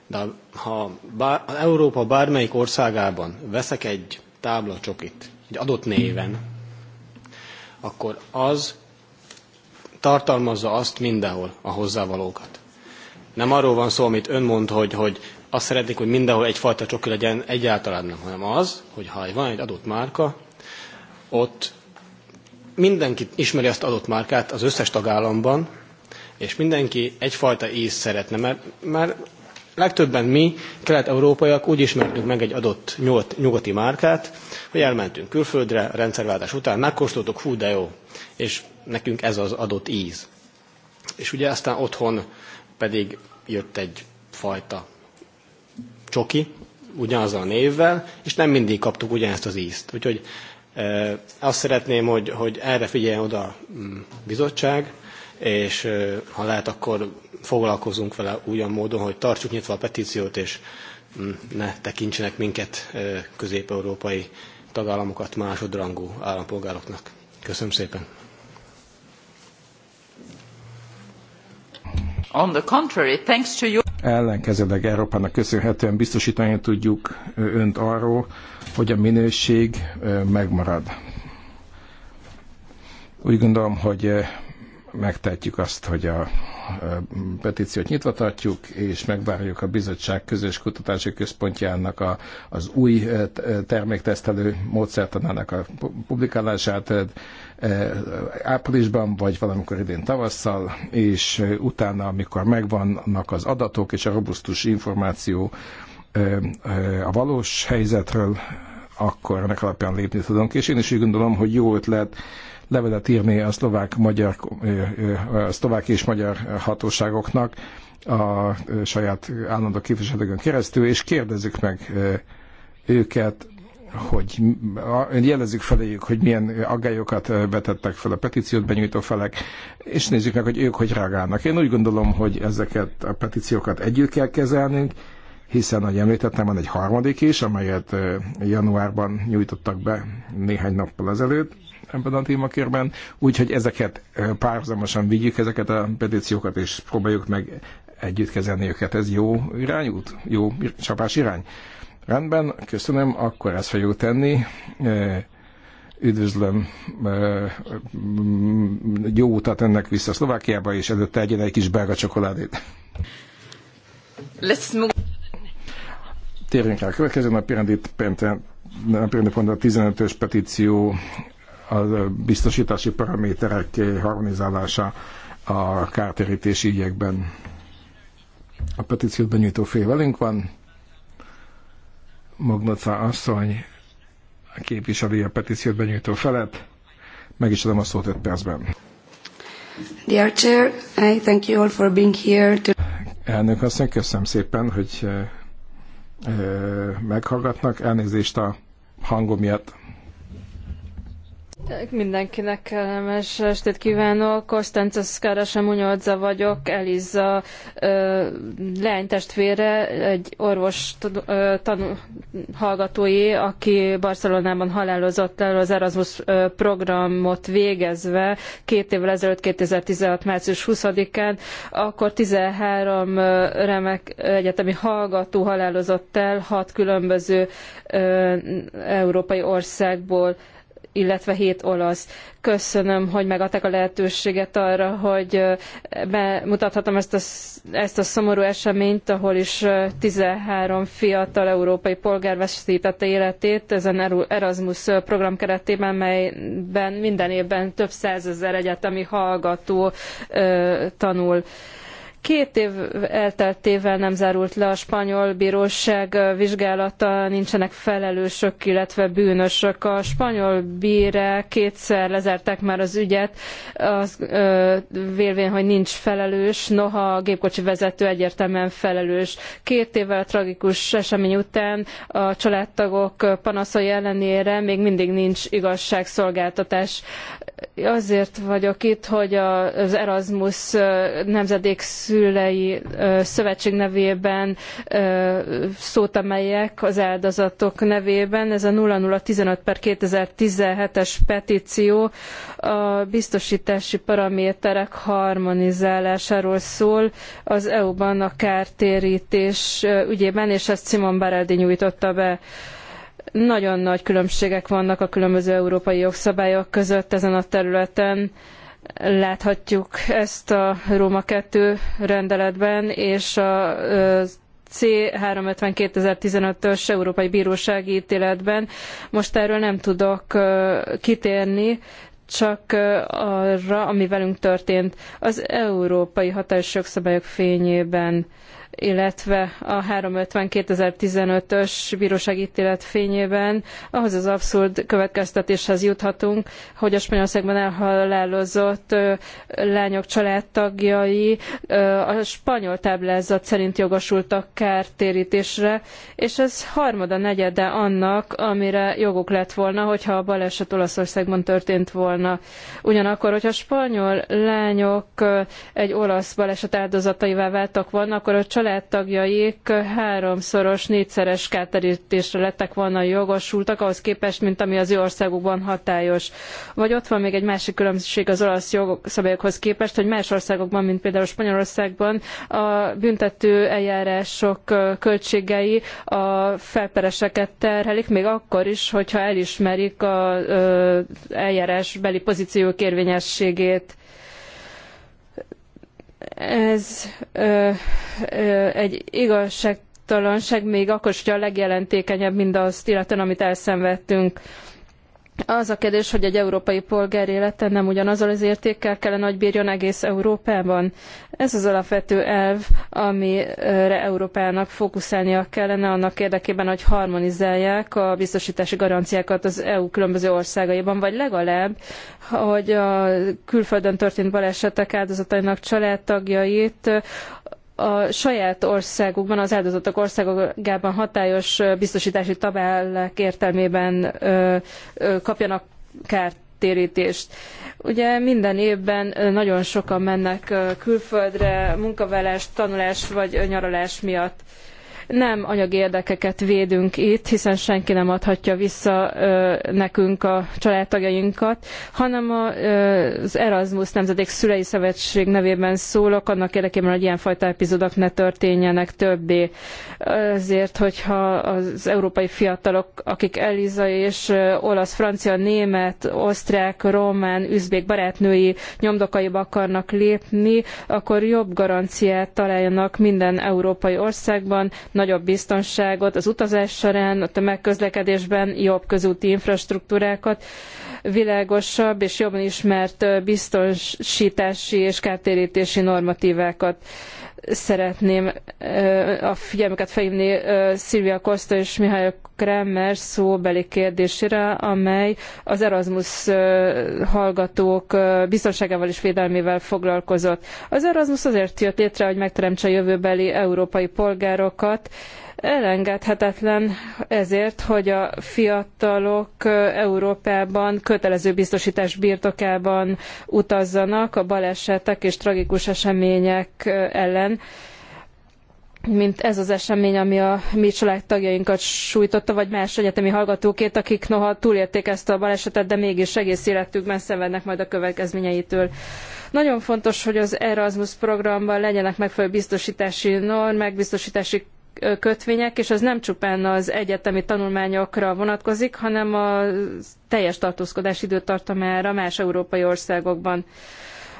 de ha bár, Európa bármelyik országában veszek egy táblacsokit, egy adott néven, akkor az tartalmazza azt mindenhol a hozzávalókat. Nem arról van szó, amit ön mond, hogy, hogy azt szeretnék, hogy mindenhol egyfajta csoki legyen, egyáltalán nem, hanem az, hogy ha van egy adott márka, ott mindenki ismeri azt adott márkát az összes tagállamban, és mindenki egyfajta íz szeretne, mert már legtöbben mi, kelet-európaiak úgy ismertünk meg egy adott nyugati márkát, hogy elmentünk külföldre a rendszerváltás után, megkóstoltuk, hú de jó, és nekünk ez az adott íz. És ugye aztán otthon pedig jött egy fajta csoki, ugyanazzal a névvel, és nem mindig kaptuk ugyanezt az ízt. Úgyhogy azt szeretném, hogy, hogy erre figyeljen oda a mm, bizottság, és ha lehet, akkor foglalkozunk vele ugyan módon, hogy tartsuk nyitva a petíciót, és mm, ne tekintsenek minket közép-európai tagállamokat másodrangú állampolgároknak. Köszönöm szépen! On the contrary, thanks to you. Ellenkezőleg Európának köszönhetően biztosítani tudjuk önt arról, hogy a minőség megmarad. Úgy gondolom, hogy megtehetjük azt, hogy a petíciót nyitva tartjuk, és megvárjuk a bizottság közös kutatási központjának a, az új terméktesztelő módszertanának a publikálását áprilisban, vagy valamikor idén tavasszal, és utána, amikor megvannak az adatok és a robusztus információ a valós helyzetről, akkor ennek alapján lépni tudunk. És én is úgy gondolom, hogy jó ötlet levelet írni a szlovák, magyar, a szlovák és magyar hatóságoknak a saját állandó képviselőkön keresztül, és kérdezzük meg őket, hogy jelezzük feléjük, hogy milyen aggályokat betettek fel a petíciót benyújtó felek, és nézzük meg, hogy ők hogy reagálnak. Én úgy gondolom, hogy ezeket a petíciókat együtt kell kezelnünk, hiszen, ahogy említettem, van egy harmadik is, amelyet januárban nyújtottak be néhány nappal ezelőtt ebben a témakérben, úgyhogy ezeket párhuzamosan vigyük, ezeket a petíciókat, és próbáljuk meg együtt kezelni őket. Ez jó irányút? Jó csapás irány? Rendben, köszönöm, akkor ezt fogjuk tenni. E, üdvözlöm, e, jó utat ennek vissza Szlovákiába, és előtte egyen egy kis belga csokoládét. Térjünk rá a következő napirendi A 15-ös petíció a biztosítási paraméterek harmonizálása a kártérítési ügyekben. A petíciót benyújtó fél velünk van, Mognoca asszony képviseli a petíciót benyújtó felett. Meg is adom a szót 5 percben. Dear Chair, I thank you all for being here. To... Elnök asszony, köszönöm szépen, hogy ö, eh, meghallgatnak. Elnézést a hangom miatt. Mindenkinek kellemes estét kívánok. Konstanza Szkárasa vagyok, Eliza leánytestvére, egy orvos tanú, hallgatói, aki Barcelonában halálozott el az Erasmus programot végezve két évvel ezelőtt, 2016. március 20-án, akkor 13 remek egyetemi hallgató halálozott el hat különböző európai országból illetve hét olasz. Köszönöm, hogy megadták a lehetőséget arra, hogy bemutathatom ezt a, ezt a szomorú eseményt, ahol is 13 fiatal európai polgár veszítette életét ezen Erasmus program keretében, melyben minden évben több százezer egyetemi hallgató tanul. Két év elteltével nem zárult le a spanyol bíróság vizsgálata, nincsenek felelősök, illetve bűnösök. A spanyol bírák kétszer lezárták már az ügyet, az, ö, vélvén, hogy nincs felelős, noha a gépkocsi vezető egyértelműen felelős. Két évvel a tragikus esemény után a családtagok panaszai ellenére még mindig nincs igazságszolgáltatás. Azért vagyok itt, hogy az Erasmus nemzedék szülei szövetség nevében szót emeljek az áldozatok nevében. Ez a 0015 per 2017-es petíció a biztosítási paraméterek harmonizálásáról szól az EU-ban a kártérítés ügyében, és ezt Simon Bareldi nyújtotta be. Nagyon nagy különbségek vannak a különböző európai jogszabályok között ezen a területen. Láthatjuk ezt a Róma 2 rendeletben, és a C352.015-ös Európai Bírósági ítéletben. Most erről nem tudok kitérni, csak arra, ami velünk történt az európai hatályos jogszabályok fényében illetve a 352015 2015 ös bíróságítélet fényében ahhoz az abszurd következtetéshez juthatunk, hogy a Spanyolországban elhalálozott lányok családtagjai a spanyol táblázat szerint jogosultak kártérítésre, és ez harmada negyede annak, amire joguk lett volna, hogyha a baleset Olaszországban történt volna. Ugyanakkor, hogyha a spanyol lányok egy olasz baleset áldozataivá váltak volna, akkor a család családtagjaik háromszoros, négyszeres kárterítésre lettek volna jogosultak, ahhoz képest, mint ami az ő országukban hatályos. Vagy ott van még egy másik különbség az olasz jogszabályokhoz képest, hogy más országokban, mint például Spanyolországban a büntető eljárások költségei a felpereseket terhelik, még akkor is, hogyha elismerik az eljárásbeli pozíciók érvényességét. Ez ö, ö, egy igazságtalanság még akkor is, hogyha a legjelentékenyebb mindazt, illetve amit elszenvedtünk. Ö, az a kérdés, hogy egy európai polgár élete nem ugyanazzal az értékkel kellene, hogy bírjon egész Európában. Ez az alapvető elv, amire Európának fókuszálnia kellene annak érdekében, hogy harmonizálják a biztosítási garanciákat az EU különböző országaiban, vagy legalább, hogy a külföldön történt balesetek áldozatainak családtagjait a saját országukban, az áldozatok országában hatályos biztosítási tabellák értelmében ö, ö, kapjanak kártérítést. Ugye minden évben nagyon sokan mennek külföldre munkavállás, tanulás vagy nyaralás miatt. Nem anyagi érdekeket védünk itt, hiszen senki nem adhatja vissza nekünk a családtagjainkat, hanem az Erasmus Nemzedék Szülei Szövetség nevében szólok, annak érdekében, hogy ilyenfajta epizódok ne történjenek többé. Azért, hogyha az európai fiatalok, akik Eliza és olasz, francia, német, osztrák, román, üzbék barátnői nyomdokaiba akarnak lépni, akkor jobb garanciát találjanak minden európai országban, nagyobb biztonságot az utazás során, a tömegközlekedésben jobb közúti infrastruktúrákat, világosabb és jobban ismert biztonsítási és kártérítési normatívákat szeretném a figyelmüket felhívni Szilvia Costa és Mihály Kramer szóbeli kérdésére, amely az Erasmus hallgatók biztonságával és védelmével foglalkozott. Az Erasmus azért jött létre, hogy megteremtse a jövőbeli európai polgárokat, Elengedhetetlen ezért, hogy a fiatalok Európában kötelező biztosítás birtokában utazzanak a balesetek és tragikus események ellen mint ez az esemény, ami a mi családtagjainkat sújtotta, vagy más egyetemi hallgatókét, akik noha túlélték ezt a balesetet, de mégis egész életükben szenvednek majd a következményeitől. Nagyon fontos, hogy az Erasmus programban legyenek megfelelő biztosítási normák, biztosítási kötvények, és ez nem csupán az egyetemi tanulmányokra vonatkozik, hanem a teljes tartózkodás időtartamára más európai országokban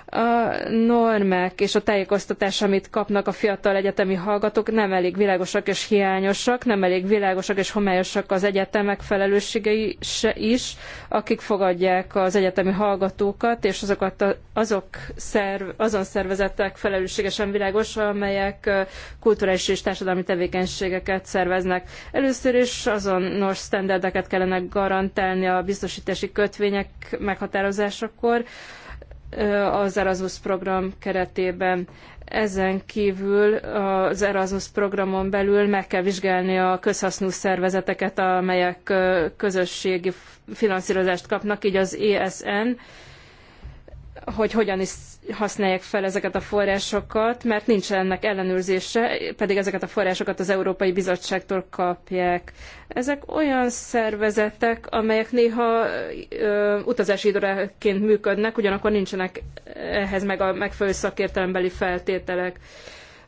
a normák és a tájékoztatás, amit kapnak a fiatal egyetemi hallgatók, nem elég világosak és hiányosak, nem elég világosak és homályosak az egyetemek felelősségei se is, akik fogadják az egyetemi hallgatókat, és azokat a, azok szerv, azon szervezetek felelősségesen világos, amelyek kulturális és társadalmi tevékenységeket szerveznek. Először is azonos sztenderdeket kellene garantálni a biztosítási kötvények meghatározásakor, az Erasmus program keretében. Ezen kívül az Erasmus programon belül meg kell vizsgálni a közhasznú szervezeteket, amelyek közösségi finanszírozást kapnak, így az ESN, hogy hogyan is használják fel ezeket a forrásokat, mert nincs ennek ellenőrzése, pedig ezeket a forrásokat az Európai Bizottságtól kapják. Ezek olyan szervezetek, amelyek néha ö, utazási időreként működnek, ugyanakkor nincsenek ehhez meg a megfelelő szakértelembeli feltételek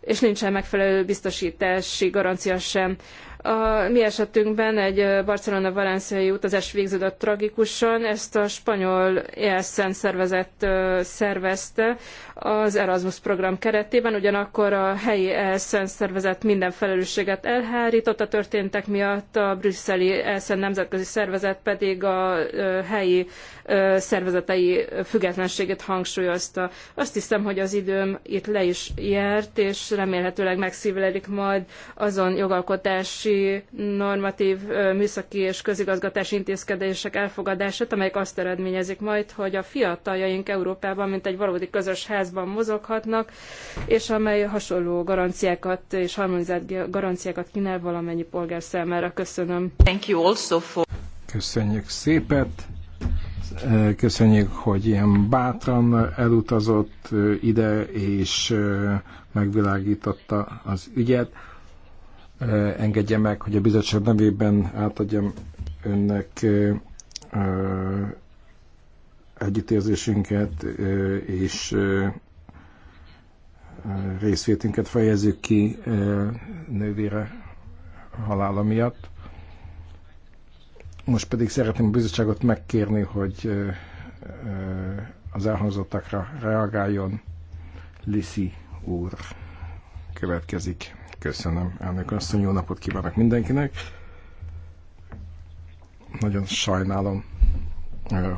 és nincsen megfelelő biztosítási garancia sem. A mi esetünkben egy Barcelona-Valenciai utazás végződött tragikusan, ezt a spanyol ESN szervezet szervezte az Erasmus program keretében, ugyanakkor a helyi ESN szervezet minden felelősséget elhárított a történtek miatt, a brüsszeli ESN nemzetközi szervezet pedig a helyi szervezetei függetlenségét hangsúlyozta. Azt hiszem, hogy az időm itt le is járt, és remélhetőleg megszívlelik majd azon jogalkotási jogalkotási, normatív, műszaki és közigazgatási intézkedések elfogadását, amelyek azt eredményezik majd, hogy a fiataljaink Európában, mint egy valódi közös házban mozoghatnak, és amely hasonló garanciákat és harmonizált garanciákat kínál valamennyi polgár számára. Köszönöm. Thank you also for... Köszönjük szépet. Köszönjük, hogy ilyen bátran elutazott ide, és megvilágította az ügyet engedje meg, hogy a bizottság nevében átadjam önnek együttérzésünket és részvétünket fejezzük ki nővére halála miatt. Most pedig szeretném a bizottságot megkérni, hogy az elhangzottakra reagáljon. Liszi úr következik. Köszönöm, elnök asszony, jó napot kívánok mindenkinek. Nagyon sajnálom, eh, eh,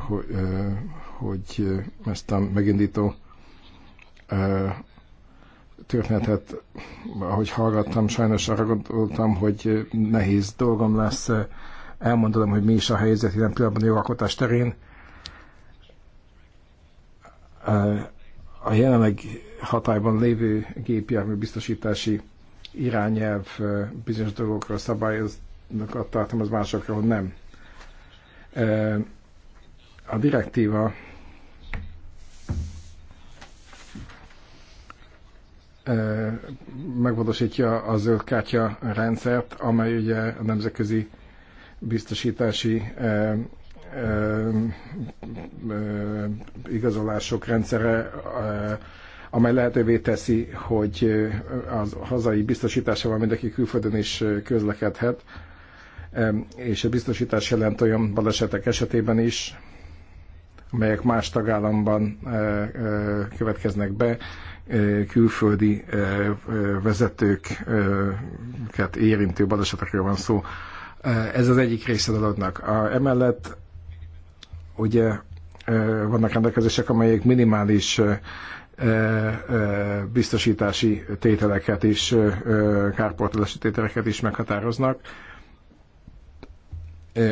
hogy eh, ezt a megindító történetet, ahogy hallgattam, sajnos arra gondoltam, hogy nehéz dolgom lesz elmondanom, hogy mi is a helyzet ilyen pillanatban a jogalkotás terén. A jelenleg hatályban lévő gépjármű biztosítási irányelv bizonyos dolgokra szabályoznak, az másokra, hogy nem. A direktíva megvalósítja a zöld kártya rendszert, amely ugye a nemzetközi biztosítási igazolások rendszere amely lehetővé teszi, hogy az hazai biztosításával mindenki külföldön is közlekedhet, és a biztosítás jelent olyan balesetek esetében is, amelyek más tagállamban következnek be, külföldi vezetőket érintő balesetekről van szó. Ez az egyik része dolognak. Emellett ugye vannak rendelkezések, amelyek minimális biztosítási tételeket is, kárportolási tételeket is meghatároznak.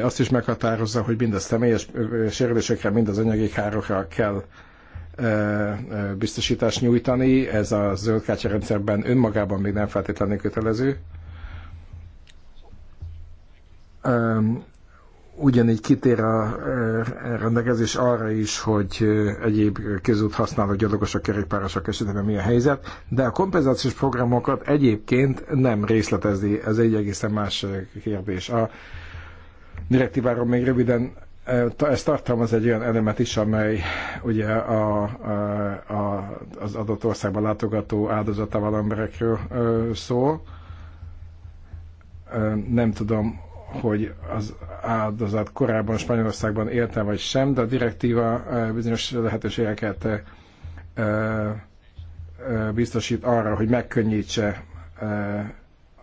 Azt is meghatározza, hogy mind a személyes sérülésekre, mind az anyagi károkra kell biztosítást nyújtani. Ez a zöld rendszerben önmagában még nem feltétlenül kötelező ugyanígy kitér a e, rendelkezés arra is, hogy e, egyéb közút használó gyalogosok, kerékpárosok esetében mi a helyzet, de a kompenzációs programokat egyébként nem részletezi, ez egy egészen más e, kérdés. A direktíváról még röviden ez tartalmaz egy olyan elemet is, amely ugye a, a, a, az adott országban látogató áldozatával emberekről szól. Nem tudom, hogy az áldozat korábban Spanyolországban élte vagy sem, de a direktíva bizonyos lehetőségeket biztosít arra, hogy megkönnyítse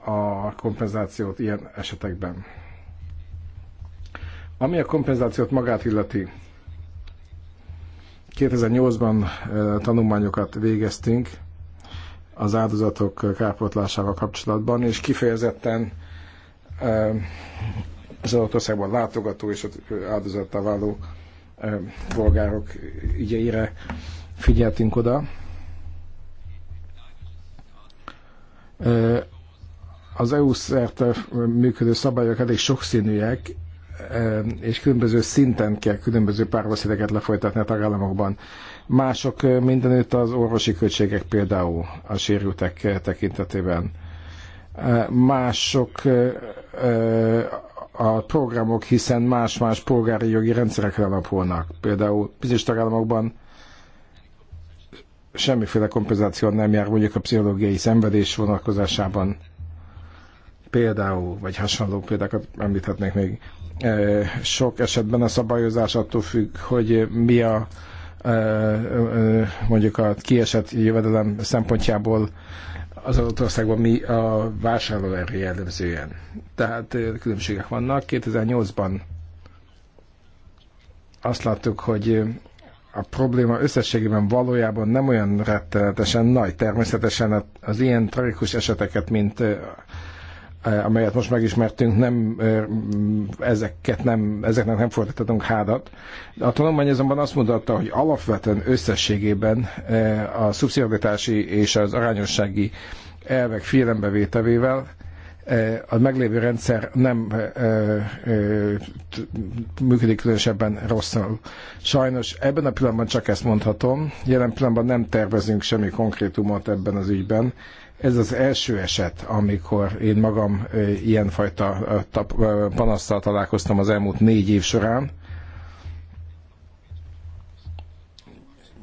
a kompenzációt ilyen esetekben. Ami a kompenzációt magát illeti, 2008-ban tanulmányokat végeztünk az áldozatok kárpótlásával kapcsolatban, és kifejezetten az adott országban látogató és áldozattá váló polgárok ügyeire figyeltünk oda. Az EU szerte működő szabályok elég sokszínűek, és különböző szinten kell különböző párbeszédeket lefolytatni a tagállamokban. Mások mindenütt az orvosi költségek például a sérültek tekintetében mások a programok, hiszen más-más polgári jogi rendszerekre alapulnak. Például bizonyos tagállamokban semmiféle kompenzáció nem jár mondjuk a pszichológiai szenvedés vonatkozásában például, vagy hasonló példákat említhetnék még. Sok esetben a szabályozás attól függ, hogy mi a mondjuk a kiesett jövedelem szempontjából az adott országban mi a vásárlóerő jellemzően. Tehát eh, különbségek vannak. 2008-ban azt láttuk, hogy eh, a probléma összességében valójában nem olyan rettenetesen nagy. Természetesen az ilyen tragikus eseteket, mint eh, Eh, amelyet most megismertünk, nem, eh, mm, ezeket nem, ezeknek nem fordítottunk hádat. A tanulmány azonban azt mutatta, hogy alapvetően összességében eh, a szubszidiaritási és az arányossági elvek figyelembevételével a meglévő rendszer nem működik különösebben rosszul. Sajnos ebben a pillanatban csak ezt mondhatom, jelen pillanatban nem tervezünk semmi konkrétumot ebben az ügyben, ez az első eset, amikor én magam ilyenfajta panasztal találkoztam az elmúlt négy év során.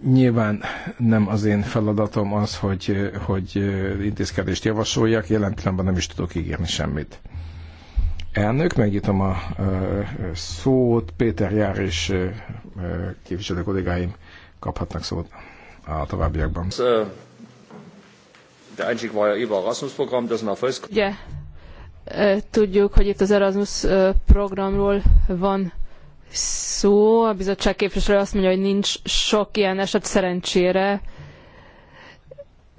Nyilván nem az én feladatom az, hogy, hogy intézkedést javasoljak, jelen pillanatban nem is tudok ígérni semmit. Elnök, megnyitom a szót, Péter Jár és képviselő kollégáim kaphatnak szót a továbbiakban. Der Einstieg war ja über Erasmus-Programm, das ein Ugye tudjuk, hogy itt az Erasmus programról van szó. A bizottság képviselő azt mondja, hogy nincs sok ilyen eset szerencsére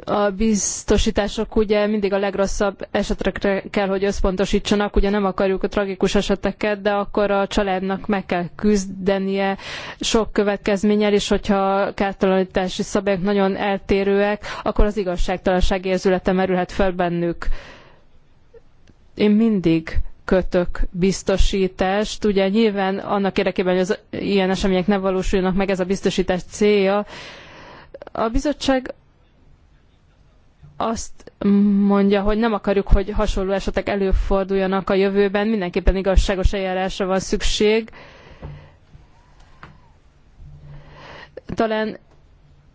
a biztosítások ugye mindig a legrosszabb esetekre kell, hogy összpontosítsanak, ugye nem akarjuk a tragikus eseteket, de akkor a családnak meg kell küzdenie sok következménnyel, és hogyha a kártalanítási szabályok nagyon eltérőek, akkor az igazságtalanság érzülete merülhet fel bennük. Én mindig kötök biztosítást. Ugye nyilván annak érdekében, hogy az ilyen események ne valósuljanak meg, ez a biztosítás célja. A bizottság azt mondja, hogy nem akarjuk, hogy hasonló esetek előforduljanak a jövőben, mindenképpen igazságos eljárásra van szükség. Talán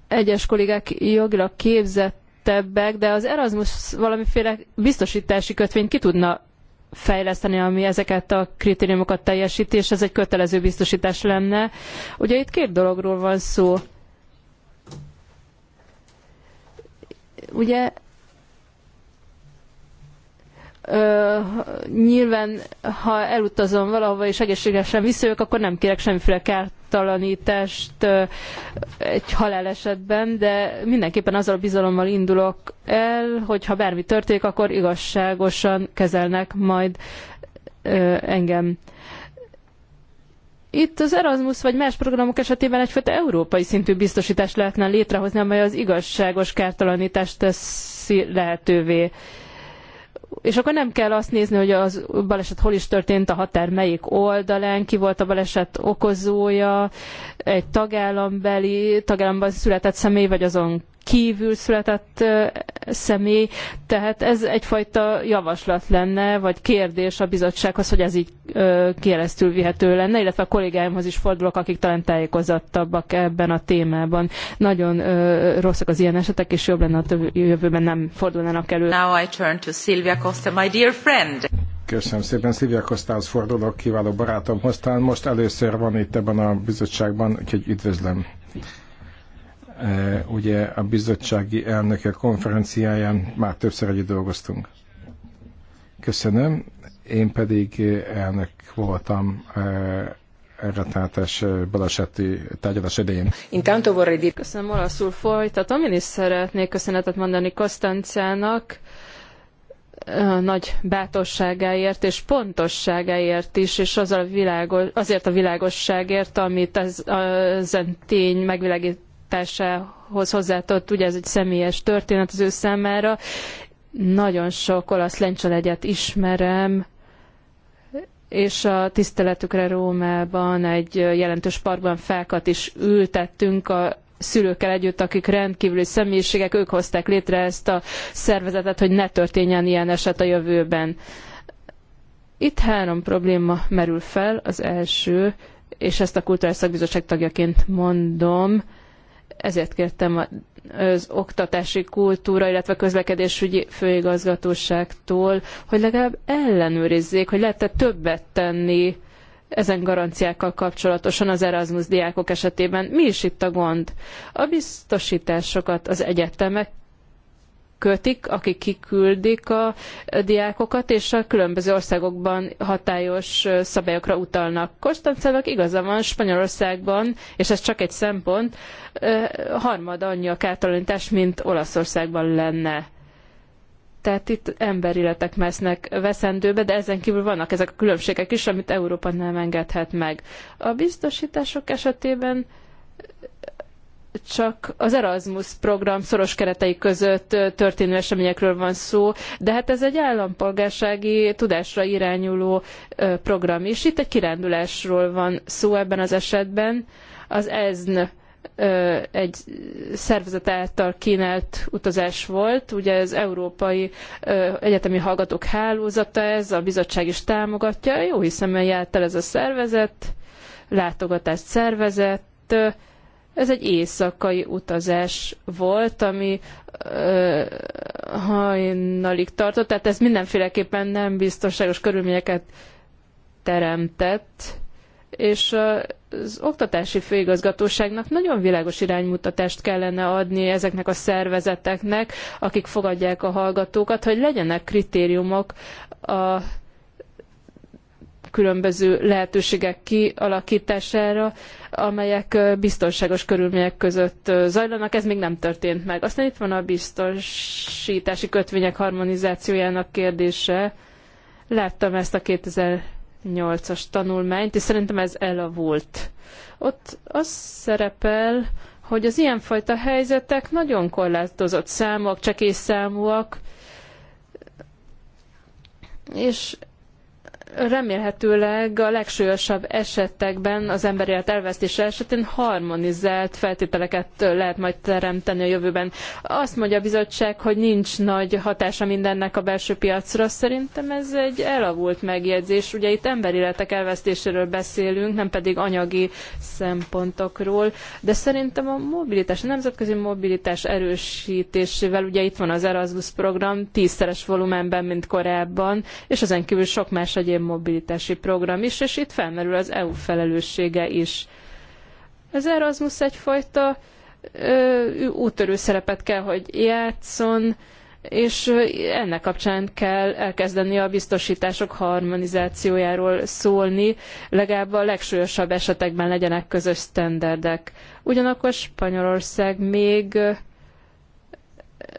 egyes kollégák jogilag képzettebbek, de az Erasmus valamiféle biztosítási kötvényt ki tudna fejleszteni, ami ezeket a kritériumokat teljesíti, és ez egy kötelező biztosítás lenne. Ugye itt két dologról van szó. Ugye ö, nyilván, ha elutazom valahova és egészségesen visszajövök, akkor nem kérek semmiféle kártalanítást ö, egy halálesetben, de mindenképpen azzal a bizalommal indulok el, hogy ha bármi történik, akkor igazságosan kezelnek majd ö, engem. Itt az Erasmus vagy más programok esetében egyfajta európai szintű biztosítást lehetne létrehozni, amely az igazságos kártalanítást teszi lehetővé. És akkor nem kell azt nézni, hogy az baleset hol is történt, a határ melyik oldalán, ki volt a baleset okozója, egy tagállambeli, tagállamban született személy, vagy azon kívül született személy, tehát ez egyfajta javaslat lenne, vagy kérdés a bizottsághoz, hogy ez így keresztül vihető lenne, illetve a kollégáimhoz is fordulok, akik talán tájékozottabbak ebben a témában. Nagyon rosszak az ilyen esetek, és jobb lenne, ha jövőben nem fordulnának elő. Now I turn to Silvia Costa, my dear friend. Köszönöm szépen, Szilvia Kosztához fordulok, kiváló barátomhoz. Talán most először van itt ebben a bizottságban, úgyhogy üdvözlöm. Eh, ugye a bizottsági elnöke konferenciáján már többször együtt dolgoztunk. Köszönöm. Én pedig elnök voltam eh, rettenetes eh, baleseti tárgyalás idején. Intanto vorrei dire... Köszönöm, olaszul folytatom. Én is szeretnék köszönetet mondani Kostancának nagy bátorságáért és pontosságáért is, és az a világos, azért a világosságért, amit ez, ezen tény megvilágít meglátásához hozzátott, ugye ez egy személyes történet az ő számára. Nagyon sok olasz lencselegyet ismerem, és a tiszteletükre Rómában egy jelentős parkban fákat is ültettünk a szülőkkel együtt, akik rendkívüli személyiségek, ők hozták létre ezt a szervezetet, hogy ne történjen ilyen eset a jövőben. Itt három probléma merül fel. Az első, és ezt a Kulturális Szakbizottság tagjaként mondom, ezért kértem az oktatási kultúra, illetve közlekedésügyi főigazgatóságtól, hogy legalább ellenőrizzék, hogy lehet-e többet tenni ezen garanciákkal kapcsolatosan az Erasmus diákok esetében. Mi is itt a gond? A biztosításokat az egyetemek kötik, akik kiküldik a diákokat, és a különböző országokban hatályos szabályokra utalnak. Konstancának igaza van, Spanyolországban, és ez csak egy szempont, harmad annyi a kártalanítás, mint Olaszországban lenne. Tehát itt emberéletek mesznek veszendőbe, de ezen kívül vannak ezek a különbségek is, amit Európa nem engedhet meg. A biztosítások esetében csak az Erasmus program szoros keretei között történő eseményekről van szó, de hát ez egy állampolgársági tudásra irányuló program is. Itt egy kirándulásról van szó ebben az esetben. Az EZN egy szervezet által kínált utazás volt. Ugye ez Európai Egyetemi Hallgatók Hálózata, ez a bizottság is támogatja. Jó hiszem, járt el ez a szervezet, látogatást szervezett, ez egy éjszakai utazás volt, ami ö, hajnalig tartott, tehát ez mindenféleképpen nem biztonságos körülményeket teremtett, és az oktatási főigazgatóságnak nagyon világos iránymutatást kellene adni ezeknek a szervezeteknek, akik fogadják a hallgatókat, hogy legyenek kritériumok a különböző lehetőségek kialakítására, amelyek biztonságos körülmények között zajlanak. Ez még nem történt meg. Aztán itt van a biztosítási kötvények harmonizációjának kérdése. Láttam ezt a 2008-as tanulmányt, és szerintem ez elavult. Ott az szerepel, hogy az ilyenfajta helyzetek nagyon korlátozott számok, csekésszámúak, és remélhetőleg a legsúlyosabb esetekben az emberélet elvesztése esetén harmonizált feltételeket lehet majd teremteni a jövőben. Azt mondja a bizottság, hogy nincs nagy hatása mindennek a belső piacra. Szerintem ez egy elavult megjegyzés. Ugye itt emberéletek elvesztéséről beszélünk, nem pedig anyagi szempontokról, de szerintem a mobilitás, a nemzetközi mobilitás erősítésével, ugye itt van az Erasmus program tízszeres volumenben, mint korábban, és ezen kívül sok más egyéb mobilitási program is, és itt felmerül az EU felelőssége is. Az Erasmus egyfajta ö, úttörő szerepet kell, hogy játszon, és ennek kapcsán kell elkezdeni a biztosítások harmonizációjáról szólni, legalább a legsúlyosabb esetekben legyenek közös sztenderdek. Ugyanakkor Spanyolország még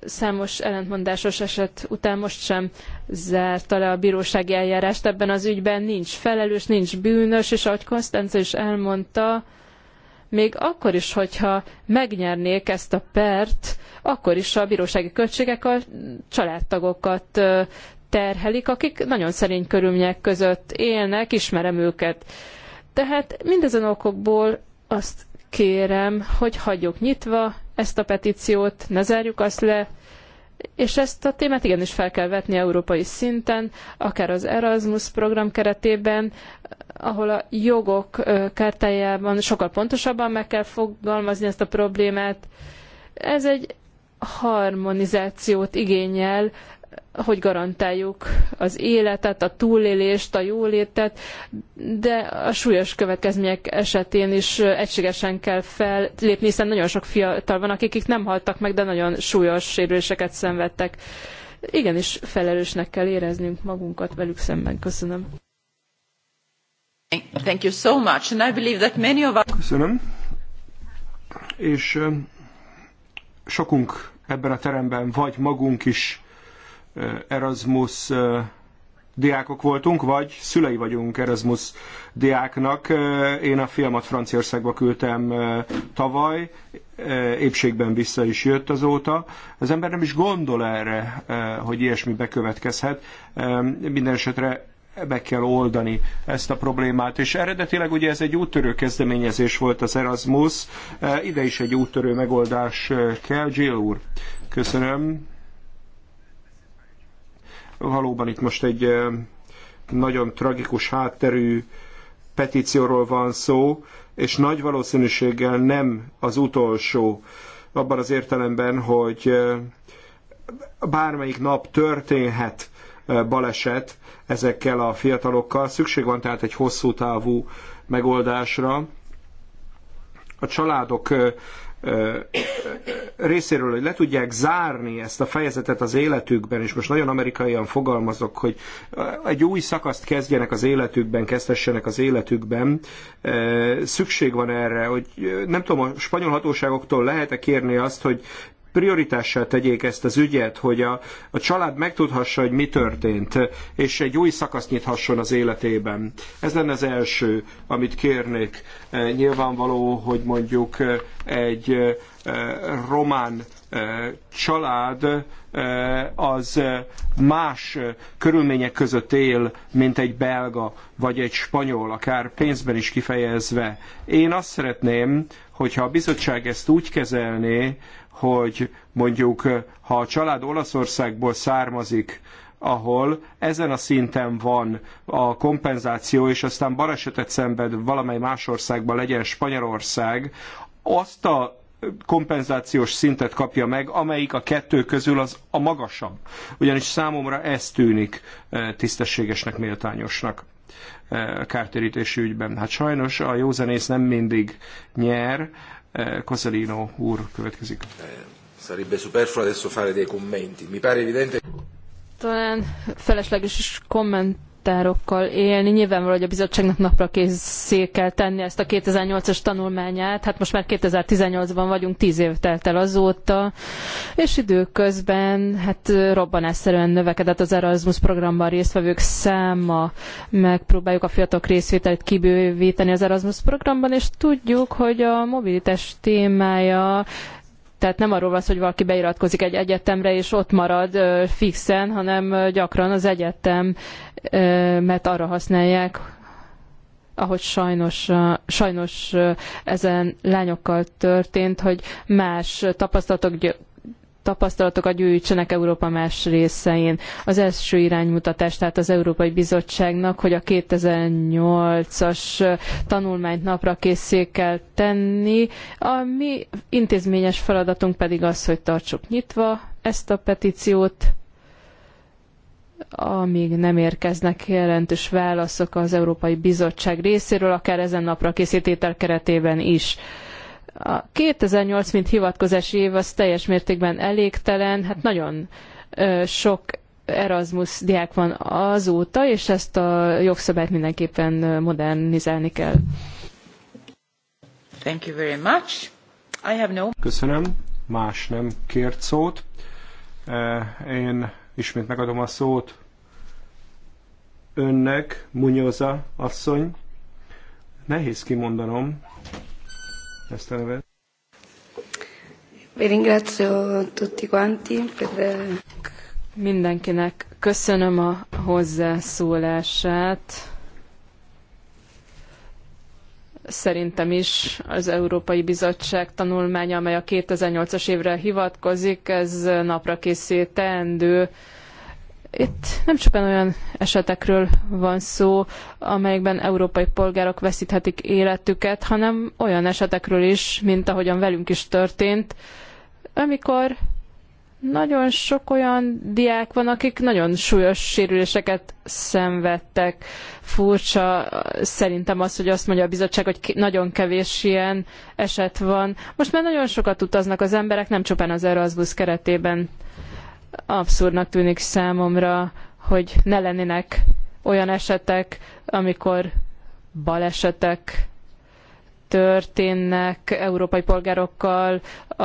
számos ellentmondásos eset után most sem zárta le a bírósági eljárást ebben az ügyben, nincs felelős, nincs bűnös, és ahogy Konstanca is elmondta, még akkor is, hogyha megnyernék ezt a pert, akkor is a bírósági költségek a családtagokat terhelik, akik nagyon szerény körülmények között élnek, ismerem őket. Tehát mindezen okokból azt kérem, hogy hagyjuk nyitva ezt a petíciót, ne zárjuk azt le, és ezt a témát igenis fel kell vetni európai szinten, akár az Erasmus program keretében, ahol a jogok kártájában sokkal pontosabban meg kell fogalmazni ezt a problémát. Ez egy harmonizációt igényel hogy garantáljuk az életet, a túlélést, a jólétet, de a súlyos következmények esetén is egységesen kell fellépni, hiszen nagyon sok fiatal van, akik nem haltak meg, de nagyon súlyos sérüléseket szenvedtek. Igenis felelősnek kell éreznünk magunkat velük szemben. Köszönöm. Thank you so much, and I believe that many of us... Köszönöm. És sokunk ebben a teremben vagy magunk is Erasmus diákok voltunk, vagy szülei vagyunk Erasmus diáknak. Én a fiamat Franciaországba küldtem tavaly, épségben vissza is jött azóta. Az ember nem is gondol erre, hogy ilyesmi bekövetkezhet. Minden esetre be kell oldani ezt a problémát. És eredetileg ugye ez egy úttörő kezdeményezés volt az Erasmus, ide is egy úttörő megoldás kell. Jill úr, köszönöm. Valóban itt most egy nagyon tragikus hátterű petícióról van szó, és nagy valószínűséggel nem az utolsó, abban az értelemben, hogy bármelyik nap történhet baleset ezekkel a fiatalokkal. Szükség van tehát egy hosszú távú megoldásra. A családok részéről, hogy le tudják zárni ezt a fejezetet az életükben, és most nagyon amerikaian fogalmazok, hogy egy új szakaszt kezdjenek az életükben, kezdhessenek az életükben, szükség van erre, hogy nem tudom, a spanyol hatóságoktól lehet-e kérni azt, hogy prioritással tegyék ezt az ügyet, hogy a, a család megtudhassa, hogy mi történt, és egy új szakaszt nyithasson az életében. Ez lenne az első, amit kérnék. E, nyilvánvaló, hogy mondjuk e, egy e, román család az más körülmények között él, mint egy belga vagy egy spanyol, akár pénzben is kifejezve. Én azt szeretném, hogyha a bizottság ezt úgy kezelné, hogy mondjuk eh, ha a család Olaszországból származik, ahol ezen a szinten van a kompenzáció, és aztán balesetet szenved valamely más országban, legyen Spanyolország, azt a kompenzációs szintet kapja meg, amelyik a kettő közül az a magasabb. Ugyanis számomra ez tűnik eh, tisztességesnek, méltányosnak eh, kártérítési ügyben. Hát sajnos a józanész nem mindig nyer, Eh, Cozzolino úr következik. Sarebbe superfluo adesso fare dei commenti. Mi pare evidente... Talán felesleges is komment határokkal élni. Nyilvánvaló, hogy a bizottságnak napra készé kell tenni ezt a 2008-as tanulmányát. Hát most már 2018-ban vagyunk, 10 év telt el azóta, és időközben hát robbanásszerűen növekedett az Erasmus programban résztvevők száma. Megpróbáljuk a fiatalok részvételét kibővíteni az Erasmus programban, és tudjuk, hogy a mobilitás témája tehát nem arról van hogy valaki beiratkozik egy egyetemre, és ott marad fixen, hanem gyakran az egyetem, mert arra használják, ahogy sajnos, sajnos ezen lányokkal történt, hogy más tapasztalatok tapasztalatokat gyűjtsenek Európa más részein. Az első iránymutatás, tehát az Európai Bizottságnak, hogy a 2008-as tanulmányt napra készé kell tenni. A mi intézményes feladatunk pedig az, hogy tartsuk nyitva ezt a petíciót, amíg nem érkeznek jelentős válaszok az Európai Bizottság részéről, akár ezen napra készítétel keretében is. A 2008, mint hivatkozási év, az teljes mértékben elégtelen, hát nagyon sok Erasmus diák van azóta, és ezt a jogszabályt mindenképpen modernizálni kell. Thank you very much. I have no... Köszönöm. Más nem kért szót. Én ismét megadom a szót önnek, Munyoza asszony. Nehéz kimondanom, ezt a nevet. Ringrazio tutti quanti per... Mindenkinek köszönöm a hozzászólását. Szerintem is az Európai Bizottság tanulmánya, amely a 2008-as évre hivatkozik, ez napra készítendő. teendő itt nem csupán olyan esetekről van szó, amelyekben európai polgárok veszíthetik életüket, hanem olyan esetekről is, mint ahogyan velünk is történt, amikor nagyon sok olyan diák van, akik nagyon súlyos sérüléseket szenvedtek. Furcsa szerintem az, hogy azt mondja a bizottság, hogy nagyon kevés ilyen eset van. Most már nagyon sokat utaznak az emberek, nem csupán az Erasmus keretében. Abszurdnak tűnik számomra, hogy ne lennének olyan esetek, amikor balesetek történnek európai polgárokkal a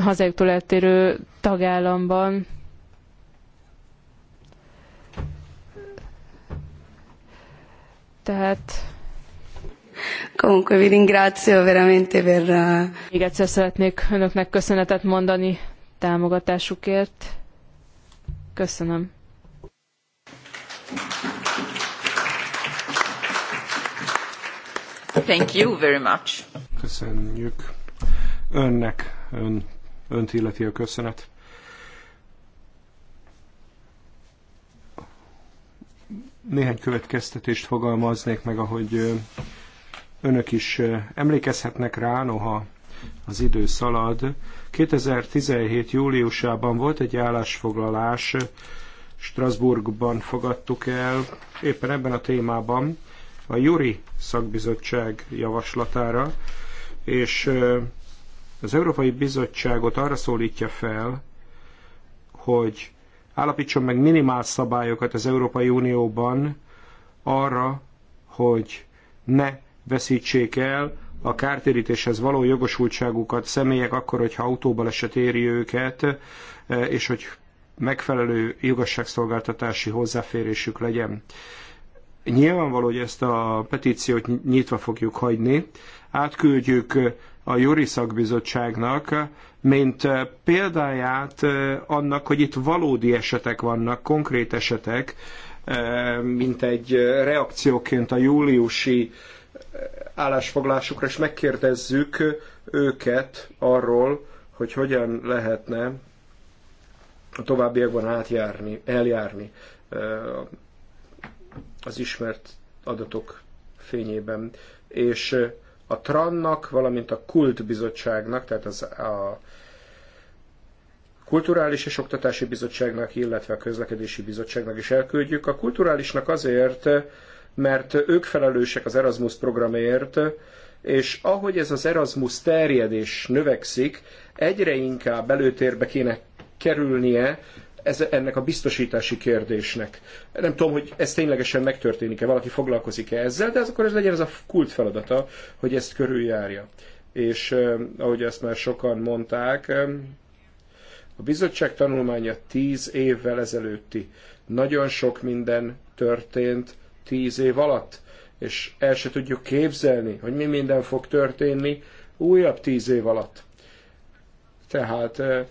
hazájuktól eltérő tagállamban. Tehát... Comunque vi ringrazio veramente per... Uh, Még egyszer szeretnék önöknek köszönetet mondani támogatásukért. Köszönöm. Thank you very much. Köszönjük önnek, ön, önt illeti a köszönet. Néhány következtetést fogalmaznék meg, ahogy önök is emlékezhetnek rá, noha az idő szalad, 2017. júliusában volt egy állásfoglalás, Strasbourgban fogadtuk el, éppen ebben a témában, a Juri szakbizottság javaslatára, és az Európai Bizottságot arra szólítja fel, hogy állapítson meg minimál szabályokat az Európai Unióban arra, hogy ne veszítsék el a kártérítéshez való jogosultságukat személyek akkor, hogyha autóbaleset éri őket, eh, és hogy megfelelő igazságszolgáltatási hozzáférésük legyen. Nyilvánvaló, hogy ezt a petíciót nyitva fogjuk hagyni. Átküldjük a Juri Szakbizottságnak, mint eh, példáját eh, annak, hogy itt valódi esetek vannak, konkrét esetek, mint egy reakcióként a júliusi állásfoglásukra, és megkérdezzük őket arról, hogy hogyan lehetne a továbbiakban átjárni, eljárni az ismert adatok fényében. És a TRAN-nak, valamint a Kult Bizottságnak, tehát az, a Kulturális és Oktatási Bizottságnak, illetve a Közlekedési Bizottságnak is elküldjük. A kulturálisnak azért, mert ők felelősek az Erasmus programért, és ahogy ez az Erasmus terjed és növekszik, egyre inkább előtérbe kéne kerülnie ez, ennek a biztosítási kérdésnek. Nem tudom, hogy ez ténylegesen megtörténik-e, valaki foglalkozik-e ezzel, de az akkor ez legyen ez a kult feladata, hogy ezt körüljárja. És ahogy ezt már sokan mondták, a bizottság tanulmánya tíz évvel ezelőtti. Nagyon sok minden történt, tíz év alatt, és el se tudjuk képzelni, hogy mi minden fog történni újabb tíz év alatt. Tehát eh,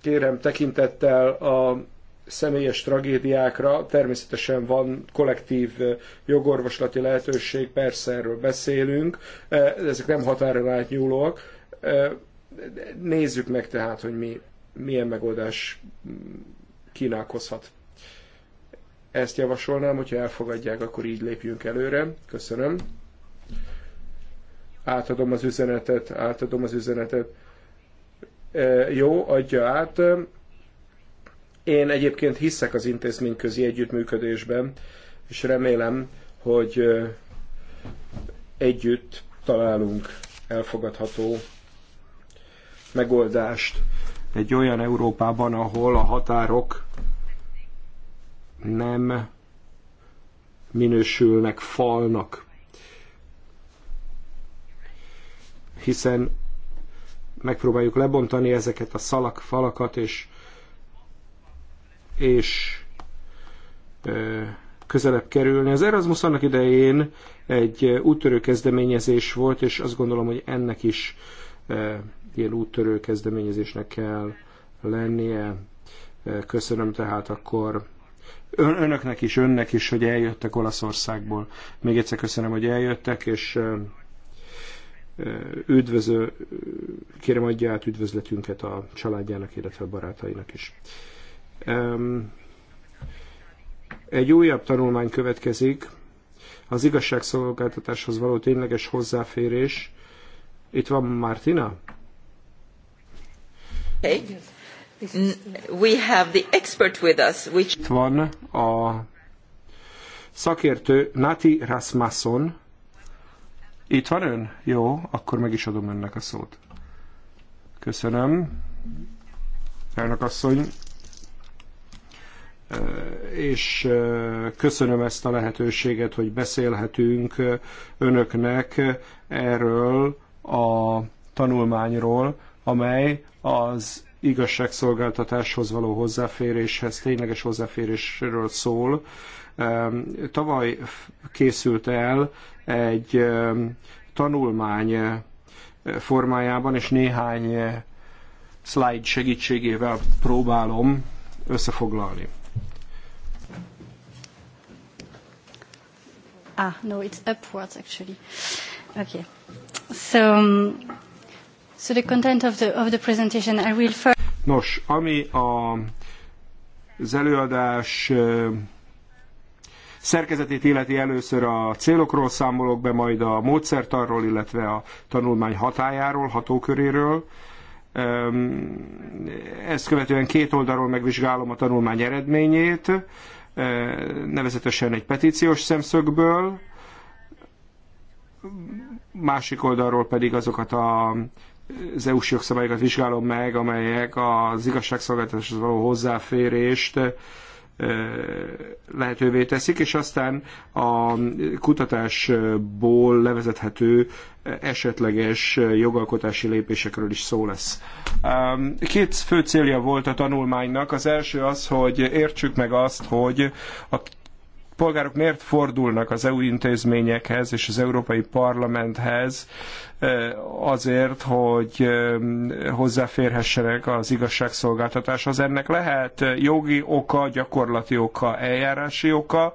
kérem tekintettel a személyes tragédiákra, természetesen van kollektív eh, jogorvoslati lehetőség, persze erről beszélünk, eh, ezek nem határon átnyúlóak. Nézzük meg tehát, hogy mi, milyen megoldás kínálkozhat. Ezt javasolnám, hogyha elfogadják, akkor így lépjünk előre. Köszönöm. Átadom az üzenetet, átadom az üzenetet. E, jó, adja át. Én egyébként hiszek az intézményközi együttműködésben, és remélem, hogy e, együtt találunk elfogadható megoldást egy olyan Európában, ahol a határok nem minősülnek falnak. Hiszen megpróbáljuk lebontani ezeket a szalak, falakat, és, és ö, közelebb kerülni. Az Erasmus annak idején egy úttörő kezdeményezés volt, és azt gondolom, hogy ennek is ö, ilyen úttörő kezdeményezésnek kell lennie. Köszönöm tehát akkor önöknek is, önnek is, hogy eljöttek Olaszországból. Még egyszer köszönöm, hogy eljöttek, és üdvöző, kérem adja át üdvözletünket a családjának, illetve a barátainak is. Egy újabb tanulmány következik, az igazságszolgáltatáshoz való tényleges hozzáférés. Itt van Martina? Hey. We have the expert with us, which... Itt van a szakértő Nati Rasmasson. Itt van ön? Jó, akkor meg is adom önnek a szót. Köszönöm. Elnök asszony, és köszönöm ezt a lehetőséget, hogy beszélhetünk önöknek erről a tanulmányról, amely az igazságszolgáltatáshoz való hozzáféréshez, tényleges hozzáférésről szól. Tavaly készült el egy tanulmány eh, formájában, és néhány eh, slide segítségével próbálom összefoglalni. Ah, no, it's upwards actually. Okay. So, um, So the content of the, of the presentation, I will first... Nos, ami a, az előadás szerkezetét illeti először a célokról számolok be, majd a módszertarról, illetve a tanulmány hatájáról, hatóköréről. Ezt követően két oldalról megvizsgálom a tanulmány eredményét, nevezetesen egy petíciós szemszögből, másik oldalról pedig azokat a az EU-s jogszabályokat vizsgálom meg, amelyek az igazságszolgáltatáshoz való hozzáférést lehetővé teszik, és aztán a kutatásból levezethető esetleges jogalkotási lépésekről is szó lesz. Két fő célja volt a tanulmánynak. Az első az, hogy értsük meg azt, hogy a polgárok miért fordulnak az EU intézményekhez és az Európai Parlamenthez Eh, azért, hogy eh, hozzáférhessenek az igazságszolgáltatáshoz. Ennek lehet eh, jogi oka, gyakorlati oka, eljárási oka,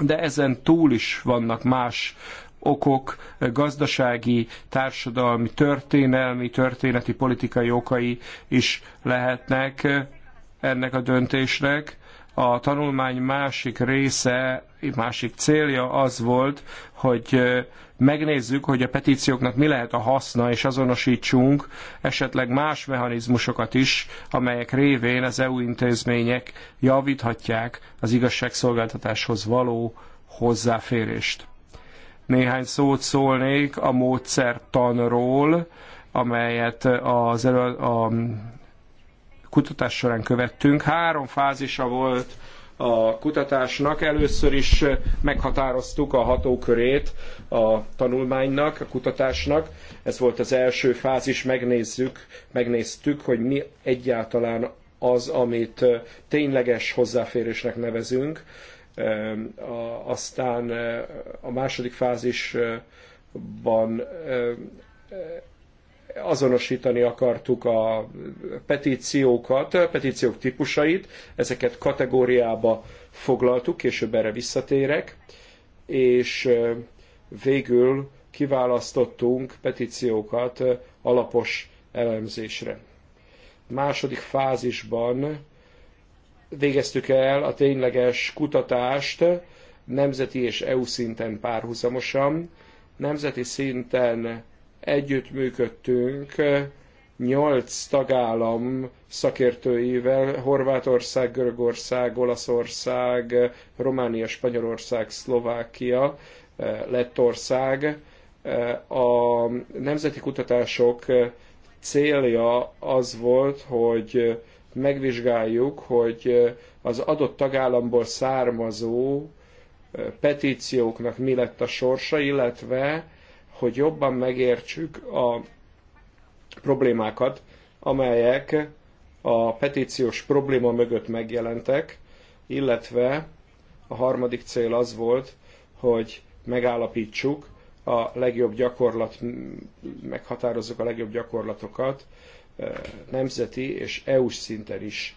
de ezen túl is vannak más okok, gazdasági, társadalmi, történelmi, történeti, politikai okai is lehetnek ennek a döntésnek. A tanulmány másik része, másik célja az volt, hogy megnézzük, hogy a petícióknak mi lehet a haszna, és azonosítsunk esetleg más mechanizmusokat is, amelyek révén az EU intézmények javíthatják az igazságszolgáltatáshoz való hozzáférést. Néhány szót szólnék a módszertanról, amelyet az elő, a kutatás során követtünk. Három fázisa volt a kutatásnak. Először is eh, meghatároztuk a hatókörét a tanulmánynak, a kutatásnak. Ez volt az első fázis, megnézzük, megnéztük, hogy mi egyáltalán az, amit eh, tényleges hozzáférésnek nevezünk. Eh, aztán a második fázisban azonosítani akartuk a petíciókat, petíciók típusait, ezeket kategóriába foglaltuk, később erre visszatérek, és végül kiválasztottunk petíciókat alapos elemzésre. Második fázisban végeztük el a tényleges kutatást nemzeti és EU szinten párhuzamosan. Nemzeti szinten együttműködtünk eh, nyolc tagállam szakértőivel, Horvátország, Görögország, Olaszország, eh, Románia, Spanyolország, Szlovákia, eh, Lettország. A nemzeti kutatások célja az volt, hogy megvizsgáljuk, hogy az adott tagállamból származó petícióknak mi lett a sorsa, illetve hogy jobban megértsük a problémákat, amelyek a petíciós probléma mögött megjelentek, illetve a harmadik cél az volt, hogy megállapítsuk a legjobb gyakorlat, meghatározzuk a legjobb gyakorlatokat nemzeti és EU-s szinten is,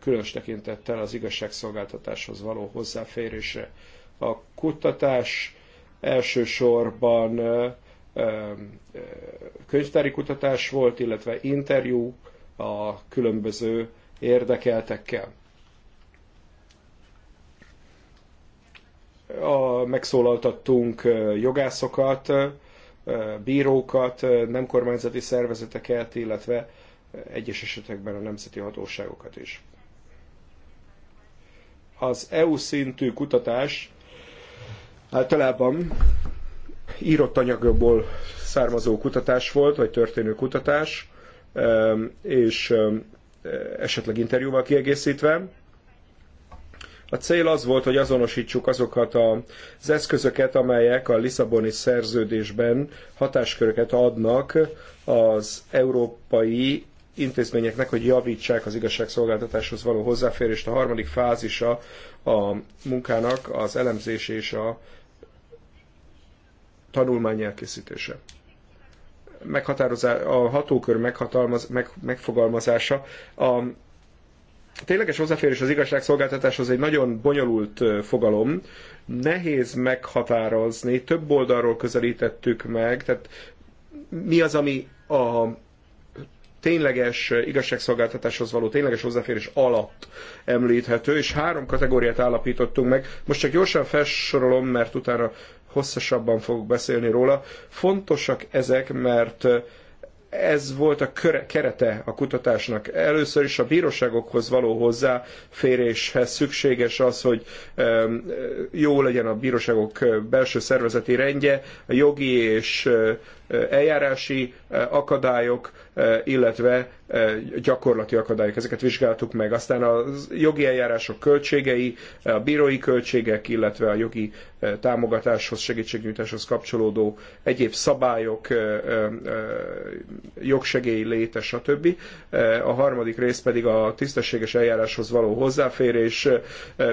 különös tekintettel az igazságszolgáltatáshoz való hozzáférésre. A kutatás Elsősorban könyvtári kutatás volt, illetve interjú a különböző érdekeltekkel. A, megszólaltattunk jogászokat, bírókat, nem kormányzati szervezeteket, illetve egyes esetekben a nemzeti hatóságokat is. Az EU szintű kutatás Általában hát írott anyagokból származó kutatás volt, vagy történő kutatás, és esetleg interjúval kiegészítve. A cél az volt, hogy azonosítsuk azokat az eszközöket, amelyek a Lisszaboni szerződésben hatásköröket adnak az európai intézményeknek, hogy javítsák az igazságszolgáltatáshoz való hozzáférést. A harmadik fázisa a munkának az elemzés és a tanulmány elkészítése. Meghatározá, a hatókör meghatalmaz, meg, megfogalmazása. A tényleges hozzáférés az az egy nagyon bonyolult fogalom, nehéz meghatározni, több oldalról közelítettük meg, tehát mi az, ami a tényleges igazságszolgáltatáshoz való tényleges hozzáférés alatt említhető, és három kategóriát állapítottunk meg. Most csak gyorsan felsorolom, mert utána hosszasabban fogok beszélni róla. Fontosak ezek, mert ez volt a köre, kerete a kutatásnak. Először is a bíróságokhoz való hozzáféréshez szükséges az, hogy jó legyen a bíróságok belső szervezeti rendje, a jogi és eljárási akadályok, E, illetve e, gyakorlati akadályok. Ezeket vizsgáltuk meg. Aztán a jogi eljárások költségei, a bírói költségek, illetve a jogi e, támogatáshoz, segítségnyújtáshoz kapcsolódó egyéb szabályok, jogsegély léte, stb. A harmadik rész pedig a tisztességes eljáráshoz való hozzáférés,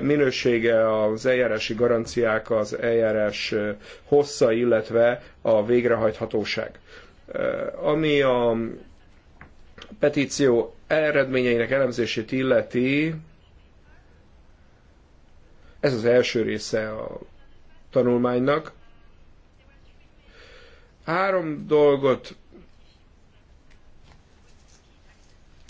minősége, az eljárási garanciák, az eljárás hossza, illetve a végrehajthatóság. Ami a petíció eredményeinek elemzését illeti, ez az első része a tanulmánynak. Három dolgot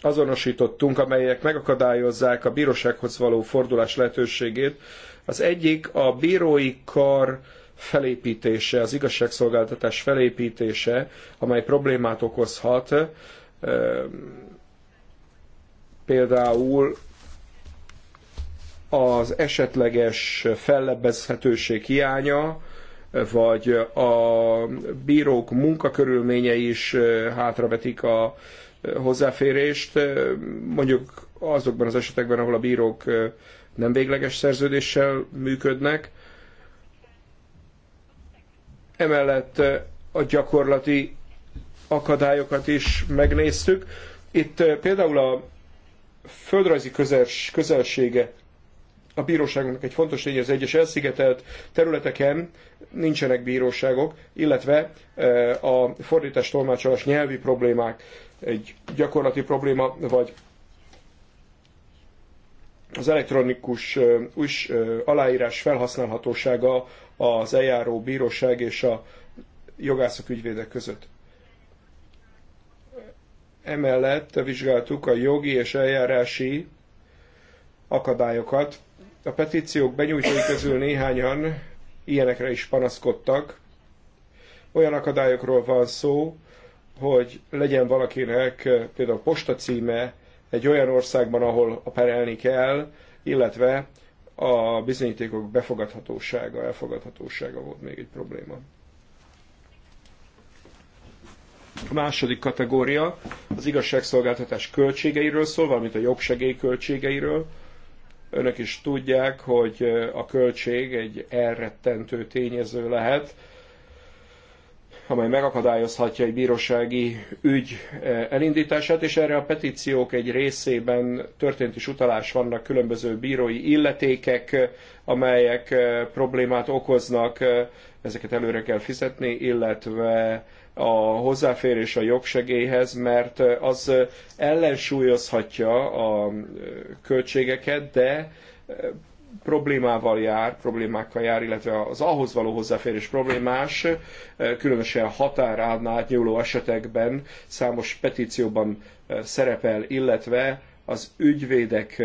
azonosítottunk, amelyek megakadályozzák a bírósághoz való fordulás lehetőségét. Az egyik a bírói kar felépítése, az igazságszolgáltatás felépítése, amely problémát okozhat Például az esetleges fellebbezhetőség hiánya, vagy a bírók munkakörülményei is hátravetik a hozzáférést, mondjuk azokban az esetekben, ahol a bírók nem végleges szerződéssel működnek. Emellett a gyakorlati akadályokat is megnéztük. Itt például a földrajzi közels, közelsége a bíróságnak egy fontos tényező, az egyes elszigetelt területeken nincsenek bíróságok, illetve a fordítás tolmácsolás nyelvi problémák egy gyakorlati probléma, vagy az elektronikus új aláírás felhasználhatósága az eljáró bíróság és a jogászok ügyvédek között. Emellett vizsgáltuk a jogi és eljárási akadályokat. A petíciók benyújtói közül néhányan ilyenekre is panaszkodtak. Olyan akadályokról van szó, hogy legyen valakinek eh, például postacíme egy olyan országban, ahol perelni kell, illetve a bizonyítékok befogadhatósága, elfogadhatósága volt még egy probléma. A második kategória az igazságszolgáltatás költségeiről szól, valamint a jogsegély költségeiről. Önök is tudják, hogy a költség egy elrettentő tényező lehet, amely megakadályozhatja egy bírósági ügy elindítását, és erre a petíciók egy részében történt is utalás vannak különböző bírói illetékek, amelyek problémát okoznak, ezeket előre kell fizetni, illetve a hozzáférés a jogsegélyhez, mert az ellensúlyozhatja a költségeket, de problémával jár, problémákkal jár, illetve az ahhoz való hozzáférés problémás, különösen a határán átnyúló esetekben számos petícióban szerepel, illetve az ügyvédek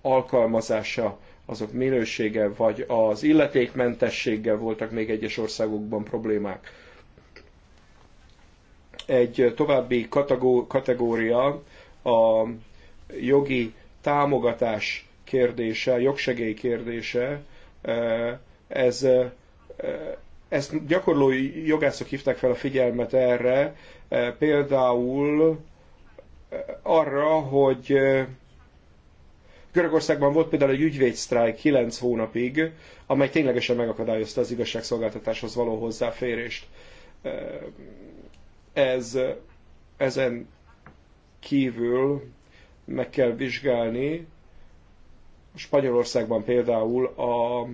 alkalmazása, azok minősége, vagy az illetékmentességgel voltak még egyes országokban problémák. Egy további kategória a jogi támogatás kérdése, jogsegély kérdése, e, ez, e, ezt gyakorló jogászok hívták fel a figyelmet erre, e, például arra, hogy Görögországban volt például egy ügyvédsztrájk 9 hónapig, amely ténylegesen megakadályozta az igazságszolgáltatáshoz való hozzáférést. Ez ezen kívül meg kell vizsgálni, Spanyolországban például a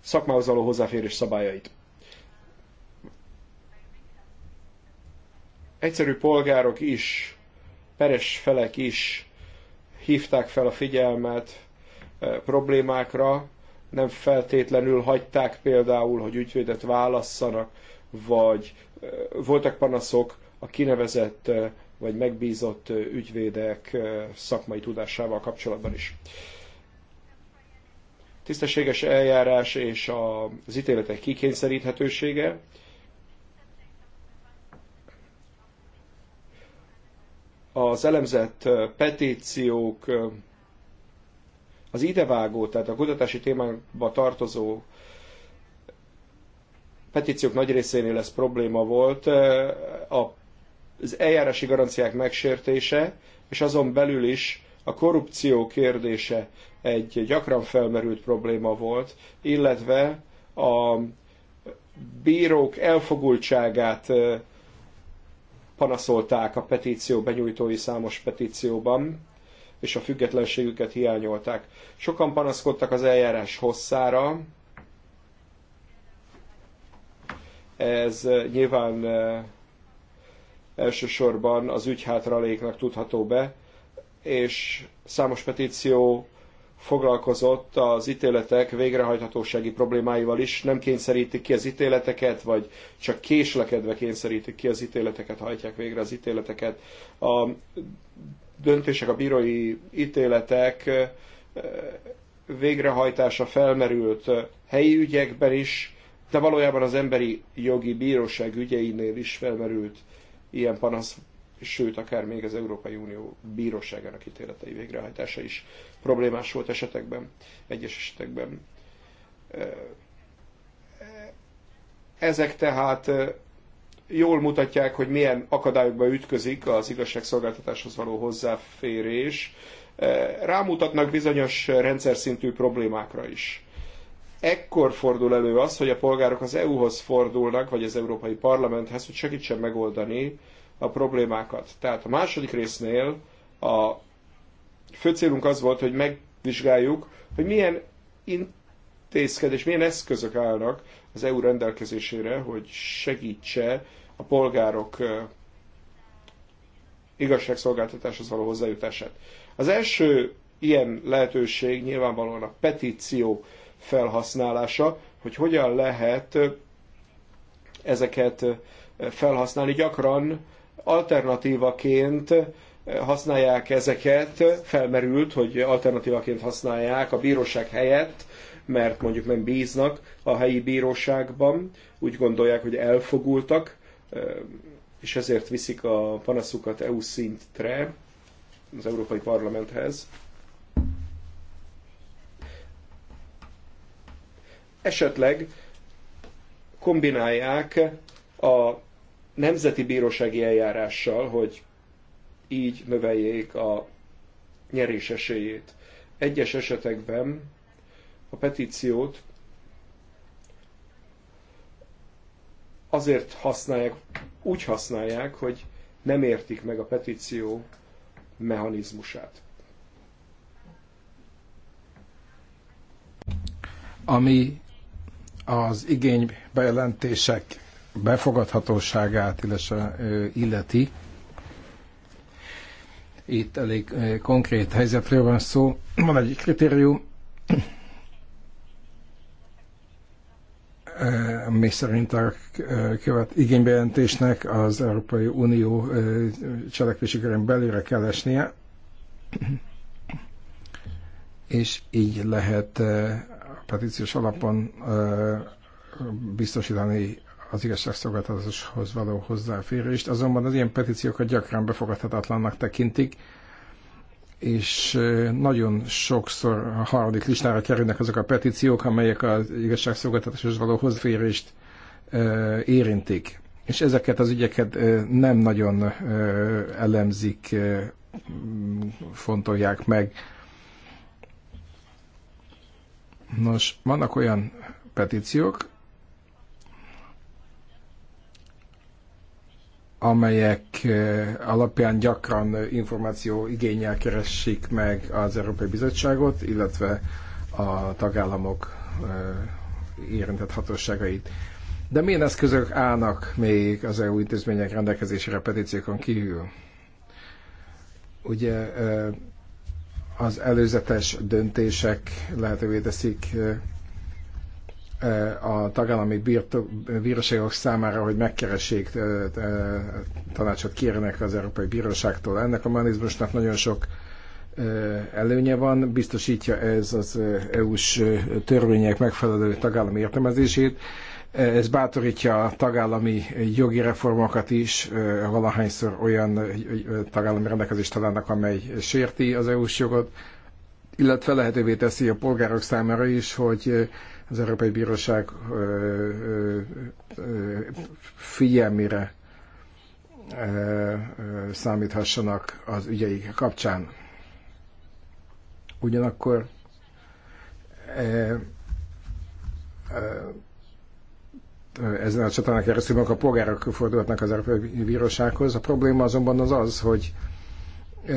szakmához való hozzáférés szabályait. Egyszerű polgárok is, peres felek is hívták fel a figyelmet e, problémákra, nem feltétlenül hagyták például, hogy ügyvédet válasszanak, vagy voltak panaszok a kinevezett vagy megbízott ügyvédek szakmai tudásával kapcsolatban is. Tisztességes eljárás és az ítéletek kikényszeríthetősége. Az elemzett petíciók, az idevágó, tehát a kutatási témába tartozó petíciók nagy részénél ez probléma volt, az eljárási garanciák megsértése, és azon belül is a korrupció kérdése egy gyakran felmerült probléma volt, illetve a bírók elfogultságát panaszolták a petíció benyújtói számos petícióban, és a függetlenségüket hiányolták. Sokan panaszkodtak az eljárás hosszára, Ez nyilván elsősorban az ügyhátraléknak tudható be, és számos petíció foglalkozott az ítéletek végrehajthatósági problémáival is, nem kényszerítik ki az ítéleteket, vagy csak késlekedve kényszerítik ki az ítéleteket, hajtják végre az ítéleteket. A döntések, a bírói ítéletek végrehajtása felmerült helyi ügyekben is, de valójában az emberi jogi bíróság ügyeinél is felmerült ilyen panasz, sőt, akár még az Európai Unió bíróságának ítéletei végrehajtása is problémás volt esetekben, egyes esetekben. Ezek tehát jól mutatják, hogy milyen akadályokba ütközik az igazságszolgáltatáshoz való hozzáférés, rámutatnak bizonyos rendszer szintű problémákra is ekkor fordul elő az, hogy a polgárok az EU-hoz fordulnak, vagy az Európai Parlamenthez, hogy segítsen megoldani a problémákat. Tehát a második résznél a fő célunk az volt, hogy megvizsgáljuk, hogy milyen intézkedés, milyen eszközök állnak az EU rendelkezésére, hogy segítse a polgárok igazságszolgáltatáshoz való hozzájutását. Az első ilyen lehetőség nyilvánvalóan a petíció felhasználása, hogy hogyan lehet ezeket felhasználni. Gyakran alternatívaként használják ezeket, felmerült, hogy alternatívaként használják a bíróság helyett, mert mondjuk nem bíznak a helyi bíróságban, úgy gondolják, hogy elfogultak, és ezért viszik a panaszukat EU szintre, az Európai Parlamenthez. esetleg kombinálják a nemzeti bírósági eljárással, hogy így növeljék a nyerés esélyét. Egyes esetekben a petíciót azért használják, úgy használják, hogy nem értik meg a petíció mechanizmusát. Ami az igénybejelentések bejelentések befogadhatóságát illeti. Itt elég konkrét helyzetről van szó. Van egy kritérium, mi szerint a követ igénybejelentésnek az Európai Unió cselekvési körén belőle kell esnie, és így lehet petíciós alapon biztosítani az igazságszolgáltatáshoz való hozzáférést, azonban az ilyen petíciókat gyakran befogadhatatlannak tekintik, és nagyon sokszor a harmadik listára kerülnek azok a petíciók, amelyek az igazságszolgáltatáshoz való hozzáférést érintik. És ezeket az ügyeket nem nagyon elemzik, fontolják meg Nos, vannak olyan petíciók, amelyek eh, alapján gyakran információ igényel keressék meg az Európai Bizottságot, illetve a tagállamok eh, érintett hatóságait. De milyen eszközök állnak még az EU intézmények rendelkezésére a petíciókon kívül? Ugye eh, az előzetes döntések lehetővé teszik a tagállami bíróságok számára, hogy megkeressék, tanácsot kérnek az Európai Bíróságtól. Ennek a manizmusnak nagyon sok előnye van, biztosítja ez az EU-s törvények megfelelő tagállami értelmezését, ez bátorítja a tagállami jogi reformokat is, valahányszor olyan tagállami rendelkezést találnak, amely sérti az EU-s jogot, illetve lehetővé teszi a polgárok számára is, hogy az Európai Bíróság figyelmére számíthassanak az ügyeik kapcsán. Ugyanakkor ezen a csatornán keresztül a polgárok fordulhatnak az Európai Bírósághoz. A probléma azonban az az, hogy e,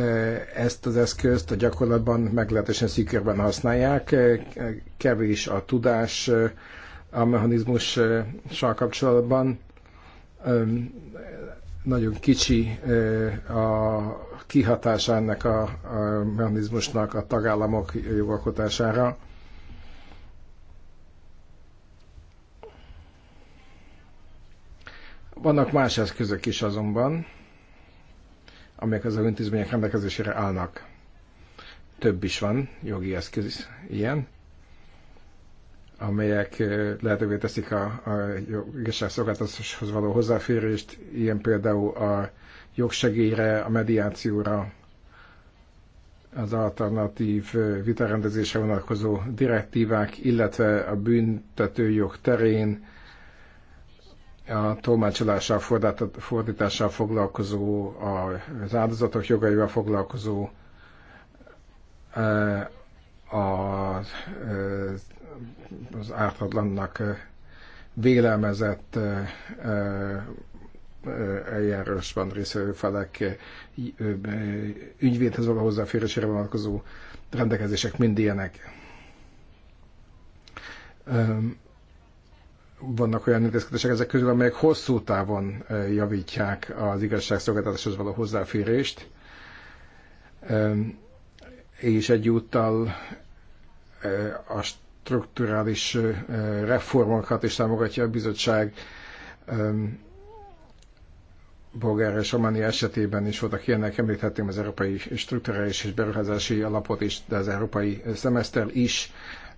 ezt az eszközt a gyakorlatban meglehetősen szűkörben használják, e, kevés a tudás e, a mechanizmussal kapcsolatban, nagyon kicsi a kihatása ennek a mechanizmusnak a tagállamok jogalkotására Vannak más eszközök is azonban, amelyek az intézmények rendelkezésére állnak. Több is van, jogi eszköz ilyen, amelyek lehetővé teszik a, a igazságszolgáltatáshoz való hozzáférést, ilyen például a jogsegélyre, a mediációra, az alternatív vitarendezésre vonatkozó direktívák, illetve a büntetőjog terén a tolmácsolással, fordítással foglalkozó, az áldozatok jogaival foglalkozó, eh, eh, az ártatlannak eh, vélelmezett eljárásban részvevő felek ügyvédhez való hozzáférésére vonatkozó rendelkezések mind ilyenek vannak olyan intézkedések ezek közül, amelyek hosszú távon eh, javítják az igazságszolgáltatáshoz való hozzáférést, és egyúttal eh, a strukturális eh, reformokat is támogatja a bizottság. Bulgária és Románia esetében is voltak ilyenek, említhetném az Európai Strukturális és Beruházási Alapot is, de az Európai Szemeszter is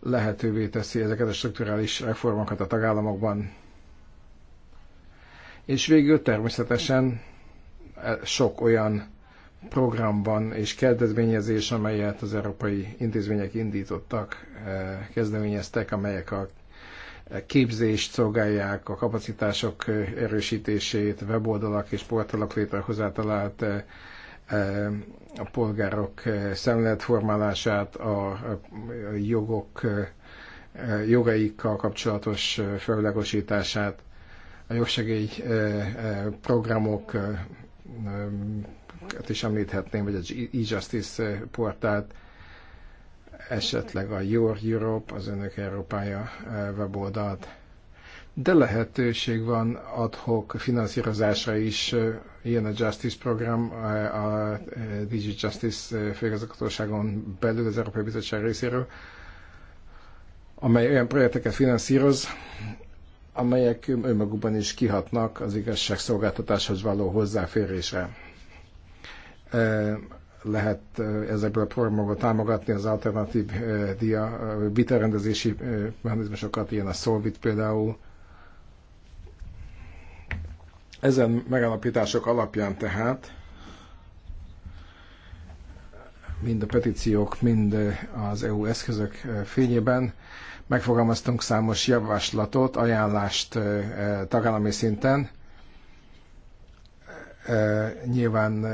lehetővé teszi ezeket a strukturális reformokat a tagállamokban. És végül természetesen e sok olyan program van és kedvezményezés, amelyet az európai intézmények indítottak, e kezdeményeztek, amelyek a képzést szolgálják, a kapacitások e, erősítését, weboldalak és portalok létrehozátalát, a polgárok eh, szemléletformálását, a jogok, eh, jogaikkal kapcsolatos eh, főlegosítását, a jogsegély programok, hát is említhetném, vagy az e-justice portált, esetleg a Your Europe, az Önök Európája weboldalt, de lehetőség van adhok finanszírozásra is, ilyen a Justice program, a DG Justice főigazgatóságon belül az Európai Bizottság részéről, amely olyan projekteket finanszíroz, amelyek önmagukban is kihatnak az igazságszolgáltatáshoz való hozzáférésre. Lehet ezekből a programokból támogatni az alternatív dia, vitarendezési mechanizmusokat, ilyen a Solvit például, ezen megállapítások alapján tehát mind a petíciók, mind az EU eszközök eh, fényében megfogalmaztunk számos javaslatot, ajánlást eh, tagállami szinten. Eh, nyilván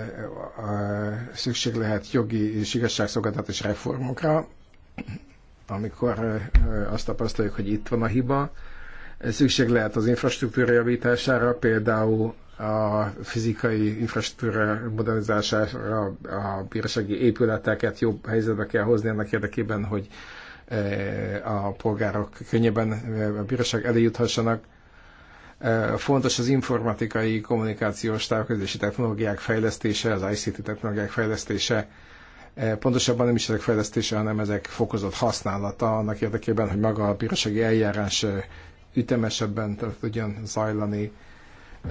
szükség lehet jogi és igazságszolgáltatás reformokra, amikor azt tapasztaljuk, hogy itt van a hiba, Szükség lehet az infrastruktúra javítására, például a fizikai infrastruktúra modernizására, a bírósági épületeket jobb helyzetbe kell hozni ennek érdekében, hogy e, a polgárok könnyebben e, a bíróság elé juthassanak. E, fontos az informatikai, kommunikációs, távközlési technológiák fejlesztése, az ICT technológiák fejlesztése, pontosabban nem is ezek fejlesztése, hanem ezek fokozott használata annak érdekében, hogy maga a bírósági eljárás ütemesebben tudjon zajlani.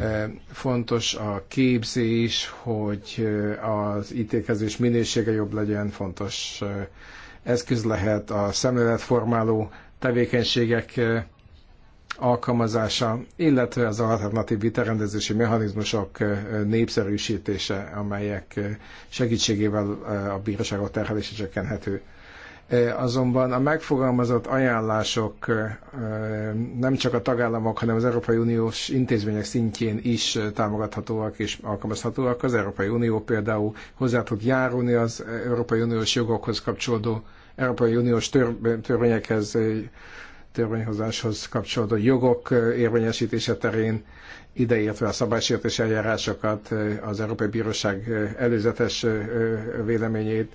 E, fontos a képzés, hogy e, az ítélkezés minősége jobb legyen, fontos e, eszköz lehet a szemléletformáló tevékenységek alkalmazása, illetve az alternatív viterendezési mechanizmusok népszerűsítése, amelyek segítségével a bíróságok terhelése csökkenhető. Azonban a megfogalmazott ajánlások nem csak a tagállamok, hanem az Európai Uniós intézmények szintjén is támogathatóak és alkalmazhatóak. Az Európai Unió például hozzá tud járulni az Európai Uniós jogokhoz kapcsolódó, Európai Uniós törvényekhez, törvényhozáshoz kapcsolódó jogok érvényesítése terén, ideértve a szabálysértés eljárásokat, az Európai Bíróság előzetes véleményét,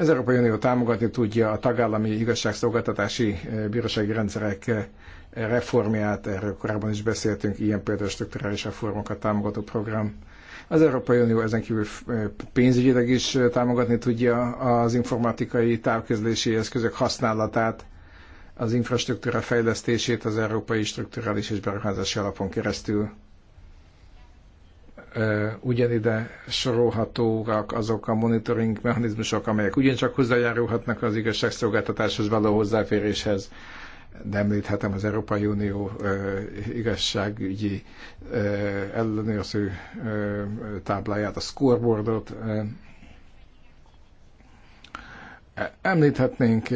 az Európai Unió támogatni tudja a tagállami igazságszolgáltatási eh, bírósági rendszerek eh, reformját, erről korábban is beszéltünk, ilyen például strukturális reformokat támogató program. Az Európai Unió ezen kívül eh, pénzügyileg is támogatni tudja az informatikai távközlési eszközök használatát, az infrastruktúra fejlesztését az Európai Strukturális és Beruházási Alapon keresztül ugyanide sorolhatóak azok a monitoring mechanizmusok, amelyek ugyancsak hozzájárulhatnak az igazságszolgáltatáshoz való hozzáféréshez. De említhetem az Európai Unió igazságügyi ellenőrző tábláját, a scoreboardot. E, említhetnénk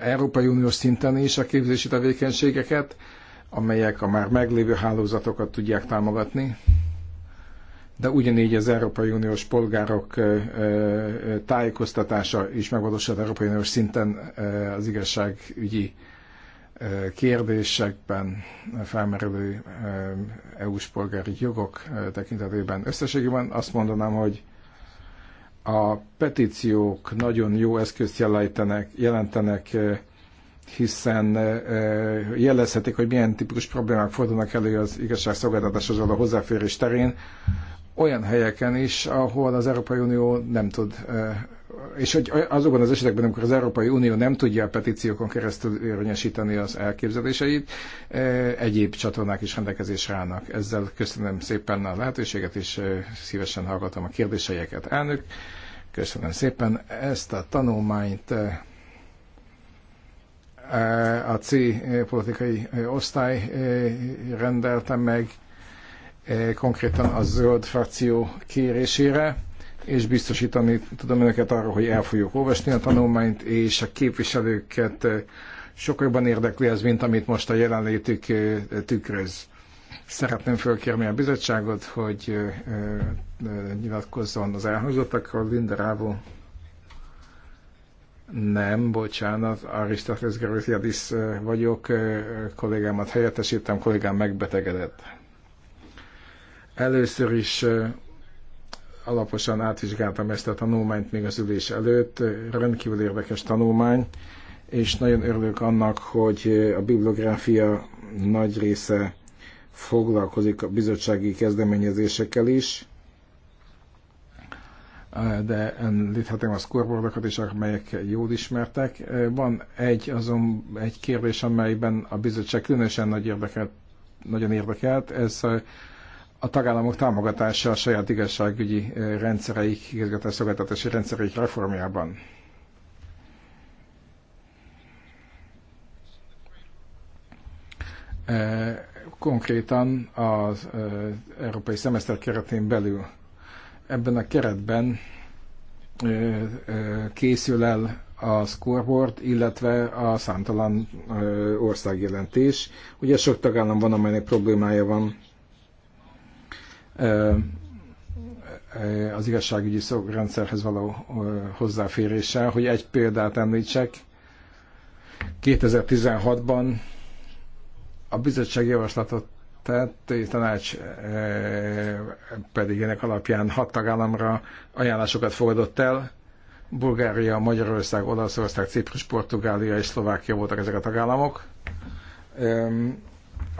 Európai Unió szinten is a képzési tevékenységeket, amelyek a már meglévő hálózatokat tudják támogatni de ugyanígy az Európai Uniós polgárok tájékoztatása is megvalósult Európai Uniós szinten az igazságügyi kérdésekben felmerülő EU-s polgári jogok tekintetében. Összességében azt mondanám, hogy a petíciók nagyon jó eszközt jelentenek, jelentenek hiszen jelezhetik, hogy milyen típus problémák fordulnak elő az igazságszolgáltatáshoz való hozzáférés terén, olyan helyeken is, ahol az Európai Unió nem tud és hogy azokban az esetekben, amikor az Európai Unió nem tudja a petíciókon keresztül érvényesíteni az elképzeléseit, egyéb csatornák is rendelkezésre állnak. Ezzel köszönöm szépen a lehetőséget, és szívesen hallgatom a kérdéseiket. Elnök, köszönöm szépen ezt a tanulmányt a C politikai osztály rendelte meg, Eh, konkrétan a zöld frakció kérésére, és biztosítani tudom önöket arról, hogy el fogjuk olvasni a tanulmányt, és a képviselőket eh, sokkal jobban érdekli ez, mint amit most a jelenlétük eh, tükröz. Szeretném fölkérni a bizottságot, hogy nyilatkozzon az elhangzottakról. Linda Rávó. Nem, bocsánat, Aristoteles Geroziadis vagyok, kollégámat helyettesítem, kollégám megbetegedett. Először is alaposan átvizsgáltam ezt a tanulmányt még az ülés előtt. Rendkívül érdekes tanulmány, és nagyon örülök annak, hogy a bibliográfia nagy része foglalkozik a bizottsági kezdeményezésekkel is, de említhetem a scoreboardokat is, amelyek jól ismertek. Van egy, azon, egy kérdés, amelyben a bizottság különösen nagy érdekelt, nagyon érdekelt, ez a tagállamok támogatása a saját igazságügyi rendszereik, szolgáltatási rendszereik reformjában. Konkrétan az európai szemeszter keretén belül ebben a keretben készül el a scoreboard, illetve a számtalan országjelentés. Ugye sok tagállam van, amelynek problémája van az igazságügyi rendszerhez való hozzáférése. Hogy egy példát említsek, 2016-ban a bizottság javaslatot tett, és tanács pedig ennek alapján hat tagállamra ajánlásokat fogadott el. Bulgária, Magyarország, Olaszország, Ciprus, Portugália és Szlovákia voltak ezek a tagállamok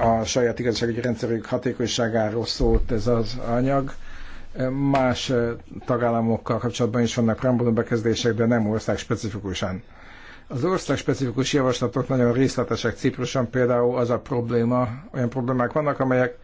a saját igazságügyi rendszerük hatékonyságáról szólt ez az anyag. Más eh, tagállamokkal kapcsolatban is vannak preambulum bekezdések, de nem ország specifikusan. Az ország specifikus javaslatok nagyon részletesek. Cipruson például az a probléma, olyan problémák vannak, amelyek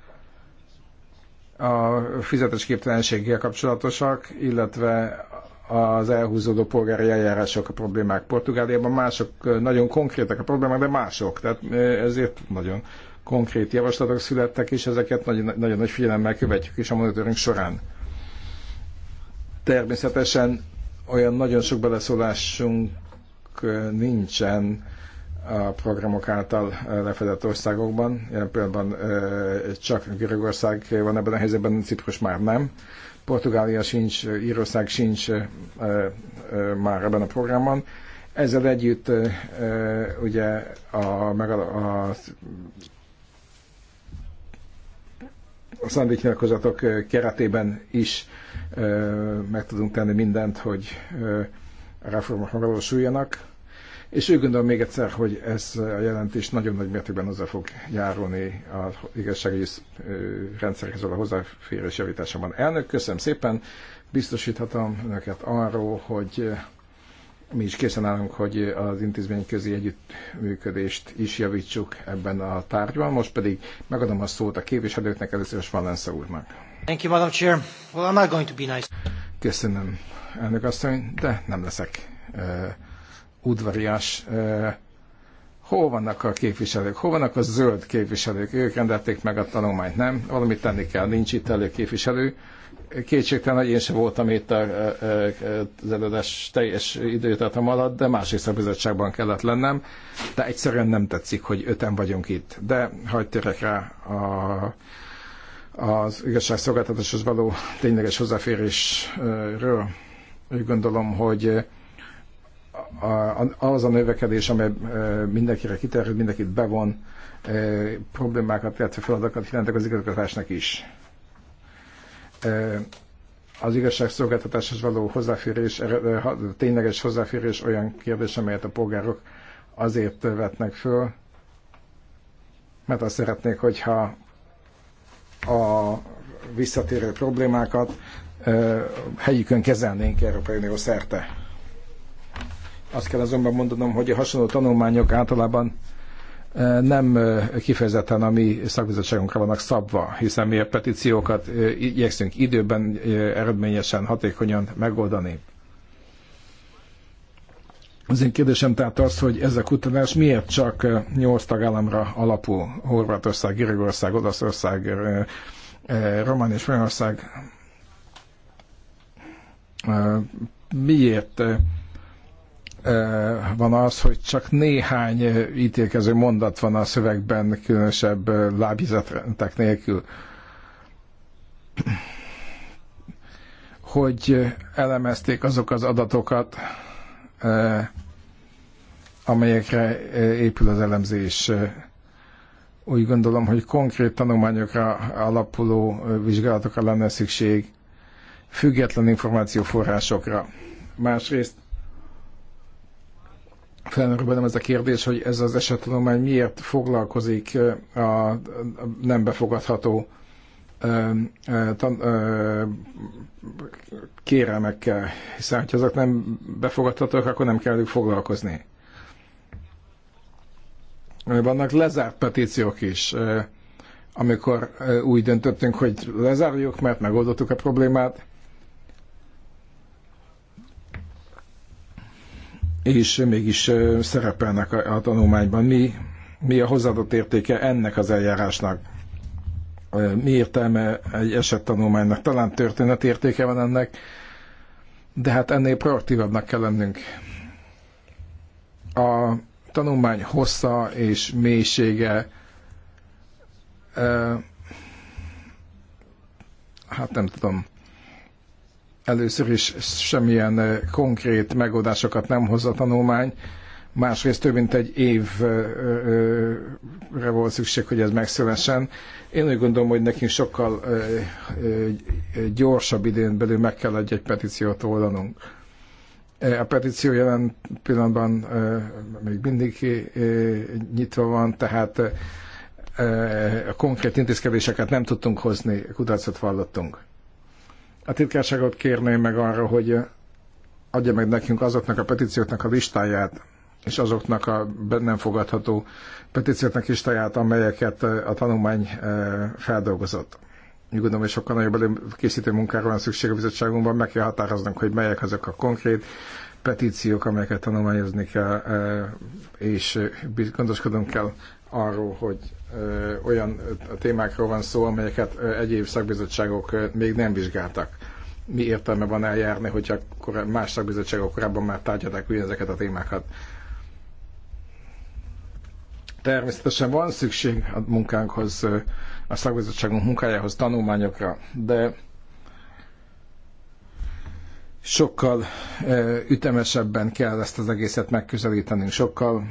a fizetésképtelenséggel kapcsolatosak, illetve az elhúzódó polgári eljárások a problémák. Portugáliában mások eh, nagyon konkrétek a problémák, de mások, tehát eh, ezért nagyon konkrét javaslatok születtek, és ezeket nagyon, nagyon nagy figyelemmel követjük is a monitoring során. Természetesen olyan nagyon sok beleszólásunk nincsen a programok által lefedett országokban. Jelen pillanatban csak Görögország van ebben a helyzetben, Ciprus már nem. Portugália sincs, Írország sincs már ebben a programban. Ezzel együtt ugye a, a, a a szándéknyilatkozatok keretében is meg tudunk tenni mindent, hogy a reformok megvalósuljanak. És úgy gondolom még egyszer, hogy ez a jelentés nagyon nagy mértékben hozzá fog járulni az igazságügyi rendszerhez való hozzáférés javításában. Elnök, köszönöm szépen, biztosíthatom önöket arról, hogy mi is készen állunk, hogy az intézmény közi együttműködést is javítsuk ebben a tárgyban. Most pedig megadom a szót a képviselőknek, először is Valensza úrnak. Thank you, Madam Chair. Well, I'm not going to be nice. Köszönöm, elnök asszony, de nem leszek uh, udvarias. Uh, hol vannak a képviselők, hol vannak a zöld képviselők, ők rendelték meg a tanulmányt, nem? Valamit tenni kell, nincs itt elő képviselő kétségtelen, hogy én sem voltam itt a az előadás teljes időtartam alatt, de másrészt a bizottságban kellett lennem, de egyszerűen nem tetszik, hogy öten vagyunk itt. De hagyd térek rá a, az igazságszolgáltatáshoz való tényleges hozzáférésről. Úgy gondolom, hogy az a növekedés, amely mindenkire kiterjed, mindenkit bevon, problémákat, illetve feladatokat jelentek az igazgatásnak is az igazságszolgáltatáshoz való hozzáférés, tényleges hozzáférés olyan kérdés, amelyet a polgárok azért vetnek föl, mert azt szeretnék, hogyha a visszatérő problémákat helyükön kezelnénk Európai Unió szerte. Azt kell azonban mondanom, hogy a hasonló tanulmányok általában nem kifejezetten a mi szakbizottságunkra vannak szabva, hiszen mi a petíciókat igyekszünk időben, eredményesen, hatékonyan megoldani. Az én kérdésem tehát az, hogy ez a kutatás miért csak nyolc tagállamra alapul Horvátország, Görögország, Olaszország, Román és Magyarország miért van az, hogy csak néhány ítélkező mondat van a szövegben, különösebb lábjegyzetek nélkül. Hogy elemezték azok az adatokat, amelyekre épül az elemzés. Úgy gondolom, hogy konkrét tanulmányokra alapuló vizsgálatokra lenne szükség, független információforrásokra. Másrészt felmerül bennem ez a kérdés, hogy ez az esettudomány miért foglalkozik a nem befogadható kérelmekkel, hiszen ha azok nem befogadhatók, akkor nem kell foglalkozni. Vannak lezárt petíciók is, amikor úgy döntöttünk, hogy lezárjuk, mert megoldottuk a problémát, és mégis szerepelnek a, a tanulmányban. Mi, mi a hozzáadott értéke ennek az eljárásnak? Mi értelme egy esettanulmánynak? Talán értéke van ennek, de hát ennél proaktívabbnak kell lennünk. A tanulmány hossza és mélysége hát nem tudom, Először is semmilyen eh, konkrét megoldásokat nem hoz a tanulmány, másrészt több mint egy évre eh, eh, volt szükség, hogy ez megszövesen. Én úgy gondolom, hogy nekünk sokkal gyorsabb időn belül meg kell egy-egy petíciót oldanunk. A petíció jelen pillanatban még mindig nyitva van, tehát a konkrét intézkedéseket nem tudtunk hozni, kudarcot vallottunk. A titkárságot kérném meg arra, hogy adja meg nekünk azoknak a petícióknak a listáját, és azoknak a nem fogadható petícióknak listáját, amelyeket a tanulmány eh, feldolgozott. Nyugodom, hogy sokkal nagyobb készítő munkára van szükség a bizottságunkban, meg kell határoznunk, hogy melyek azok a konkrét petíciók, amelyeket tanulmányozni kell, eh, és eh, gondoskodunk kell arról, hogy olyan témákról van szó, amelyeket egyéb szakbizottságok még nem vizsgáltak. Mi értelme van eljárni, hogyha más szakbizottságok korábban már tárgyalták ezeket a témákat? Természetesen van szükség a munkánkhoz, a szakbizottságunk munkájához tanulmányokra, de sokkal ütemesebben kell ezt az egészet megközelítenünk, sokkal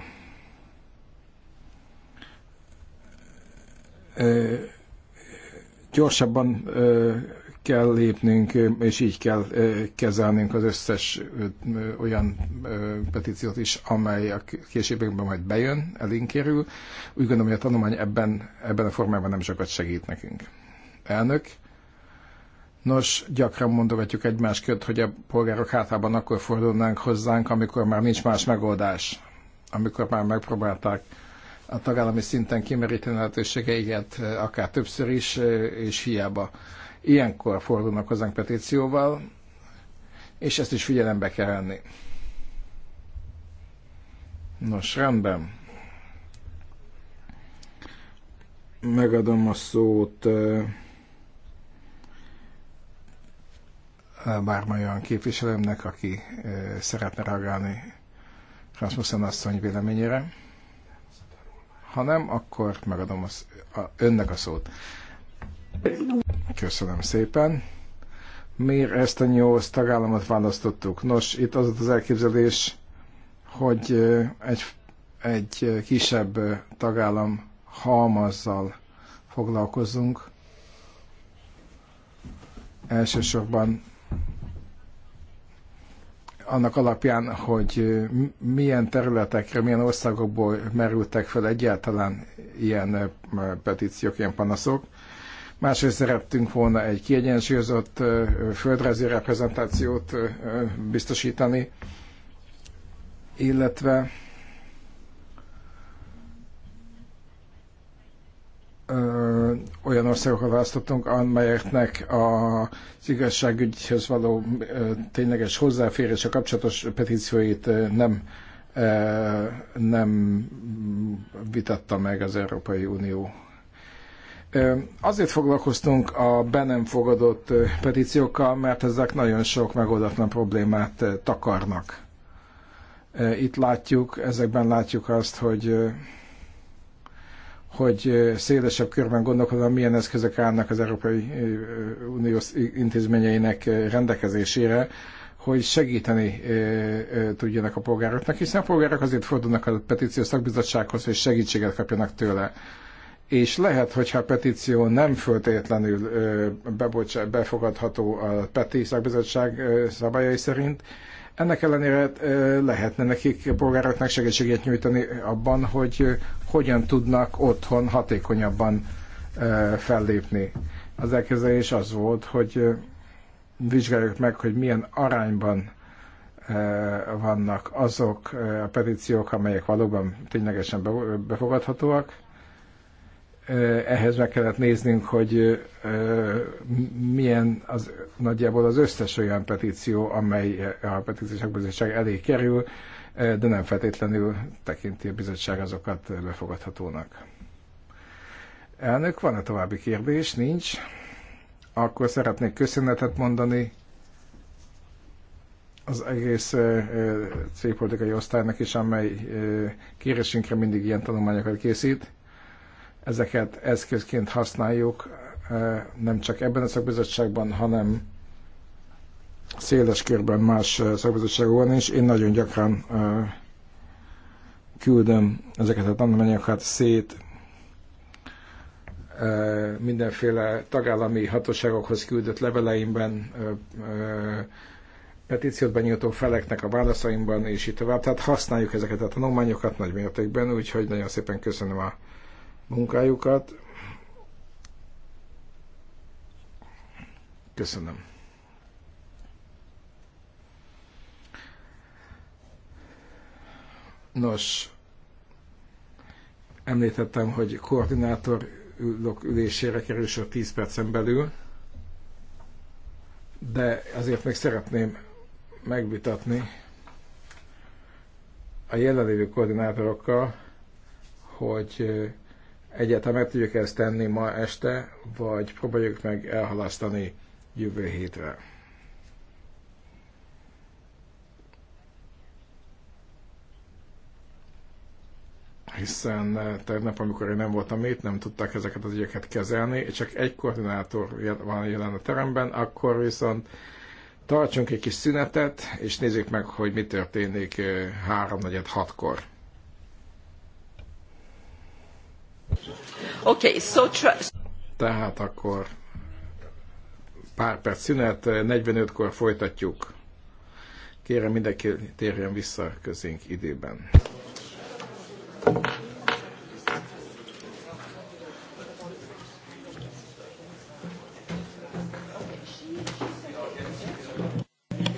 gyorsabban kell lépnünk, és így kell kezelnünk az összes olyan petíciót is, amely a későbbiekben majd bejön, elinkérül. Úgy gondolom, hogy a tanulmány ebben, ebben a formában nem sokat segít nekünk. Elnök, Nos, gyakran mondogatjuk egymás köt, hogy a polgárok hátában akkor fordulnánk hozzánk, amikor már nincs más megoldás, amikor már megpróbálták a tagállami szinten kimeríteni lehetőségeiket, eh, akár többször is, eh, és hiába. Ilyenkor fordulnak hozzánk petícióval, és ezt is figyelembe kell venni. Nos, rendben. Megadom a szót eh, bármilyen képviselőmnek, aki szeretne reagálni Rasmussen asszony véleményére. Ha nem, akkor megadom az, a, önnek a szót. Köszönöm szépen. Miért ezt a nyolc tagállamot választottuk? Nos, itt az az elképzelés, hogy egy, egy kisebb tagállam halmazzal foglalkozunk. Elsősorban annak alapján, hogy milyen területekre, milyen országokból merültek fel egyáltalán ilyen petíciók, ilyen panaszok. Másrészt szerettünk volna egy kiegyensúlyozott földrajzi reprezentációt biztosítani, illetve ö, olyan országokat választottunk, amelyeknek az igazságügyhöz való ö, tényleges a kapcsolatos petícióit ö, nem ö, nem vitatta meg az Európai Unió. Ö, azért foglalkoztunk a be nem fogadott petíciókkal, mert ezek nagyon sok megoldatlan problémát takarnak. Itt látjuk, ezekben látjuk azt, hogy hogy szélesebb körben gondolkodva milyen eszközök állnak az Európai Unió intézményeinek rendelkezésére, hogy segíteni tudjanak a polgároknak, hiszen a polgárok azért fordulnak a petíció szakbizottsághoz, hogy segítséget kapjanak tőle. És lehet, hogyha a petíció nem föltétlenül befogadható a PETI szakbizottság szabályai szerint, ennek ellenére lehetne nekik, a polgároknak segítséget nyújtani abban, hogy hogyan tudnak otthon hatékonyabban fellépni. Az elkezdés az volt, hogy vizsgáljuk meg, hogy milyen arányban vannak azok a petíciók, amelyek valóban ténylegesen befogadhatóak, ehhez meg kellett néznünk, hogy milyen az nagyjából az összes olyan petíció, amely a petíciósak bizottság elé kerül, de nem feltétlenül tekinti a bizottság azokat befogadhatónak. Elnök, van-e további kérdés? Nincs. Akkor szeretnék köszönetet mondani az egész cégpolitikai osztálynak is, amely kérésünkre mindig ilyen tanulmányokat készít ezeket eszközként használjuk eh, nem csak ebben a szakbizottságban, hanem széles körben más eh, szakbizottságokban is. Én nagyon gyakran eh, küldöm ezeket a tanulmányokat szét mindenféle tagállami hatóságokhoz küldött leveleimben, petíciót benyújtó feleknek a válaszaimban, és így tovább. Tehát használjuk ezeket a tanulmányokat nagy mértékben, úgyhogy nagyon szépen köszönöm a munkájukat. Köszönöm. Nos, említettem, hogy koordinátor ülök ülésére kerül sor 10 percen belül, de azért még szeretném megvitatni a jelenlévő koordinátorokkal, hogy egyáltalán meg tudjuk ezt tenni ma este, vagy próbáljuk meg elhalasztani jövő hétre. hiszen eh, tegnap, amikor én nem voltam itt, nem tudták ezeket az ügyeket kezelni, csak egy koordinátor van jelen a teremben, akkor viszont tartsunk egy kis szünetet, és nézzük meg, hogy mi történik 3 4 6 kor Okay, so tra- Tehát akkor pár perc szünet, 45-kor folytatjuk. Kérem mindenki térjen vissza közénk időben.